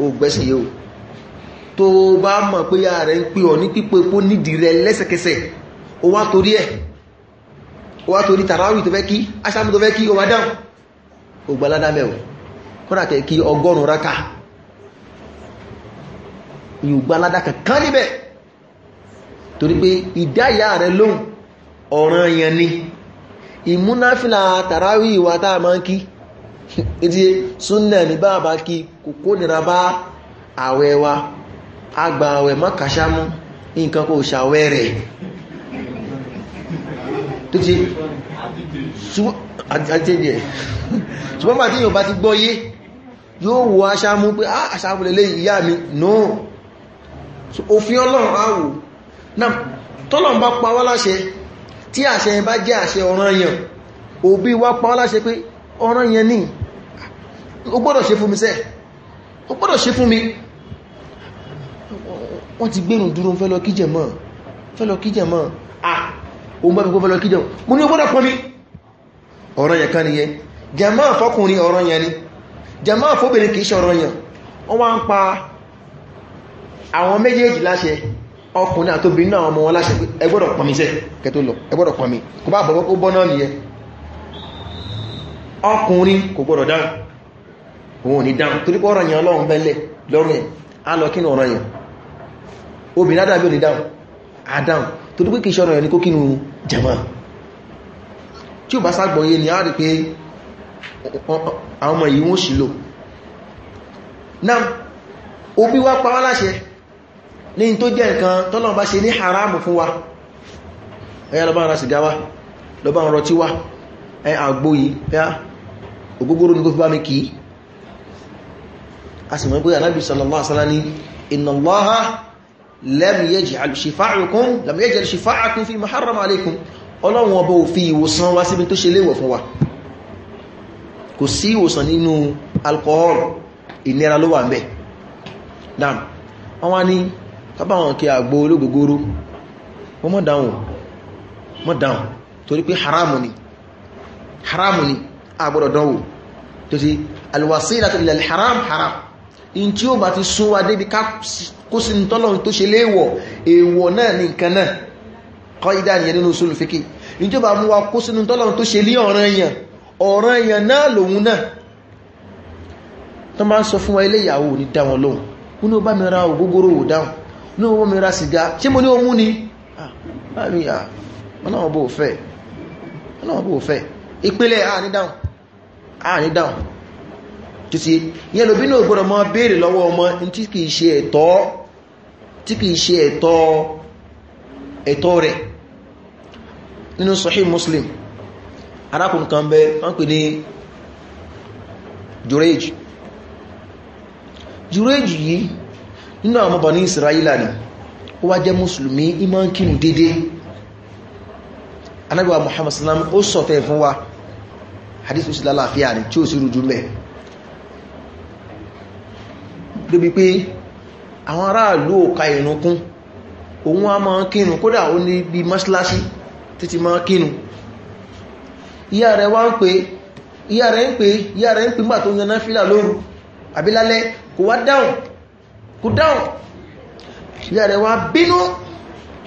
ó gbẹ́sìn yóò tó bá mọ̀ pé yà rẹ̀ ń pè ọ̀ ní pípé pó nídìí rẹ̀ lẹ́sẹ̀kẹsẹ̀ ó wá torí ẹ̀ ó wá torí tàràwì tó fẹ́ kí aṣáàmù tó fẹ́ kí o wá dáhùn ó gbà ládá mẹ́wọ̀ kọ́nà kẹ́ kí ọgọ́rùn-ún rákà yóò o ládá kankan níbẹ̀ torí pé ìdáyà rẹ̀ lóhùn ọ̀ràn yẹn ni ìmúnáfìlà tàràwì ìwà tá a máa ń kí etí súnnà ní bá bá kí kòkó nira bá àwẹ̀ wa agbà àwẹ̀ mọ́kàṣámú nǹkan kò ṣàwẹ́ rẹ̀ tó ti àtẹ́jẹ̀ ṣùgbọ́n bá tí yóò bá ti gbọ́yé yóò wo aṣámú pé ah, aṣámú lẹ́lẹ́ ìyá mi no òfin ọlọ́run áwò náà tọ́lọ̀n bá pa wá láṣẹ tí àṣẹ bá jẹ́ àṣẹ ọ̀ranyàn òbí wa pa wá láṣẹ pé ọ̀ràn yẹn ní o gbọ́dọ̀ ṣe fún mi sẹ́ o gbọ́dọ̀ ṣe fún mi wọ́n ti gbẹ̀rùn dúró fẹ́ lọ kíjẹ̀ mọ́ fẹ́ lọ kíjẹ̀ mọ́ ah o mọ́ fẹ́ lọ kíjẹ̀ mọ́ ní o gbọ́dọ̀ fún mi ọ̀ràn yẹn kan nìyẹn jàmá fọ́kùnrin ọ̀ràn yẹn ni jàmá fóbìnrin kìí ṣe ọ̀ràn yẹn wọ́n wá ń pa àwọn méjèèjì láṣẹ ọkùnrin àtobìnrin náà ọmọ wọn láṣẹ ẹ gbọ́dọ̀ pọ̀mí sẹ́ kẹ́ tó lọ ẹ gbọ́dọ̀ pọ̀mí kò bá bọ̀bọ́ kó bọ́ náà nìyẹn ọkùnrin kò gbọ́dọ̀ dáhùn òun ní dáhùn torí pọ́ ọ̀ranyàn ọlọ́run bẹ́lẹ̀ lọ́rùn ẹ̀ á lọ kínú ọ̀ranyàn obìnrin adábí òní dáhùn àdáhùn torí pé kìí ṣọ́rọ̀ ẹ̀ ní kó kínú tí ó bá ságbọ̀nyé ni a rí pé àwọn ọmọ yìí wọ́n sílò náà òbí wa pa wá láṣẹ ní tó jẹ́ nǹkan tọ́lọ́run haramu fún wa ẹ̀yà lọ́bá ń ra sìgá wa lọ́bá ń rọtí wa ògógóró ní kó fi bá mi kìí a sì mọ̀ pé anábì sallallahu alaihi wasallam ní inna Allaha lam yaj'al shifa'akum lam yaj'al shifa'akum fi ma harrama alaykum ọlọ́run ọba ò fi ìwòsàn wá síbi tó ṣe léèwọ̀ fún wa kò sí ìwòsàn nínú alcohol ìnira ló wà ń bẹ̀ haramu ni agbọ́dọ̀ dánwò tó ti alwasilatu ilal haram haram in tí ó bá ti sún wa débi ká kó sí tọ́lọ́run tó ṣe léèwọ̀ èèwọ̀ náà ní nǹkan náà kọ́ ìdá nìyẹn nínú usul fiqi in tí ó bá mú wa kó sínú tọ́lọ́run tó ṣe lé ọ̀ràn èèyàn ọ̀ràn èèyàn náà ìpínlẹ̀ à ah, dáhùn àní dáhùn tó sí yẹn lóbi náà gbọ́dọ̀ mọ́ béèrè lọ́wọ́ ọmọ tí kìí ṣe ẹ̀tọ́ rẹ̀ nínú Muslim kan bẹ wọ́n pè ní yìí nínú àwọn ọmọbà ní ni ó wá jẹ́ mùsùlùmí iman kínú dédé anábíwá Muhammad salam ó sọ̀tẹ̀ fún wa hadith òsì lálàáfíà ní tí ó sì rújú mẹ́ lóbi pé àwọn aráàlú òka ìrùnkún òun a máa kínu kódà ó ní bí mọ́síláṣí títí máa kínu ìyá rẹ̀ wá ń pè ìyá rẹ̀ ń pè ìyá rẹ̀ ń pè nígbà tó ń yaná fílà lóru àbí kò wá dáhùn kò dáhùn ìyá rẹ̀ wá bínú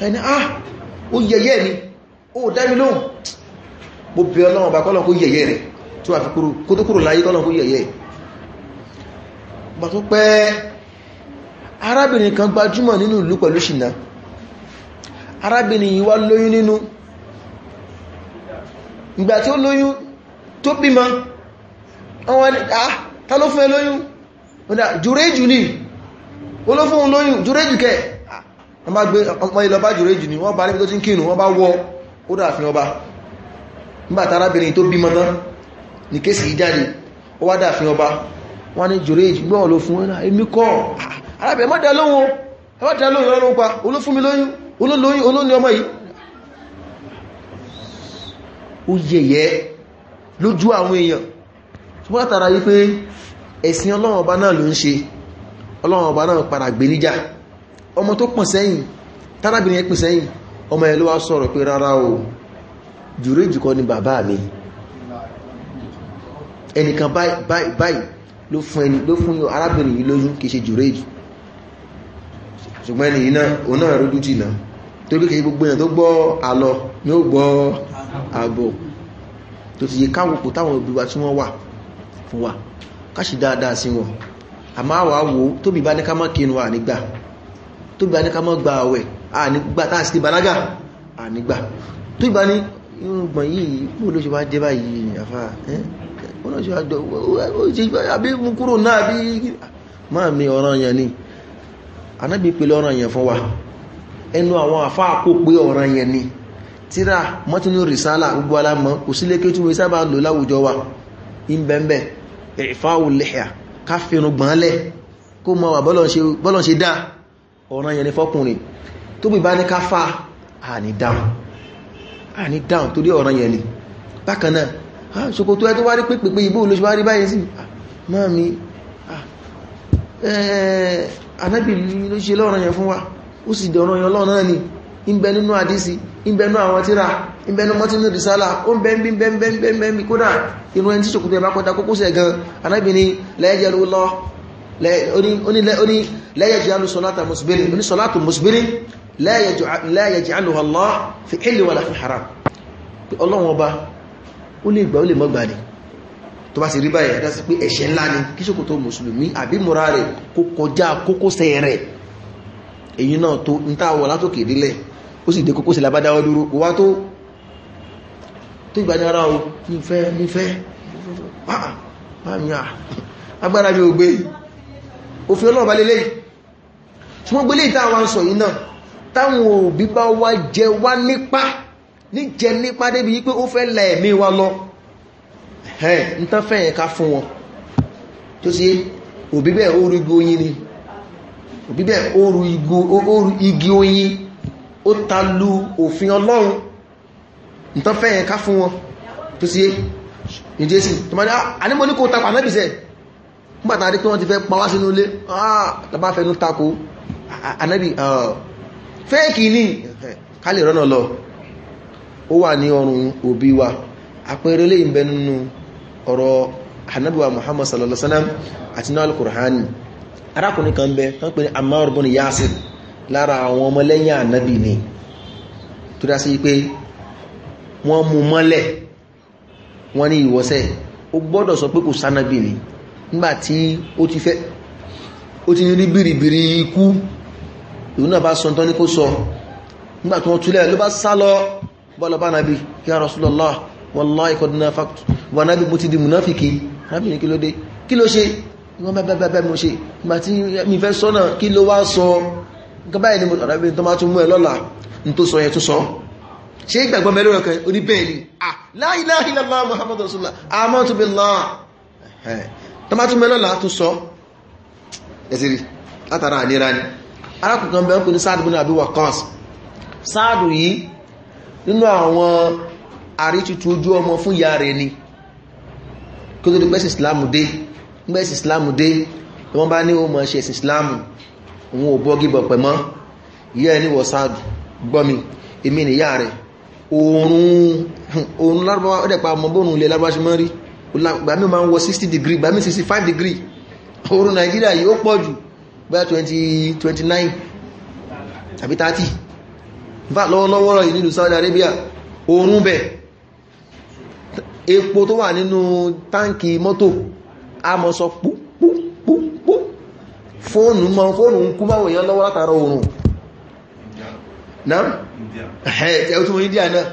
ẹni ah ó yẹyẹ ni ó dá mi mo bẹ ọlọ́run bá kọ́lọ̀ kó yẹ̀yẹ́ rẹ̀ tó wà fi kúrò kó tó kúrò láyé kọ́lọ̀ kó yẹ̀yẹ́ bà tó pẹ́ arábìnrin kan gbajúmọ̀ nínú ìlú pẹ̀lú ṣìnà arábìnrin yìí lóyún nínú ìgbà tí ó lóyún tó bímọ ah ta ló fún ẹ lóyún jùrẹ́jù ní olófún lóyún jùrẹ́jù kẹ́ wọ́n bá gbé ọmọ ilọ̀ bá jùrẹ́jù ní wọ́n nígbàtàrábìnrin tó bímọ tán ní kéèsì ìjáde ó wá dáàfin ọba wọ́n ní jùrẹ́ ìgbọ́n ló fún ẹ̀nà èmi kọ́ arábìnrin mọ́dá lóhun ẹwọ́dá lóhun lọ́rún pa olófúnmi lóyún olólóyún olóní ọmọ yìí ó yẹ̀yẹ́ lójú àwọn èèyàn ṣùgbọ́n látara yí pé ẹ̀sìn ọlọ́run ọba náà ló ń ṣe ọlọ́run ọba náà padà gbé níjà ọmọ tó pọ̀ sẹ́yìn tárábìnrin ẹ pè sẹ́yìn ọmọ ẹ̀ sọ̀rọ̀ pé rárá o jùrèjì kọ́ ni bàbá mi ẹnìkan báyìí báyìí ló fún ẹni ló fún arábìnrin yìí lóyún kìí ṣe jùrèjì ṣùgbọ́n ẹni yìí náà òun náà rójú tì náà torí kìí gbogbo èèyàn tó gbọ́ àlọ ni ó gbọ́ àbọ̀ tó ti yẹ káwọn táwọn òbí wa tí wọ́n wà fún wa káṣì dáadáa sí wọn àmọ́ àwa wo tóbi bá ní ká mọ́ kinu ànígbà tóbi bá ní ká mọ́ gba àwẹ̀ ànígbà tá a sì ti balaga ànígbà tóbi bá ní irùngbọ̀n yìí bó ló ṣe wá jẹ́ báyìí àfà ó ló ṣe wá jọ ó ṣe àbí mú kúrò náà bí máa mi ọ̀ràn yẹn ni anábì pèlè ọ̀ràn yẹn fún wa ẹnu àwọn àfà kò pé ọ̀ràn yẹn ni tíra mọ́tínú rìsálà gbogbo alámọ́ kò sílé kí tí wọ́n sábà lò láwùjọ wa ìbẹ̀m̀bẹ̀ ìfáwò lẹ́yà káfíìnù gbọ́nlẹ̀ kó mọ́ wà bọ́lọ̀ ṣe dá ọ̀ràn yẹn ni fọ́kùnrin tó bí bá ní káfà à ní dáhùn à ní down torí ọ̀ràn yẹn lè bákan náà ah, ṣòkòtò ẹ tó wá rí pípẹ́ ìbò olóṣù wá rí báyìí sí ah, mami anábì ah, eh, ló ṣe lọ́ràn yẹn fún wa ó sì dọ̀ràn yẹn lọ́ràn náà ni ń bẹ nínú àdísì ń bẹ nínú àwọn tíra ń bẹ nínú mọ́tínú rìsálà ó ń bẹ ń bí ń bẹ ń bẹ ń bẹ ń bí kódà inú ẹni tí ṣòkòtò ẹ bá kọjá kókósẹ̀ la yaj'aluha Allah fi illi wala fi haram ọlọ́run ọba ó lè gbà ó lè mọ́gbà ní tó bá sì rí báyìí àdásí pé ẹ̀ṣẹ̀ ńlá ni kí ṣòkòtò mùsùlùmí àbí múra rẹ̀ kó kọjá kókósẹ̀ rẹ̀ èyí náà tó ń tàwọ̀ látòkè dílẹ̀ ó sì dé kókósẹ̀ labádáwọ́ dúró kó wá tó táwọn òbí bá wá jẹ wá nípa ní jẹ nípa débi wípé ó fẹ́ la ẹ̀mí wa lọ ẹ̀hẹ́n ń tán fẹ́yẹn ká fún wọn tó sí òbí bẹ́ẹ̀ ó rí oyin ni òbí bẹ́ẹ̀ ó ru igi oyin ó ta lu òfin ọlọ́run ń tán fẹ́yẹn ká fún wọn tó sí ìdíyẹ sí tó máa ní ah, ànímọ́ ní kò tapà náà nígbàtà rí pé wọ́n ti fẹ́ pa sínú ilé ah tàbá fẹ́ nú tako anábì ah fẹ́ẹ̀kì ní kálẹ̀ rọ́nà lọ o wa ni ọrùn obi wa ọrụ lè ń bẹ nínú ọ̀rọ̀ hanabuwa muhammad sallallahu alaihi wasallam àti náà al-Qur'ani arákùnrin kan bẹ kan pè ní Ammar ibn Yasir lára àwọn ọmọlẹ́yìn ànábì ni tó dá sí pé wọ́n mú mọ́lẹ̀ wọ́n ní ìwọ́sẹ̀ ó gbọ́dọ̀ sọ pé kò sánábì ni nígbàtí ó ti fẹ́ ó ti ní ìwọ̀n náà bá sọ tán ní kó sọ nígbà tí wọ́n túlẹ̀ ló bá sá lọ bọ́lọ̀ bá nàbí ya Rasulullah wallahi qad nafaqtu wà nàbí mo ti di munafiki rábì ní kí ló dé kí ló ṣe wọ́n bẹ́bẹ́bẹ́ mo ṣe ìgbà tí mi fẹ́ sọ́nà kí ló wá sọ nǹkan báyìí ni mo rábì tó máa tún mú ẹ lọ́la ní tó sọ yẹn tún sọ ṣe ah, látara àníra ni arákùnkan bẹ̀rẹ̀ pè ní sáàdù bin Abi Waqqas sáàdù yìí nínú àwọn àrítutù ojú ọmọ fún ìyá rẹ̀ ni kí ó tó di pẹ́sì islam dé pẹ́sì islam dé ni wọ́n bá ní ó mọ̀ islam òun ò bọ́gí bọ̀ pẹ̀mọ́ ìyá ẹni wọ̀ sáàdù gbọ́mi èmi nìyá rẹ̀ oòrùn lárúbáwá ó dẹ̀pa ọmọ bóòrùn ilẹ̀ lárúbáwá ṣe mọ́ rí gbàmí máa ń wọ 60 degree gbàmí 65 degree oòrùn nàìjíríà yìí pọ̀ jù bẹ́ẹ̀ 2029, àbí 30 bá lọ́wọ́lọ́wọ́ rọ̀ nínú Saudi Arabia oòrùn bẹ̀ epo tó wà nínú táǹkì mọ́tò a mọ́ sọ púpúpúpú fóònù mọ́ fóònù ń kú máwọ̀ èèyàn lọ́wọ́ látara oòrùn náà ẹ̀ẹ́ tí ó India náà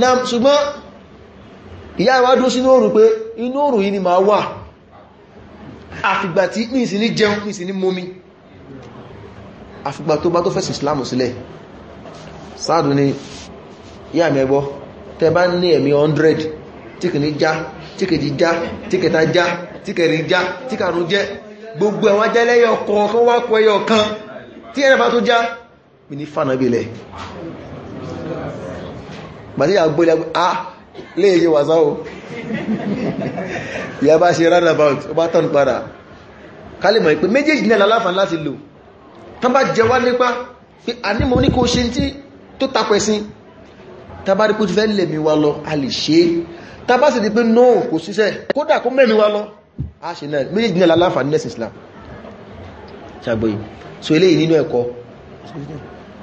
náà ṣùgbọ́n ìyá ìwádó sínú oòrùn pé inú oòrùn yìí ni máa wà àfìgbà tí ní ìsìn ní jẹun ní ìsìn ní momi àfìgbà tó bá tó fẹ́sùn islamu sílẹ̀ sáàdù ni yà mẹ́gbọ́ tẹ bá ní ẹ̀mí 100 tíkìní já tíkìjì já tíkẹta já tíkẹrin já tíkàrún jẹ́ gbogbo ẹ̀wọ́n jẹ́lẹ́yọ kọ̀ọ̀kan wá kọ já mi ní fànàbílẹ̀ gbàtíyà gbọ́lẹ̀ ah lè yí wàsá o ìyá bá ṣe roundabout ó bá tọ́nù padà kálìmọ̀ ìpé méjèèjì náà láláfàn láti lò tán bá jẹ wá nípa pé a ní mọ́ ní kó ṣe tí tó tapẹ̀ sí tàbárí kó ti fẹ́ lẹ̀mí wa lọ a lè ṣe tàbá sì di pé no kò síṣẹ́ kódà kó mẹ́mí wa lọ a ṣe náà méjèèjì náà láláfàn nẹ́sì Islam ṣàgbóyìn so eléyìí nínú ẹ̀kọ́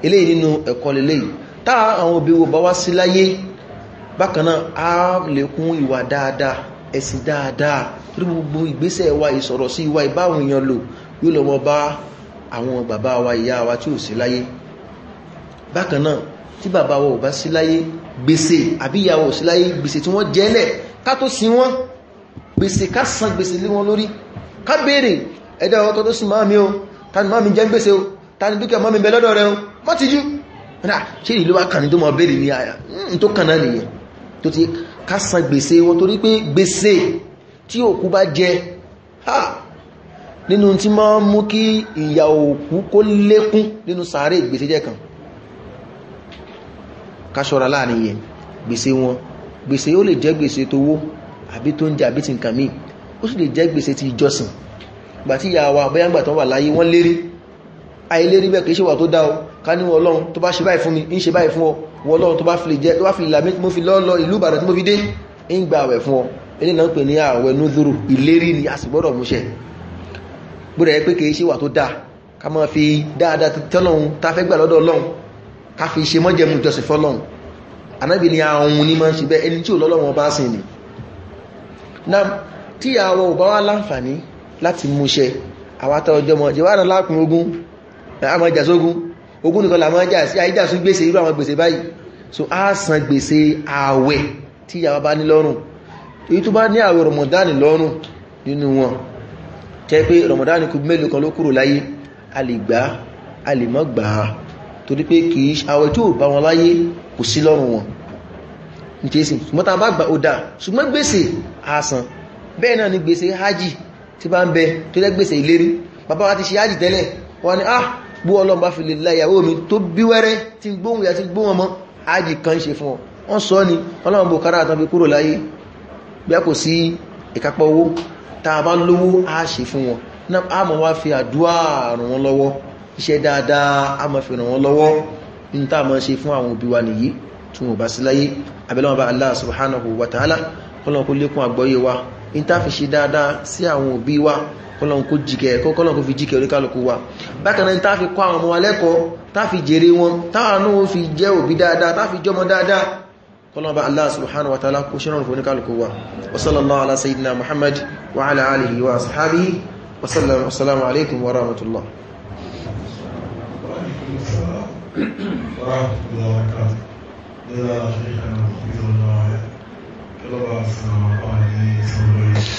eléyìí nínú ẹ̀kọ́ lélẹ́yìí táà àwọn òbí wo bá wá sí láyé bákanáà a lékún ìwà dáadáa ẹ̀sìn dáadáa torí gbogbo ìgbésẹ̀ wa ìsọ̀rọ̀ sí ìwà ìbáwọn èèyàn lò yóò lọ́mọ bá àwọn bàbá wa ìyá wa tí ò sí láyé bákanáà tí bàbá wa ò bá sí láyé gbèsè àbí ìyá wa ò sí láyé gbèsè tí wọ́n jẹ́lẹ̀ ká tó sí wọ́n gbèsè ká san gbèsè lé wọn lórí ká béèrè ẹ̀dá ọkọ̀ tó sì máa mi o ta ni máa mi jẹ́ gbèsè o ta ni dúkìá máa mi bẹ lọ́dọ̀ rẹ o mọ́ ti ṣe ìlú wa kàn ní tó mọ̀ béèrè ní àyà tó kàn náà nìyẹn tó ti kásán gbèsè wọn torí pé gbèsè tí òkú bá jẹ ha nínú tí máa ń mú kí ìyà òkú kó lékún nínú sàárè gbèsè jẹ́ kan káṣọ́ra láàrin yẹn gbèsè wọn gbèsè ó lè jẹ́ gbèsè tó wó àbí tó ń jẹ àbí ti nǹkan míì ó sì lè jẹ́ gbèsè ti ìjọsìn gbà tí ìyá wa bẹ́yàgbà tán wà láyé wọ́n lérí àìlérí bẹ́ẹ̀ kìí ṣe wà tó dá o ká ní ọlọ́run tó bá ṣe báyìí fún mi ń ṣe báyìí fún ọ wọ tó bá fi lè jẹ́ tó bá fi làmí mo fi lọ́ọ́ lọ ìlú ìbàdàn tí mo fi dé ń gba àwẹ̀ fún ọ eléyìí náà ń pè ní àwẹ̀ núdúró ìlérí ni a sì gbọ́dọ̀ mú ṣẹ gbọ́dọ̀ yẹ pé kì í ṣe wà tó dáa ká máa fi dáadáa ti tọ́lọ́run tá a fẹ́ gbà lọ́dọ̀ ọlọ́run ká fi ṣe mọ́jẹ̀mú ìjọsìn fọlọ́run ànábì ni àwọn ni máa ń ṣe ogún nìkan làmọ́ jà sí àìjà sún gbèsè irú àwọn gbèsè báyìí so a san gbèsè ààwẹ̀ tí ìyàwó bá ní lọ́rùn èyí tó bá ní ààwẹ̀ rọmọdánì lọ́rùn nínú wọn jẹ́ pé rọmọdánì kù mélòó kan ló kúrò láyé a lè gbà a lè má gbà á torí pé kì í ààwẹ̀ tí ò bá wọn láyé kò sí lọ́rùn wọn nítèsí ṣùgbọ́n tá a bá a wọ́n ni ah bó ọlọ́run bá fi lè láyà ó mi tó bí wẹ́rẹ́ tí gbóhùn yà tí gbóhùn ọmọ ájì kan ṣe fún ọ wọ́n sọ ni ọlọ́run bó kára àtàn fi kúrò láyé bí a kò sí ìkápọ̀ owó tá a bá lówó á ṣe fún wọn náà a mọ̀ wá fi àdúrà ràn wọ́n lọ́wọ́ iṣẹ́ dáadáa a mọ̀ fi ràn wọ́n lọ́wọ́ ní tá a mọ̀ ṣe fún àwọn òbí wa nìyí tí wọ́n bá sí láyé abẹ́lẹ́wọ̀n bá Allah kọ́lọ̀n kó jíkẹ́ kọ́lọ̀n kó fi jíkẹ́ oríkàlùkù wa bákanáà tá fi kọ́ àwọn ọmọ alẹ́kọ́ tá fi jèrè wọn táwọn ó fi jẹ́ òbí dáadáa tá fi jọmọ dáadáa kọ́lọ̀n bá Allah subhanahu wa ta'ala kó ṣẹ́rọ̀n fún oníkàlùkù wa wa sallallahu ala sayyidina Muhammad wa ala alihi wa ashabihi wa sallam assalamu alaikum wa rahmatullah Kí ló bá sọ àwọn ilé ìṣòro yìí?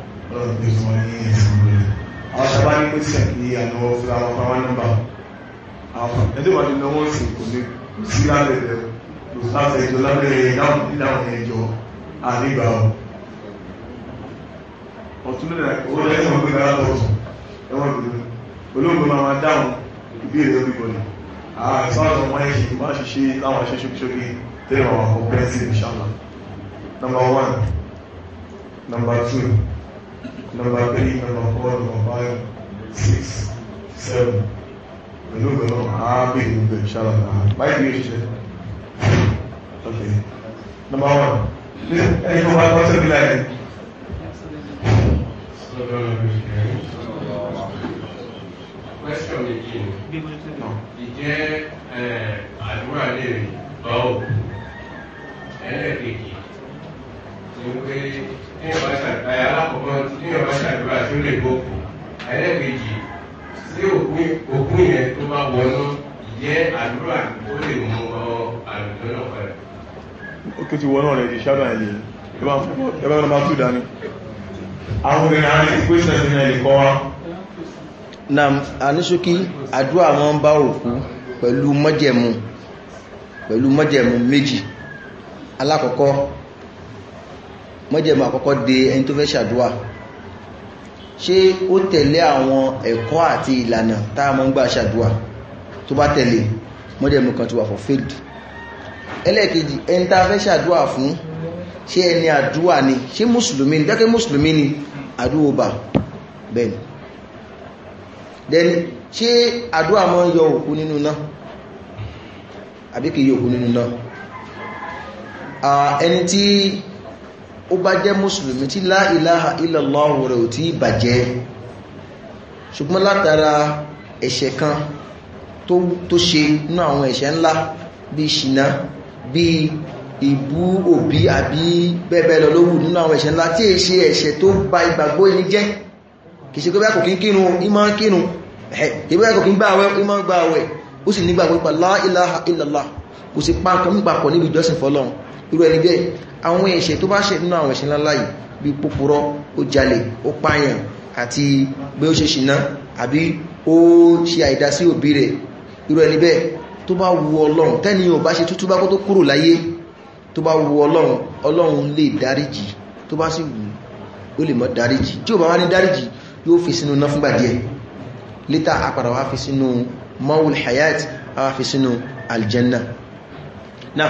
ọlọ́run gbé wọn ní ẹ̀sìn àwọn sábà ní pẹ́sẹ̀ ní àwọn fúláwọ́ fáwọn nọ́mbà àwọn ẹ̀dẹ́ wà nínú wọn sì kò ní sí lábẹ́ rẹ̀ lọ́sàfẹ́ ìjọ lábẹ́ ìdáhùn ẹ̀jọ àrígbà ọ̀ ọ̀tún lẹ́nà owó lẹ́yìn ọgbẹ́ number one number two number three, number four, number five, six, seven. Pẹ̀lú ìgbẹ̀rún ààbì ìgbẹ̀ ìṣàlá náà. Báyìí ní Okay. Number one. Ẹni tó bá kọ́ sí ìbílẹ̀ Question again. ni. Ìjẹ́ àdúrà lè rí báwò. Ẹlẹ́ẹ̀kejì ni wípé ní ìwà ṣàgbáyà alákọ̀ọ́kọ́ ní ìwà ṣàgbáyà tí ó lè gbókù ẹlẹ́ẹ̀kejì tí òkú yẹn tó bá wọnú ìjẹ́ àdúrà ó lè mú ọ àlùjọ náà padà. ó tó ti wọnú ọ̀rẹ́ ti ṣáàbà yìí ẹ bá ń bá tú dání. àwọn obìnrin àwọn ti pèsè ẹ̀sìn náà lè kọ́ wa. na àníṣókí àdúrà wọn bá òkú pẹ̀lú mọ́jẹ̀mú pẹ̀lú mọ́jẹ̀mú méjì alákọ̀ọ́kọ́ mọ́jẹ̀mọ́ àkọ́kọ́ de ẹni tó fẹ́ ṣàdúwà ṣé ó tẹ̀lé àwọn ẹ̀kọ́ àti ìlànà tá a mọ́ ń gbà ṣàdúwà tó bá tẹ̀lé mọ́jẹ̀mọ́ kan ti wà fulfilled ẹlẹ́ẹ̀kejì ẹni tá a fẹ́ ṣàdúwà fún ṣé ẹni àdúwà ni ṣé mùsùlùmí ni jẹ́kẹ́ mùsùlùmí ni àdúwòbà bẹ́ẹ̀ni then ṣé àdúwà mọ́ yọ òkú nínú náà àbí kìí yọ òkú nínú náà ẹni tí ó bá jẹ́ mùsùlùmí tí la ilaha illallah rẹ̀ ò tí bàjẹ́ ṣùgbọ́n látara ẹ̀ṣẹ̀ kan tó ṣe nínú àwọn ẹ̀ṣẹ̀ ńlá bí ṣìnà bí ìbú òbí àbí bẹ́ẹ̀bẹ́ẹ̀ lọ lówù nínú àwọn ẹ̀ṣẹ̀ ńlá tí è ṣe ẹ̀ṣẹ̀ tó ba ìgbàgbọ́ ẹni jẹ́ kìí ṣe pé bẹ́ẹ̀ kò kí ń kírun ìmọ̀ ń kírun ìbẹ́ẹ̀ kí ń gbà ìmọ̀ ń ó sì nígbàgbọ́ pa la kò sì pa nǹkan mípapọ̀ níbi ìjọsìn fọlọ́run irú ẹni bẹ́ẹ̀ àwọn ẹ̀ṣẹ̀ tó bá ṣẹ̀ nínú àwọn ẹ̀ṣẹ̀ ńláńlá yìí bí púpùrọ́ ó jalè ó pààyàn àti bí ó ṣe ṣìnà àbí ó ṣe àìdá sí òbí rẹ̀ irú ẹni bẹ́ẹ̀ tó bá wu ọlọ́run tẹ́ni ò bá ṣe tútú bá kó tó kúrò láyé tó bá wu ọlọ́run ọlọ́run lè dáríjì tó bá sì wù ó lè mọ́ dáríjì tí ò bá wá ní dáríjì yóò fi sínú ná fúngbà díẹ̀ lítà àpàdà wá fi sínú mawul hayat wá fi sínú aljanna náà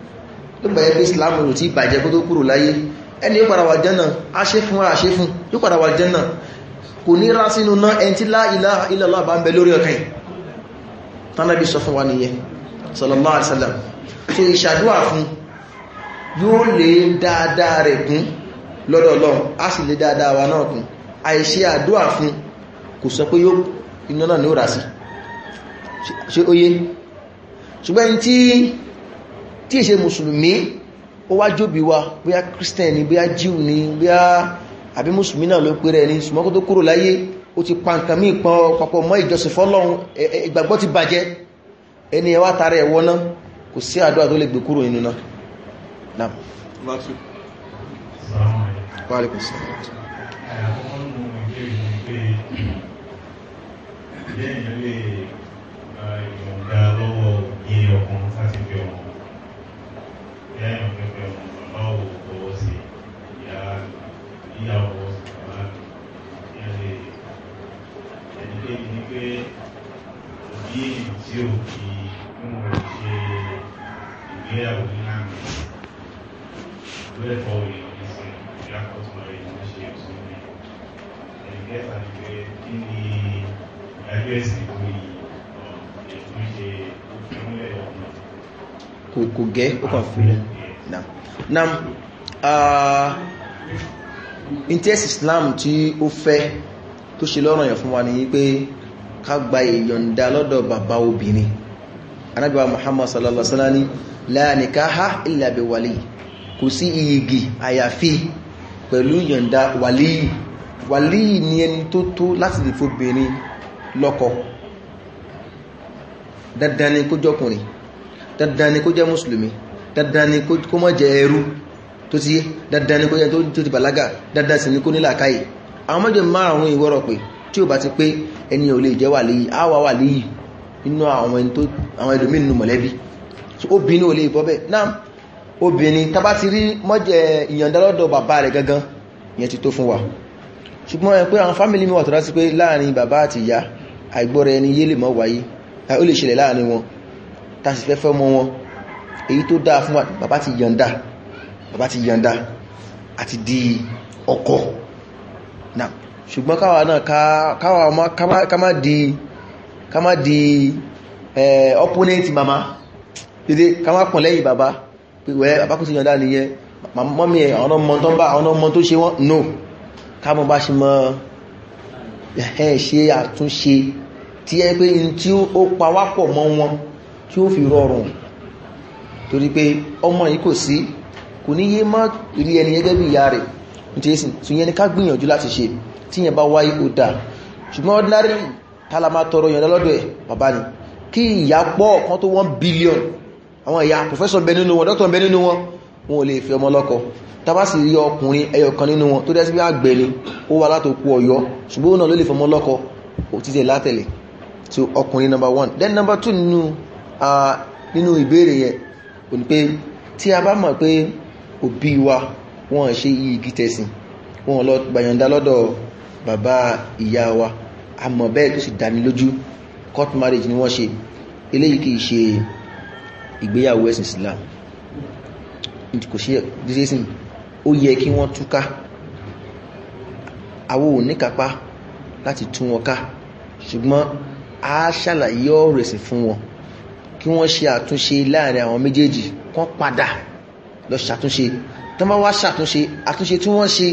nígbà ẹgbẹ́ islam rò tí ìbàjẹ́ kó tó kúrò láyé ẹni yóò padà wà jẹ́nà aṣe fún ara ṣe fún yóò padà wà jẹ́nà kò ní rá sínú náà ẹni tí la ilaha illallah bá ń bẹ lórí ọkàn tánàbí sọ fún wa nìyẹn sallallahu alaihi wasallam so ìṣàdúwà ṣùgbọ́n tí tí è ṣe mùsùlùmí ó wá jóbi wa bóyá christian ni bóyá jew ni bóyá àbí mùsùlùmí náà ló pèrè ní ṣùgbọ́n kó tó kúrò láyé ó ti pa nǹkan míì pọn papọ̀ mọ́ ìjọsìn fọ́lọ́run ìgbàgbọ́ ti bàjẹ́ ẹni ẹwà tara ẹ̀wọ́ náà kò sí àdúrà tó lè gbé kúrò nínú náà naam wa alaikum salaam lẹ́yìn lè lẹ́yìn pẹpẹ màmá ò fọwọ́ sí ìyá ìyá ọwọ́ màmá ìyá lè ẹni kéjì ni pé òbí èyí tí ò fi ń wọ ṣe ìgbéyàwó náà lórí ẹ̀fọ́ òyìnbó ní sí ìyá kọ́tùmọ̀ rẹ̀ kò kò gẹ́ ó kàn fílẹ̀ na interest islam tí ó fẹ́ tó ṣe lọ́rọ̀ yẹn fún wa ni pé ká gba ìyọ̀nda lọ́dọ̀ bàbá obìnrin anábíwá muhammad sallallahu alaihi ni la nikaha ha bi wali kò sí iyigi àyàfi pẹ̀lú ìyọ̀nda wàlíyì wàlíyì ni ẹni tó tó láti lè fóbìnrin lọ́kọ dandan ni dandan ni kó jẹ́ mùsùlùmí dandan ni kó má jẹ́ ẹrú tó ti dandan ni kó jẹ́ tó ti bàlágà dandan sì ni kó ní làákàyè àwọn mẹ́jọ márùn-ún ìwọ́rọ̀ pé tí ò bá ti pé ẹni ò lè jẹ́ wà léyìí á wà wà léyìí nínú àwọn ẹlòmíì nínú mọ̀lẹ́bí obìnrin ò lè bọ́ bẹ́ẹ̀ náà obìnrin tàbá ti rí mọ́jẹ̀ ìyànda bàbá rẹ̀ gangan ìyẹn ti tó fún wa ṣùgbọ́n ẹ pé àwọn fámílì mi wà tó dá sí pé láàrin bàbá àti ìyá àìgbọ́ra ẹni yé lè mọ́ wáyé ó lè ṣẹlẹ̀ láàrin wọn tàṣì fẹ́ fẹ́ mọ́ wọn èyí tó dáa fún wa bàbá ti yọ̀ǹda bàbá ti yọ̀ǹda àti di ọkọ náà ṣùgbọ́n káwa náà káwa ọmọ káma di káma di opponent mama dédé káma pọ̀ lẹ́yìn bàbá pẹ̀wẹ́ bàbá kò sí yọ̀ǹda nìyẹn mọ́mí ẹ̀ ọ̀nà ọmọ tó ń bá ọ̀nà ọmọ tó ṣe wọ́n no káàmọ́ bá ṣe mọ́ ẹ̀ẹ́ ṣe àtúnṣe tí ẹ pé in tí ó pawápọ̀ mọ́ wọn tí ó fi rọrùn torí pé ọmọ yìí kò sí kò ní yé má rí ẹni gẹ́gẹ́ bí ìyá rẹ̀ nítorí tún yẹn ni ká gbìyànjú láti ṣe tí yẹn bá wáyé ó dáa ṣùgbọ́n ordinary tala tọrọ yàn lọ́dọ̀ ẹ̀ bàbá ni kí ìyá pọ̀ kan tó 1 billion àwọn ìyá professor bẹ nínú wọn doctor bẹ nínú wọn wọn ò lè fi ọmọ lọ́kọ tàbá sì rí ọkùnrin ẹyọ kan nínú wọn tó dẹ́sí bí àgbẹ̀ ni ó wà number one then number two nínú nínú ìbéèrè yẹ kò ní pé tí a bá mọ̀ pé òbí wa wọ́n ṣe igi tẹ̀sìn wọ́n lọ gbàyànjá lọ́dọ̀ bàbá ìyá wa àmọ́ bẹ́ẹ̀ tó sì dáni lójú court marriage ni wọ́n ṣe eléyìí kìí ṣe ìgbéyàwó ẹ̀sìn Islam kò ṣe díṣẹ́sìn ó yẹ kí wọ́n túká àwọn ò ní kápá láti tún wọn ká ṣùgbọ́n a ṣàlàyé ọ̀rọ̀ fún wọn kí wọ́n ṣe àtúnṣe láàrin àwọn méjèèjì kán padà lọ ṣàtúnṣe tán bá wá ṣàtúnṣe àtúnṣe tí wọ́n ṣe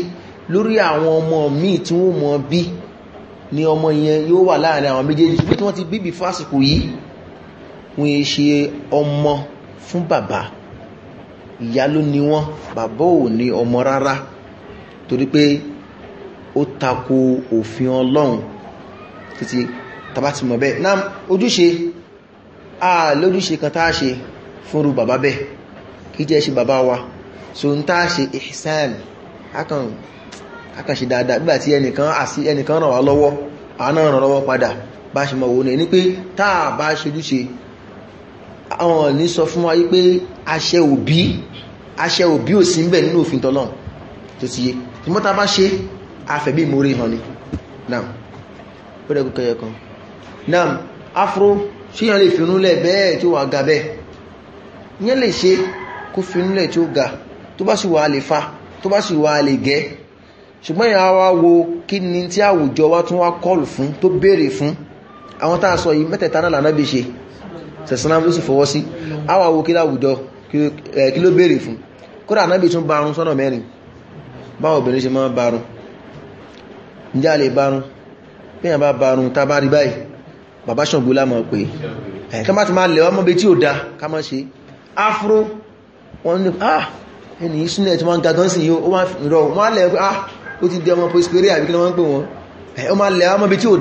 lórí àwọn ọmọ míì tí wọ́n mọ̀ bí ni ọmọ yẹn yóò wà láàrin àwọn méjèèjì bí tí wọ́n ti bíbí fásitì yìí wọ́n yẹ ṣe ọmọ fún bàbá ìyá ló ni wọ́n bàbá ò ní ọmọ rárá torí pé ó tako òfin ọlọ́run títí tabátìmọ̀ bẹ́ẹ̀ náà ojúṣe a lójúṣe kan táà ṣe fúnrú bàbá bẹ́ kí jẹ́ ṣe bàbá wa so n táà ṣe ihsan akànṣe dáadáa nígbà tí ẹnìkan àti ẹnìkan ràn wá lọ́wọ́ àánà ràn lọ́wọ́ padà bá ṣe mọ̀ wò ní pé táà bá ṣojúṣe àwọn ní sọ fún wa wípé àṣẹ òbí àṣẹ òbí ò sí ń bẹ̀ nínú òfin tọ́lọ́run tó ti yé afro ṣíyàn lè finúlẹ̀ bẹ́ẹ̀ tí ó wà ga bẹ́ẹ̀ yẹn lè ṣe kó finúlẹ̀ tí ó ga tó bá sì wà lè fa tó bá sì wà lè gẹ́ ṣùgbọ́n wa wo kí ni tí àwùjọ wa tún wá kọlù fún tó béèrè fún àwọn tàà sọ yìí mẹ́tẹ̀ẹ̀ta náà ṣe ló sì fọwọ́ sí wo kí láwùjọ kí ló béèrè fún kódà náà bí tún barun sọ́nà mẹ́rin obìnrin ṣe máa barun ǹjẹ́ a lè barun bí yàn bá barun tá bàbá ṣàngó lámọ̀ pé ẹ̀ tó má ti máa lẹ̀wọ́ mọ́bí tí ó dá ká ṣe afro wọ́n ní ah ẹni ìṣúná ẹ̀ tó máa ń gagán sí yóò wá ah ó ti di ọmọ pẹ̀sìpẹ̀rẹ̀ àbí kí wọ́n pè wọ́n ẹ̀ ó máa lẹ̀wọ́ mọ́bí tí ó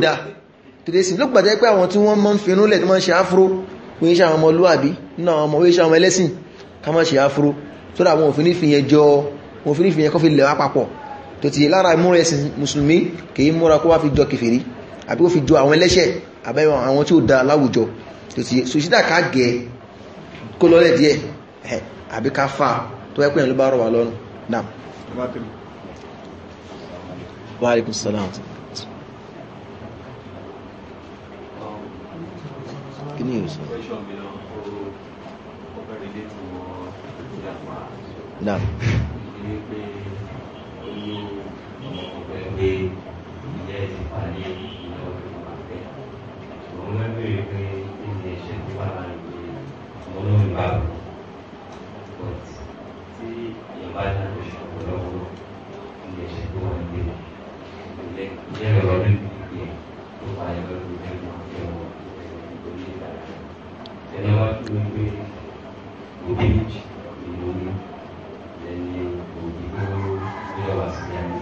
tó afro wọ́n ṣe àwọn ọmọlúwàbí nínú àwọn ọmọ wọ́n afro tó dà wọn ò fi ní fìyẹn jọ wọn ò fi ní fìyẹn kọ́ fi lẹ̀wọ́ papọ̀ tó ti lára múra ẹ̀sìn mùsùlùmí kì múra kó wá fi jọ kèfèrí àbí kó fi jọ àwọn ẹlẹ́ṣẹ̀ àbẹ́wọ̀n àwọn tí ó da láwùjọ tó ti ṣùsídà ká gẹ̀ kó lọ́lẹ̀ díẹ̀ àbí ká fà tó ẹ́kùn ẹ̀ ló bá rọ̀ wà lọ́rùn náà mo máa ń béèrè pé èmi ẹ̀ṣẹ̀ tó wà láàrin mi àwọn náà ń bá wò but tí èèyàn bá dá lóṣù ọ̀pọ̀lọpọ̀ èmi ẹ̀ṣẹ̀ tó wà nílé ìpínlẹ̀ ìjẹ́rọ lọ́dún ìpínlẹ̀ tó wà ẹ̀rọ ìpínlẹ̀ ìpínlẹ̀ ìpínlẹ̀ ìdára ẹni wá tó ń gbé òbí ìlú ẹni òbí tó gbé ọ̀wà sí ẹni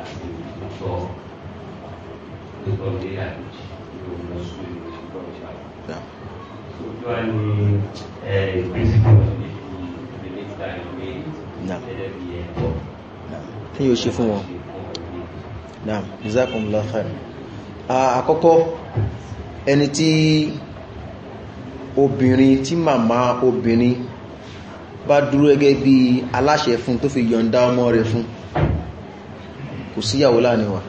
àti ìtọ́ tó tọ́ lé àdójì tí yóò ṣe fún wọn náà jazakumullahu khairan àkọ́kọ́ ẹni tí obìnrin tí màmá obìnrin bá dúró gẹ́gẹ́ bí aláṣẹ fún tó fi yọ̀ǹda ọmọ rẹ̀ fún kò síyàwó láàrin wa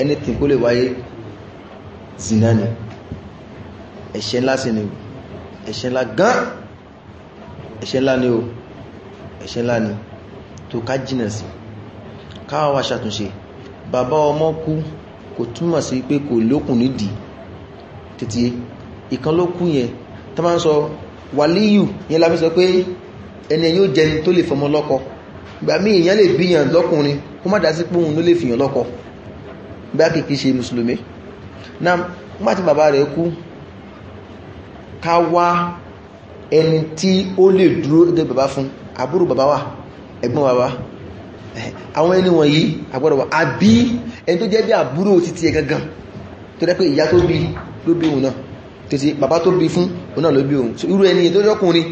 anything kó lè wáyé zina ni ẹ̀ṣẹ̀ ńlá sí ni o ẹ̀ṣẹ̀ ńlá gan ẹ̀ṣẹ̀ ńlá ni o ẹ̀ṣẹ̀ ńlá ni tó ká jìnà sí káwà wá ṣàtúnṣe bàbá ọmọ kú kò túmọ̀ sí pé kò lókùn nídìí títí ìkan ló kú yẹn tó máa ń sọ wàlíyù yẹn la sọ pé ẹni yóò jẹni tó lè fọmọ lọ́kọ gbà mí èèyàn lè bíyàn lọ́kùnrin kó má dá sí pé òun ló lè fìyàn lọ́kọ bá kìkì ṣe mùsùlùmí na nígbàtí bàbá rẹ̀ kú ká wá ẹni tí ó lè dúró dé bàbá fún àbúrò bàbá wa ẹ̀gbọ́n bàbá àwọn ẹni wọ̀nyí àgbọ́dọ̀ wà àbí ẹni tó jẹ́ bí àbúrò títí ẹ gangan tó jẹ́ pé ìyá tó bí ló bí òun náà tètè bàbá tó bí fún òun náà ló bí òun irú ẹni tó jọ́kùnrin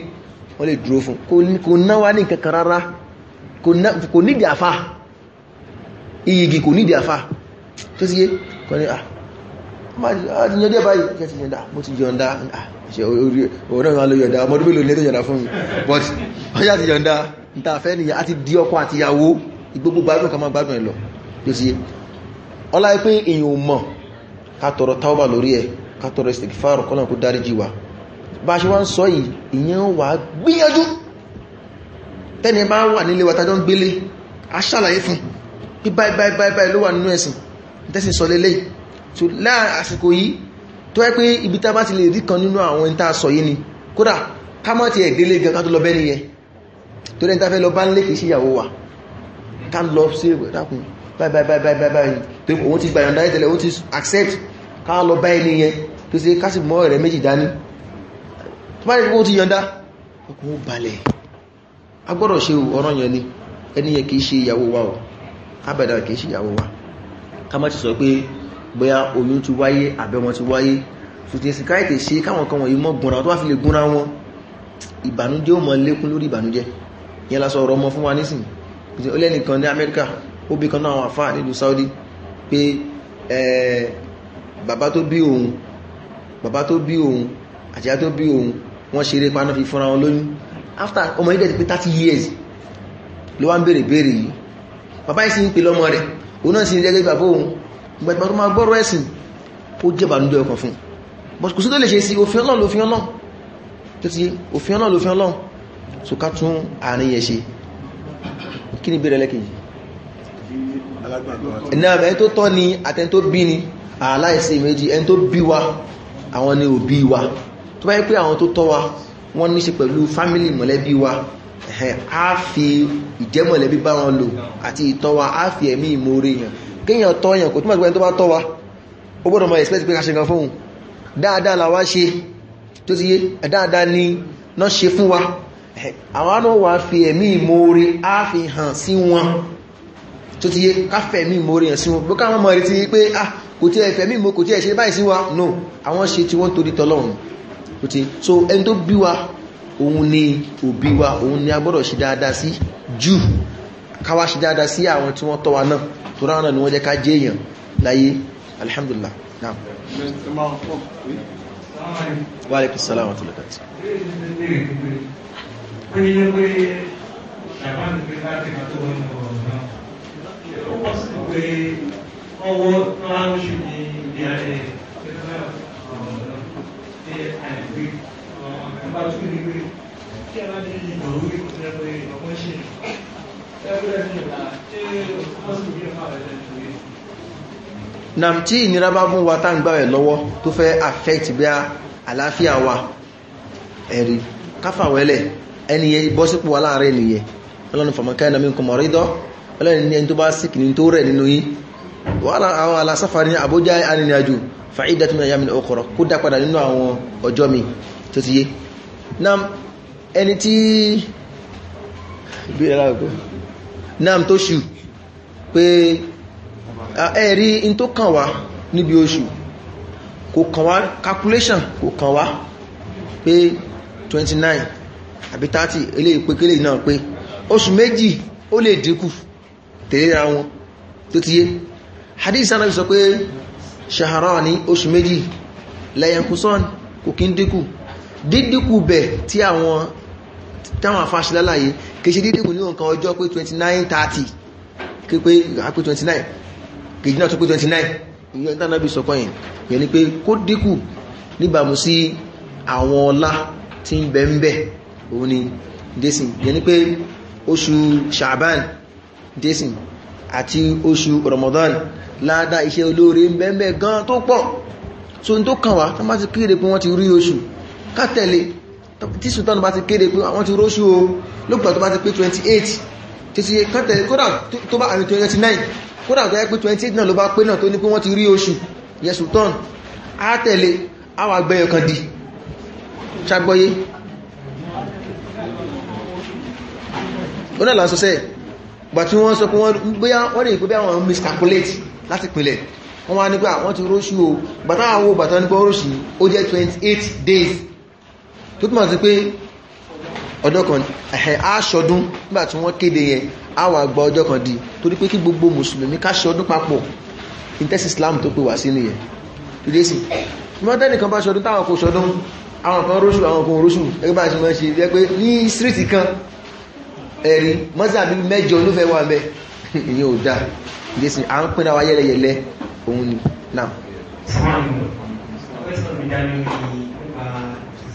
wọ́n lè dúró fún kò náwà ní kankan rárá kò nídìí àfá iyigi kò nídìí àfá tó sì yé kọ́ ní ah, ọmọdé mélòó ní ẹ̀tọ́ fún mi but wọ́n yá ti yọ̀ndá ìtafẹ́ ni a ti di ọkọ àti ìyàwó ìgbógbó gbádùn kan máa gbádùn ẹ̀ lọ tó sì ọlá pé èyàn ò mọ̀ ká tọrọ tauba lórí ẹ̀ ká tọrọ istighfar kọ́nà kó dárí jìwà bá ṣe wá ń sọ yìí ìyẹn wà gbìyànjú tẹ́ni bá wà nílé wa tájọ́ ń gbélé aṣàlàyé so láàrin àsìkò yìí tó ẹ́ pé ibi tá bá ti lè rí kan nínú àwọn ìta sọ yìí ni kódà ká mọ́ ti ẹ̀dẹ́lé gan ká tó lọ bẹ́ nìyẹn tó rẹ̀ ń tafẹ́ lọ bá ń lè kìí sí ìyàwó wa accept ká lọ bá ẹni yẹn tó ṣe ká sì mọ́ ẹ̀rẹ́ méjì dání tó bá rí pé ó ti yọ̀ndá ọkùnrin balẹ̀ a gbọ́dọ̀ ṣe ọ̀ràn yẹn ni ẹni yẹn kìí ṣe ìyàwó wa ọ̀ abẹ́dà kìí ṣe ìyàwó wa ká má ti sọ pé bóyá oyún ti wáyé àbẹ́mọ ti wáyé ṣùtì ẹ̀sìn káyìtì ṣe káwọn kan wọ̀nyí mọ́ gúnra tó wá fi lè gúnra wọn ìbànújẹ́ ó mọ lékún lórí ìbànújẹ́ yẹn lásọ ọ̀rọ̀ ọmọ fún wa nísìn ó lẹ́nìkan ní Amẹ́ríkà ó bí kan náà àwọn àfáà nílùú Saudi pé bàbá tó bí òun bàbá tó bí òun àjíyá tó bí òun wọ́n ṣeré paná fi fúnra wọn lóyún after ọmọ ilẹ̀ ti pé 30 years ló wá ń béèrè béèrè yìí bàbá yìí sì ń pè lọ́mọ rẹ̀ òun náà sì gbẹ̀gbẹ̀ tó máa gbọ́rọ̀ ẹ̀sìn ó jẹ́ bànújẹ́ ọkàn fún but kò sí tó lè ṣe sí òfin Ọlọ́run lófin Ọlọ́run tó ti òfin Ọlọ́run lófin Ọlọ́run so ká tún àárín yẹn ṣe kí ni bẹ̀rẹ̀ lẹ́kẹ̀ẹ́ náà ẹni tó tọ́ ni àtẹni tó bí ni aláìsí méjì ẹni tó bí wa àwọn ni òbí wa tó báyé pé àwọn tó tọ́ wa wọ́n ní ṣe pẹ̀lú fámílì mọ̀lẹ́bí wa a fi ìjẹ́mọ̀lẹ́bí bá wọn lò àti ìtọ́ wa a fi ẹ̀mí ìmoore yàn kíyàn tọ́ yàn kò túnmọ̀ ìgbẹ́ni tó bá tọ́ wa ó gbọ́dọ̀ mọ̀ expect pé ká ṣe gan fóhun dáadáa la wá ṣe tó ti yé dáadáa ni náà ṣe fún wa àwọn náà wà fi ẹ̀mí ìmoore á fi hàn sí wọn tó ti yé ká fẹ̀mí ìmoore hàn sí wọn bó káwọn mọ̀ ti pé ah kò tí ẹ fẹ̀mí ìmo kò tí ẹ ṣe báyìí sí wa no àwọn ṣe tí wọ́n torí tọlọ́run tó ti so ẹni tó bí wa òun ni òbí wa òun ni a ṣe dáadáa sí jù káwá ṣe dáadáa sí àwọn tí wọ́n tọ́ wa náà tó ráwọn ni wọ́n jẹ́ ká jẹ́ èèyàn láyé alhamdulillah naam wa alaikum salaam wa rahmatullah ọwọ́ tó á ń ṣe ní ìdí ayé ẹgbẹ́ ọ̀rọ̀ náà nam tí ìnira bá fún wa táǹgbà rẹ̀ lọ́wọ́ tó fẹ́ affect bí a àlàáfíà wa ẹ̀rí káfàwẹ́lẹ̀ ẹniyẹ bọ́sípò wà láàrin ènìyàn ọlọ́nà fàmọ́káyà minkum marida ọlọ́rin ní ẹni tó bá síkì ní tó rẹ̀ nínú yí wọ́n àwọn alásáfàrí ní àbójá arìnrìnàjò fa'iddatun min ayamin ukhra kó dápadà nínú àwọn ọjọ́ mi tó ti yé nam ẹni tí bí ẹlá ọgbọ́n náà tó ṣù pé ẹ̀rí in tó kàn wá níbi oṣù kò kàn wá calculation kò kàn wá pé 29 àbí 30 eléyìí pé kéléyìí náà pé oṣù méjì ó lè dínkù tẹ̀léra wọn tó ti yé hadith sanabi sọ pé ṣaharani oṣù méjì lẹ́yẹnkúsọ́n kò kí ń dínkù dídínkù bẹ̀ tí àwọn táwọn kìí ṣe dédé kò ní nǹkan ọjọ́ pé 29:30 kí pé àpé 29 kìí náà tó pé 29 ìyẹn tánà bí sọkọ́ ni pé kó dínkù níbàmú sí àwọn ọlá tí ń bẹ ń bẹ òun ni dẹ́sìn yẹn ni pé oṣù Sha'ban dẹ́sìn àti oṣù Ramadan láàdá iṣẹ́ olóore ń bẹ ń bẹ gan tó pọ̀ so n tó kàn wá tán bá ti kéde pé wọ́n ti rí oṣù ká tí sultan bá ti kéde pé àwọn ti róṣù o lópùtà tó bá ti pé 28 tí ti kọ́tẹ̀ kódà tó bá àmì 29 kódà tó yẹ pé 28 náà ló bá pé náà tó ní pé wọ́n ti rí oṣù yẹ sultan á tẹ̀lé àwà gbẹ̀yọ̀ kan di ṣagbọ́yé ó náà lásọsẹ́ gbà tí wọ́n sọ pé wọ́n gbéyà wọ́n rí pé bí àwọn miscalculate láti pìnlẹ̀ wọ́n wá nígbà wọ́n ti róṣù o gbàtà àwọn òbàtà nípa róṣù ó jẹ́ 28 days tó túnmọ̀ sí pé ọjọ́ kan ẹ̀hẹ̀n aṣọdún nígbà tí wọ́n kéde yẹn a wá gba ọjọ́ kan di torí pé kí gbogbo mùsùlùmí ká ṣọdún papọ̀ intest islam tó pè wá sí nìyẹn tó dé sí wọ́n tẹ́nìkan bá ṣọdún táwọn kò ṣọdún àwọn kan róṣù àwọn kan róṣù ẹgbẹ́ bá ṣe máa ṣe jẹ́ pé ní street kan ẹ̀rí mọ́sàbí mẹ́jọ ló fẹ́ wà mẹ́ ìyẹn ò dáa dé sí à ń pín náà wá òun ni náà.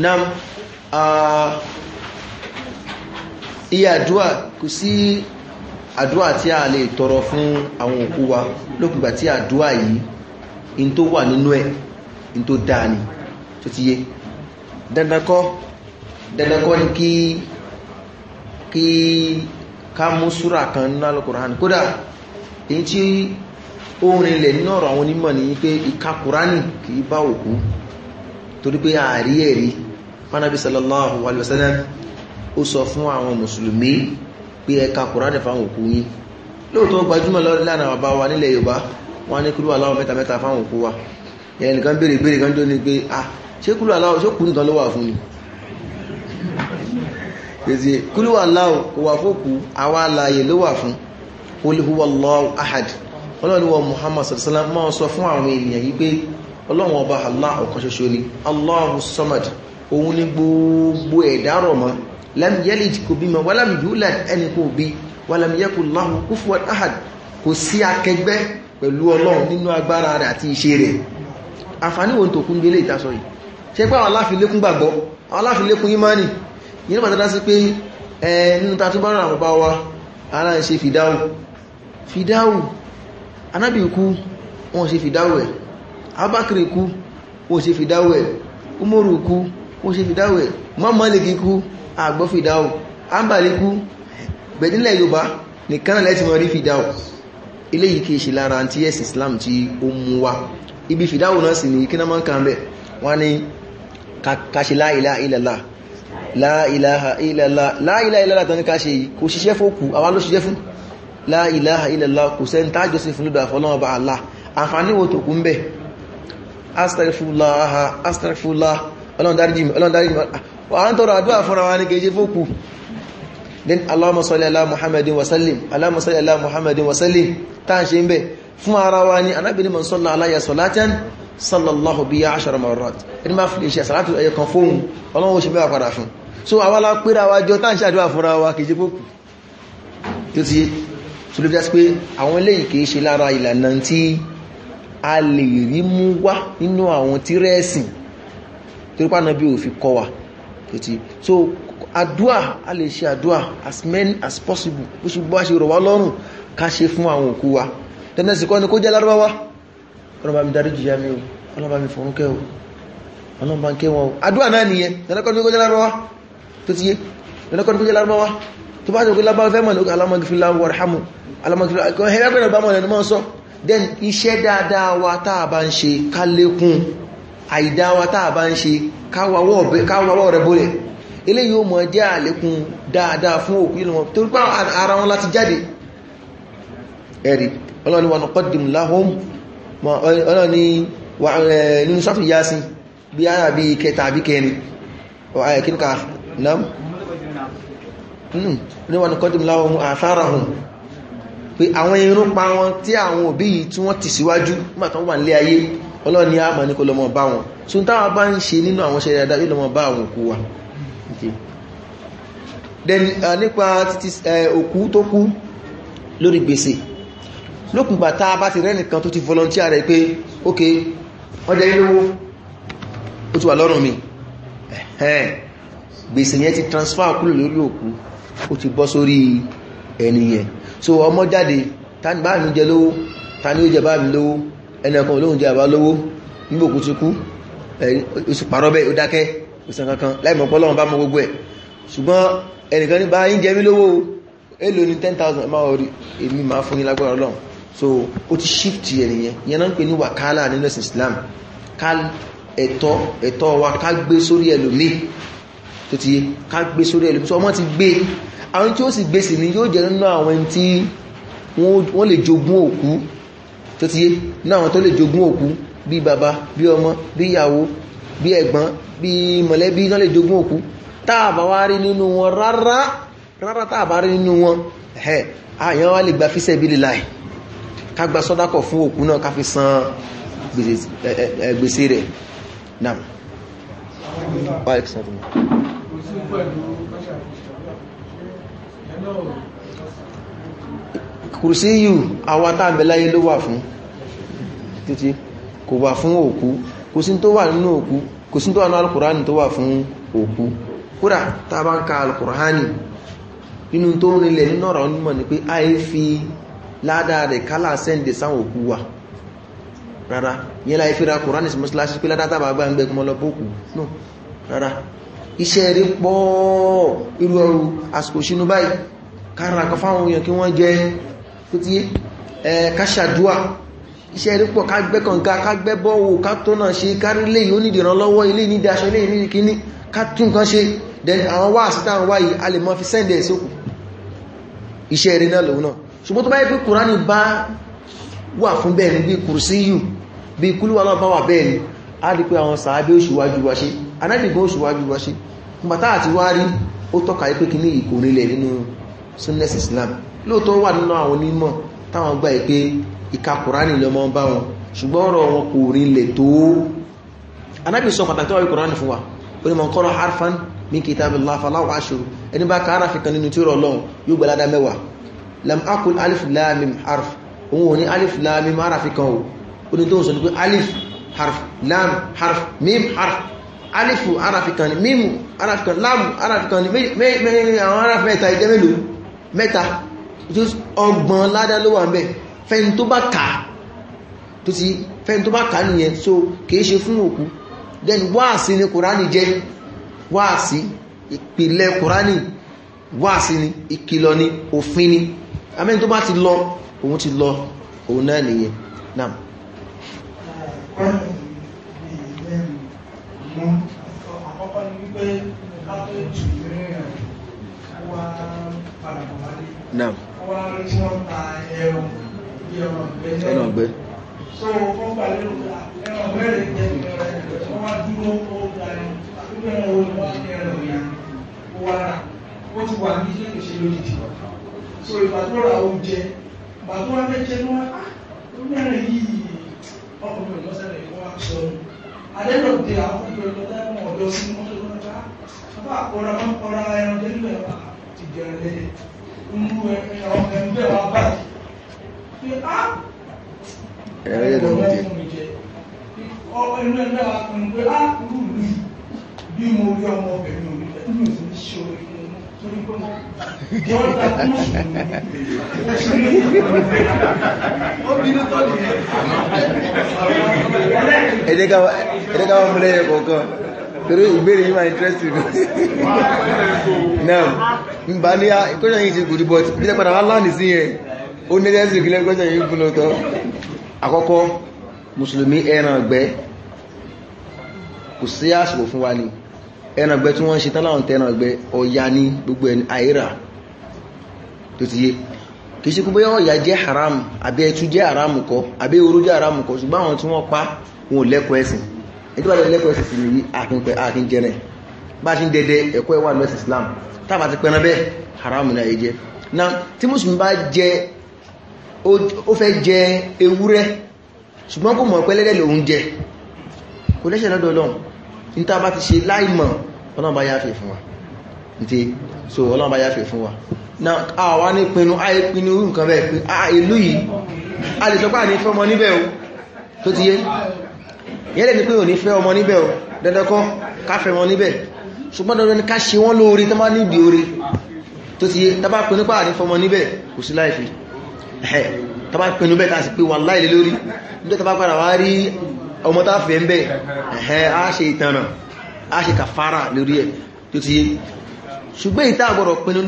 na iye àdúà kò sí àdúà tí a lè tọrọ fún àwọn òkú wa lókùngbà tí àdúà yìí in tó wà nínú ẹ̀ in tó dáa ni tó ti yé dandakọ́ dandakọ́ ni kí kí ká mú súrà kan nínú alukùránì kódà èyí tí ó rinlẹ̀ nínú ọ̀rọ̀ àwọn onímọ̀ ni pé ìka kùránì kì í bá òkú torí pé ààrí ẹ̀rí mánàbí sallallahu alayhi wa sallam ó sọ fún àwọn mùsùlùmí pé ẹ ka kùránì fáwọn òkú yín lóòótọ́ gbajúmọ̀ lọ́dún lánàá ya wa nílẹ̀ yorùbá ní aláwọ̀ mẹ́ta mẹ́ta fáwọn òkú wa nìkan fún ni kèsì kúrú aláwọ̀ kò wà fún àwa alààyè ló wà fún olùhùwà ahad muhammad sallallahu alayhi wa sallam máa sọ fún àwọn ènìyàn ọlọ́run ọba allah ọ̀kan ṣoṣo ni allahu samad òun ni gbogbo ẹ̀dá rọ̀ mọ́ lam yalid kò bímọ wàlám yulad ẹni kò bí wàlám yakun lahu kufuwan ahad kò sí akẹgbẹ́ pẹ̀lú ọlọ́run nínú agbára rẹ̀ àti iṣẹ́ rẹ̀ àǹfààní wo ń tòkún gbélé ìtasọ yìí ṣe pé àwọn aláfin lékún gbàgbọ́ àwọn aláfin imani yìí bàtàdá sí pé ẹ nínú ta tún bá ràn bá wa ara ń ṣe fìdáwù fìdáwù anábìkú wọn ṣe fìdáwù ẹ̀ abákìrì kú wọ́n ṣe fìdáwọ̀ ẹ̀ umaru kú wọ́n ṣe fìdáwọ̀ ẹ̀ mọ́mọ́lìkì kú àgbọ́ fìdáwọ̀ ábàlì kú bẹ̀dínlẹ̀ yorùbá nìkan náà lẹ́tí mọ́ rí fìdáwọ̀ eléyìí kìí ṣe lára àti ẹ̀sìn islam tí ó mú wa ibi fìdáwọ̀ náà sì ní kí náà máa ń kàn bẹ̀ wọ́n ní kàṣe la ilaha illallah la ilaha illallah la ilaha illallah tán ní kàṣe yìí kò ṣiṣẹ́ fókù àwa ló ṣiṣẹ́ fún la ilaha illallah kò sẹ́ni tájọ́sìn fún lódò àfọlọ́wọ́ bá Allah àǹfààní wo tòkú ń bẹ̀ astagfirullah astagfirullah ọlọ́run dáríjì mi ọlọ́run dáríjì mi wọ́n tọrọ àdúrà fúnra wa ní kejì fókù then allahumma salli ala muhammadin wa sallim allahumma salli ala muhammadin wa sallim ta ṣe ń bẹ̀ fún ara wa ní anábìnrin man salla alayya salatan sallallahu biya ashara marrat ẹni máa fi ṣe salatu ẹyẹ kan fóhun so àwa la pẹ́ra wa jọ táà ń ṣe àdúrà fúnra wa kejì fókù tó a lè rí mú wá nínú àwọn tírẹ́ẹ̀sì torípa náà bí òfin kọ wa tètè so àdúà a lè ṣe àdúà as many as possible bó ṣe bá ṣe rọ̀ wá lọ́rùn ká ṣe fún àwọn òkú wa dandan sì kọ́ ni kó jẹ́ lárúbáwá ọlọ́ba mi darí jìyà mi o ọlọ́ba mi fọ̀rún kẹ́ o ọlọ́ba ń kẹ́ wọn o àdúà náà nìyẹn dandan kọ́ ni kó jẹ́ lárúbáwá tó ti yé dandan kọ́ ni kó jẹ́ lárúbáwá tó bá jẹ́ kó lábáwá fẹ́ mọ̀ ní alámọ̀gífìlá wọ̀rọ̀hámù alámọ̀gífìlá ẹ̀kọ́ then iṣẹ́ dáadáa wa táà bá ń ṣe ká lékún àìdá wa táà bá ń ṣe káwàwọ́ rẹ̀ bólẹ̀ eléyìí ó mọ̀ jẹ́ àlékún dáadáa fún òkú ìlú wọn torí pé ara wọn láti jáde ẹ̀rí ọlọ́ni wa nuqaddim lahum ọlọ́ni nínú sọ́tún Yasin bí ara bí kẹta àbí kẹrin hmm, lahum atharahum pé àwọn irun pa wọn tí àwọn òbí yìí tí wọ́n ti síwájú nígbà tó wà nílé ayé ọlọ́ni àmà ní kò lọ́mọ bá wọn so n táwọn bá ń ṣe nínú àwọn ṣẹlẹ̀ àdáyé lọ́mọ bá àwọn òkú wa then uh, nípa òkú tó kú lórí gbèsè lópìgbà tá a bá ti rẹ́ nìkan tó ti volunteer rẹ̀ pé ok ọdẹ transfer kúrò lórí òkú ó ti bọ́ sórí ẹni yẹn so ọmọ jáde tani bá mi jẹ lówó tani ó jẹ bá mi lówó ẹnìkan olóhùn jẹ àbá lówó nígbò kú ti kú oṣù pàrọ̀ bẹ́ẹ̀ ó dákẹ́ òsàn kankan láì mọ̀ pọ́lọ́run bá mọ gbogbo ẹ̀ ṣùgbọ́n ẹnìkan ní bá jẹ mí lówó èlò ní 10,000 máa orí èmi máa fún yín lágbára Ọlọ́run so ó ti shift ẹ̀nìyàn yẹn náà ń pè ní wàkálà nínú ẹ̀sìn Islam ká ẹ̀tọ́ ẹ̀tọ́ wa ká gbé sórí ẹlòmíì tó ti yé ká gbé sórí ẹlòmíì tó ọmọ ti gbé àwọn tí ó sì gbèsè ní yóò jẹ́ nínú àwọn tí wọ́n lè jogún òkú tó ti yé ní àwọn tó lè jogún òkú bí bàbá bí ọmọ bí ìyàwó bí ẹ̀gbọ́n bí mọ̀lẹ́bí náà lè jogún òkú tààbà wá rí nínú wọn rárá rárá tààbà rí nínú wọn ẹ̀ àyàn wá lè gba fíṣẹ́ bí líláì ká gba sọ́dákọ̀ fún òkú náà ká fi san gbèsè rẹ̀ náà kùrùsíyù awátàbẹ̀láyé ló wà fún títí kò wà fún òkú kò sí tó wà nínú òkú kò sí tó wà ní alkùránì tó wà fún òkú kúrà tàbá ń ka alkùránì nínú tó rinlẹ̀ nínú ọ̀rọ̀ onímọ̀ ni pé a yí fi ládàá rẹ̀ kálà sẹ́ndẹ̀ e iṣẹ́ rí pọ́ irú ọrù àsìkò sínú báyìí kára kan fáwọn èèyàn kí wọ́n jẹ títí káṣàdúà iṣẹ́ rí pọ̀ kágbẹ́ kànga kágbẹ́ bọ́wọ́ ká tó náà ṣe kárí lè yóò nìdì ìrànlọ́wọ́ ilé nídi aṣọ ilé ní kíní ká tún kan ṣe then àwọn wá àsìta àwọn wáyìí a lè mọ́ fi sẹ́ndẹ̀ sókù iṣẹ́ rí náà lòun náà ṣùgbọ́n anábìgbọ́n òṣùwájú wa gbàtà àti wárí ó tọ́ka ipé kí ní ìkòrílẹ̀ nínú sunnes islam lóòótọ́ wà nínú àwọn onímọ̀ táwọn gbà pé ìka kùránì lọ mọ́ bá wọn ṣùgbọ́n ọ̀rọ̀ wọn kò rinlẹ̀ tó anábì sọ pàtàkì wáyé kùránì fún wa ó ní mọ̀ ń lam akul alif lam mim harf alif lam mim harafi kan o alif harf lam harf mim harf alifu harafi kan araf kan láàmù araf kan ní mẹ́rin àwọn araf mẹ́ta ìjẹ́ mélòó mẹ́ta tó ọgbọ̀n ládá ló wà mẹ́ fẹ́ni tó bá kà tó ti fẹ́ni tó bá kà nìyẹn so kìí ṣe fún òkú then wáàsí ni kùránì jẹ́ wáàsí ìpìlẹ̀ kùránì wáàsí ni ìkìlọ̀ ni òfin ni amẹ́ni tó bá ti lọ òun ti lọ òun náà nìyẹn náà Thank you pé káfíń jù ìrìn ọkùnrin lọ́sẹ̀ rẹ̀ wọ́n á sọ. Àdẹ́dọ̀ àwọn ìgbà ọ̀dọ́ sí mọ́tò bá kọ́ra bá kọ́ra ẹran tó nílò ẹ̀wà ti jẹ̀rẹ̀ nínú ẹ̀rọ ẹ̀ńbẹ̀ wa báyìí pé á ẹ̀rọ ẹ̀rọ mi jẹ ọwọ́ inú ẹ̀ńbẹ̀ wa pinnu pé á rú mi bí mo rí ọmọ obìnrin òní fẹ́ mi ò sì ní ṣe orí mi torí pé wọ́n ta kú obìnrin tó torí ìbéèrè yìí máa interesting now mba bá ní question yìí ti gùn but bí tẹ́ padà wá láàrín sí yẹn ó ní ẹ̀sì question yìí àkọ́kọ́ mùsùlùmí ẹran ọ̀gbẹ́ kò sí àsìkò fún wa ni ẹran ọ̀gbẹ́ tí wọ́n ṣe tán ọ̀gbẹ́ haram àbí ẹtú jẹ́ haram kọ àbí jẹ́ haram kọ ṣùgbọ́n àwọn tí wọ́n pa wọn ò lẹ́kọ̀ọ́ ẹ̀sìn ètò àjẹ́ lẹ́kọ̀ọ́ ẹ̀sìn ìsinmi yìí àkínpẹ̀ àkínjẹrẹ bá ṣe ń dẹdẹ ẹ̀kọ́ ẹwà lọ́sì Islam tàbà ti pẹran bẹ́ẹ̀ haramu na tí mùsùlùmí bá jẹ ó fẹ́ jẹ ewúrẹ́ ṣùgbọ́n kò mọ̀ pẹ́lẹ́dẹ̀ lòun jẹ kò lẹ́ṣẹ̀ lọ́dọ̀ Ọlọ́run ní tá nti so Ọlọ́run bá yáfẹ́ fún wa na àwa ní pinnu àì a lè sọ pé à ní fọ́mọ níbẹ̀ yẹ́lẹ̀ ni pé ò ní fẹ́ ọmọ níbẹ̀ o dandakọ́ káfẹ́ wọn níbẹ̀ ṣùgbọ́n dandan ni ká ṣe wọ́n lóore tó má nídi oore tó ti yé tàbá pinnu pàà ní fọmọ níbẹ̀ kò sí láìfi ẹ̀ tàbá pinnu bẹ́ẹ̀ tàà sí pé wà láìlé lórí níjọ́ tàbá padà wá rí ọmọ tá fẹ́ ń bẹ̀ ẹ̀hẹ́ á ṣe ìtanràn á ṣe kàfàrà lórí ẹ̀ tó ti yé ṣùgbọ́n ìta àgbọ̀rọ̀ pinnu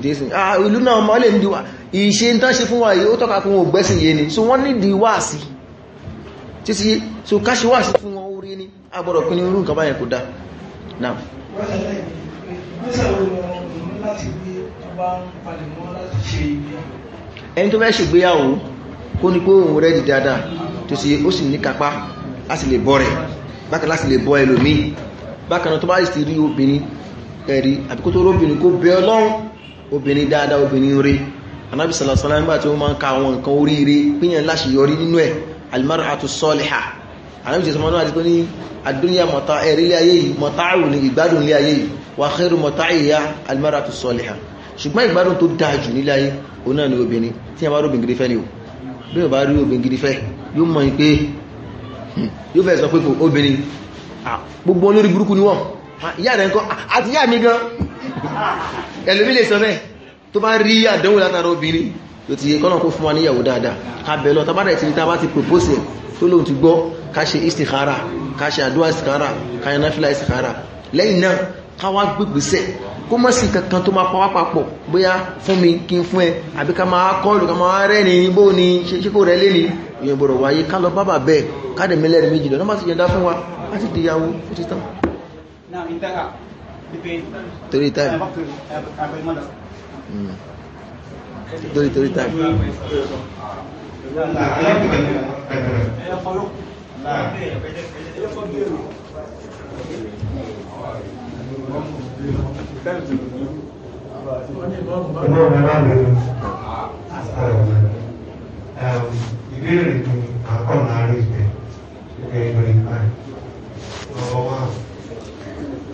jason ah ìlú náà ọmọ lè nídi wà ìṣe ń tán ṣe fún wa yìí ó tọ́ka fún ògbẹ́sìn yé ni so wọ́n nídi wà sí títí so káṣí wà sí fún wọn orí ní agbọ́dọ̀ pín ní irú nǹkan báyẹn kò dá náà ẹni tó fẹ́ ṣègbéyàwó kó ní pé òun rẹ̀ di dáadáa tó sì ó sì ní kápá láti lè bọ́ rẹ̀ bákan láti lè bọ́ ẹlòmíì bákan tó bá sì rí obìnrin ẹ̀rí àbíkó tó róbìnrin kó bẹ ọlọ́run obìnrin dáadáa obìnrin rí anábì sàlásàlá nígbà tí ó máa ń ka àwọn nǹkan oríire pínyàn láṣeyọrí nínú ẹ̀ alimari atu sọ́ọ̀lẹ̀ha anábì sàlásàlá mọ́nà àti pé ní àdúnyà mọ̀tá ẹ̀rí ilé ayé yìí mọ̀tá àrùn ní ìgbádùn ilé ayé yìí wà khairu mọ̀tá ìyá alimari atu sọ́ọ̀lẹ̀ha ṣùgbọ́n ìgbádùn tó dáa jù nílé ayé òun náà ni obìnrin tí a bá rí obìnrin fẹ́ ni o bí ẹlòmí lè sọ bẹ́ẹ̀ tó bá rí àdánwò látara obìnrin tó ti yẹ kọ́nà kó fún wa níyàwó dáadáa abẹ̀lọ tàbádà ìtìrí tàbá ti propose ẹ̀ tó lóun ti gbọ́ ká ṣe istikhara ká ṣe àdúrà istikhara ká yẹn náfìlà istikhara lẹ́yìn náà ká wá gbégbèsẹ̀ kó mọ́ sí kankan tó máa pàwá papọ̀ bóyá fún mi kí n fún ẹ àbí ká máa kọ́ọ̀lù ká máa rẹ́ ní bó ní ṣe kó rẹ̀ lé ní ìyẹn gbọ́dọ̀ wáyé ká lọ bábà bẹ́ẹ̀ ká dẹ̀ mẹ́lẹ́rìí méjì lọ náà má sì yẹn dá fún wa láti dìyàwó fún títàn. now in that Autoritario. Mm. Autoritario. ìbéèrè ni àkọ́nà àríṣẹ́ ìgbẹ́ ìgbẹ́ ìgbà ọ̀wọ́ àwọn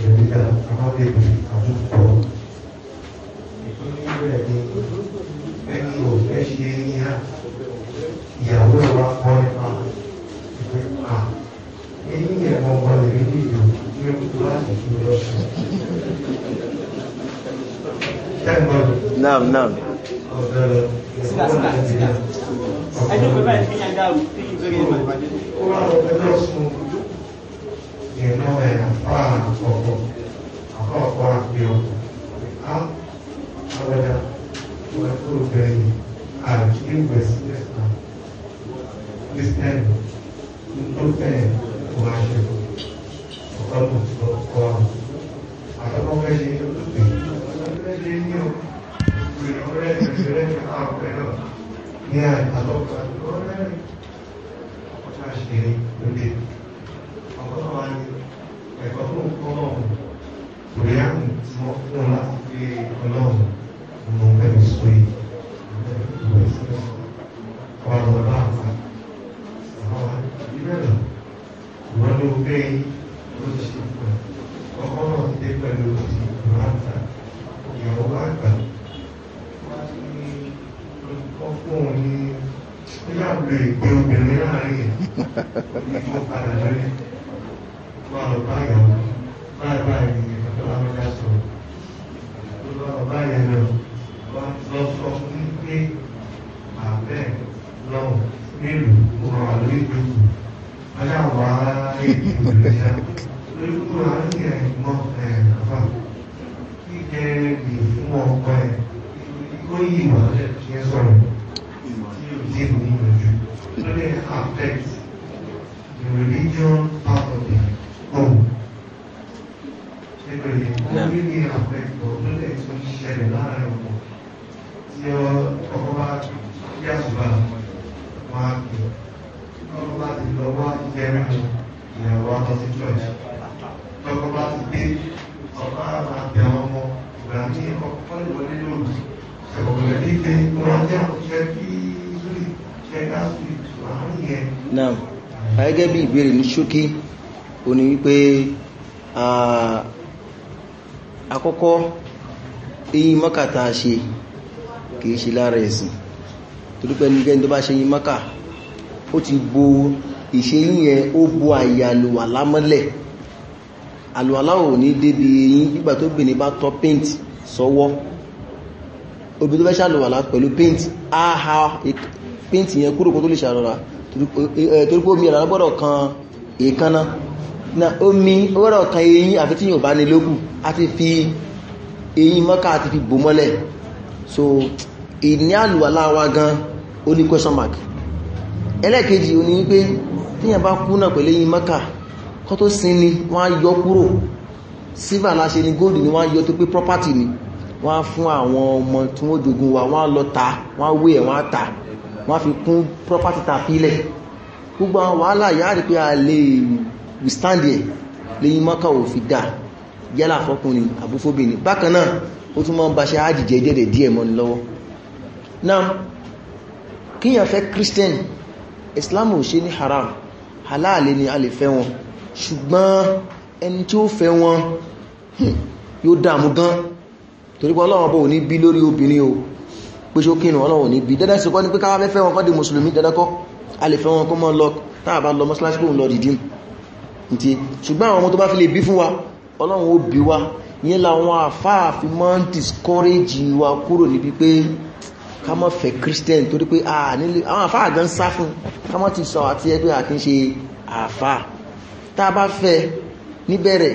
ìrẹ̀lẹ́gbà amábẹ́bí àdúgbò ìpínlẹ̀ rẹ̀ ni ẹni ò fẹ́ ṣe ní à ìyàwó wa kọ́ nípa ìwé à ẹni yẹn gbọ̀ngàn lè rí bí ìlú ní ẹkùn láti fi lọ sùn. Naam naam. Sila sila sila. àkọ́kọ́ èyí mọ́kàtà ṣe kìí ṣe lára ẹ̀sìn tó dúpẹ́ ní gẹ́ni tó bá ṣe yí mọ́kà ó ti bo ìṣe yíyẹn ó bo àyà àlùwàlá mọ́lẹ̀ àlùwàlá ò ní débi eyín nígbà tó bìnì bá tọ́ paint sọ́wọ́ obì tó fẹ́ ṣàlùwàlá pẹ̀lú paint áhà paint yẹn kúrò kó tó lè ṣàrọ̀rà torípó mi àlàgbọ́dọ̀ kan èékánná na omi ọwọ́rọ̀ kan eyín àfi tí yíò bá ní lókù a fi eyín mọ́ká àti fi bò mọ́lẹ̀ so ìní àlùwàlá wa gan ó ní question mark ẹlẹ́ẹ̀kejì ó ní wípé tíyàn bá kú náà pẹ̀lú eyín mọ́ká kọ́ tó sin ni wọ́n yọ kúrò sílvà láṣe ni gold ni wọ́n yọ tó pé property ni wọ́n á fún àwọn ọmọ tí wọ́n jogun wa wọ́n lọ ta wọ́n wé ẹ̀ wọ́n ta wọ́n fi kún property ta fílẹ̀ gbogbo àwọn wàhálà yáà pé a lè we stand there lẹ́yìn mọ́kà ò fi dá yálà fọ́kùnrin àbúfóbìnrin bákan náà ó tún mọ́ ń bá ṣe ájì jẹ́jẹ́dẹ̀ díẹ̀ mọ́ lọ́wọ́ náà kíyàn fẹ́ christian islam ò ṣe ní haram halal ni a lè fẹ́ wọn ṣùgbọ́n ẹni tí ó fẹ́ wọn hmm, yóò dààmú gan torípa ọlọ́wọ́ bó ní bí lórí obìnrin o pé ṣó kínú ọlọ́wọ́ ní bí dẹ́dẹ́ sọkọ́ ní pé káwàá fẹ́ wọn kọ́ di mùsùlùmí dẹ́dẹ́kọ́ a ǹtí ṣùgbọ́n àwọn ọmọ tó bá fi lè bí fún wa ọlọ́run ó bí wa yẹn làwọn àfáà fi máa ń discourage wa kúrò níbi pé ká má fẹ́ christian torí pé àwọn àfáà gan sá fún ká má ti sọ àti ẹgbẹ́ àti ṣe àfáà tá a bá fẹ́ níbẹ̀rẹ̀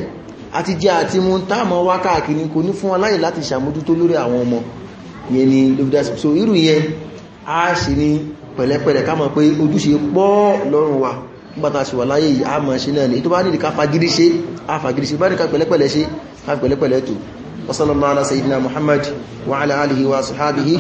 àti jẹ́ àti mú táàmọ́ wá káàkiri kò ní fún aláyè láti ṣàmójútó lórí àwọn ọmọ yẹn ni lóbídásí so irú yẹn a ṣe ní pẹ̀lẹ́pẹ̀lẹ́ ká mọ̀ pé ojúṣe pọ̀ lọ́rùn wa gbata sí wà láyé yìí a máa ṣe náà ni tó bá ní ìdíká fagidi ṣe a fagidi ṣe bá ní ká pẹ̀lẹ́pẹ̀lẹ́ ṣe pẹ̀lẹ́pẹ̀lẹ́ tó wasalama ala sayidina muhammad wa ala alihi wa sahabihi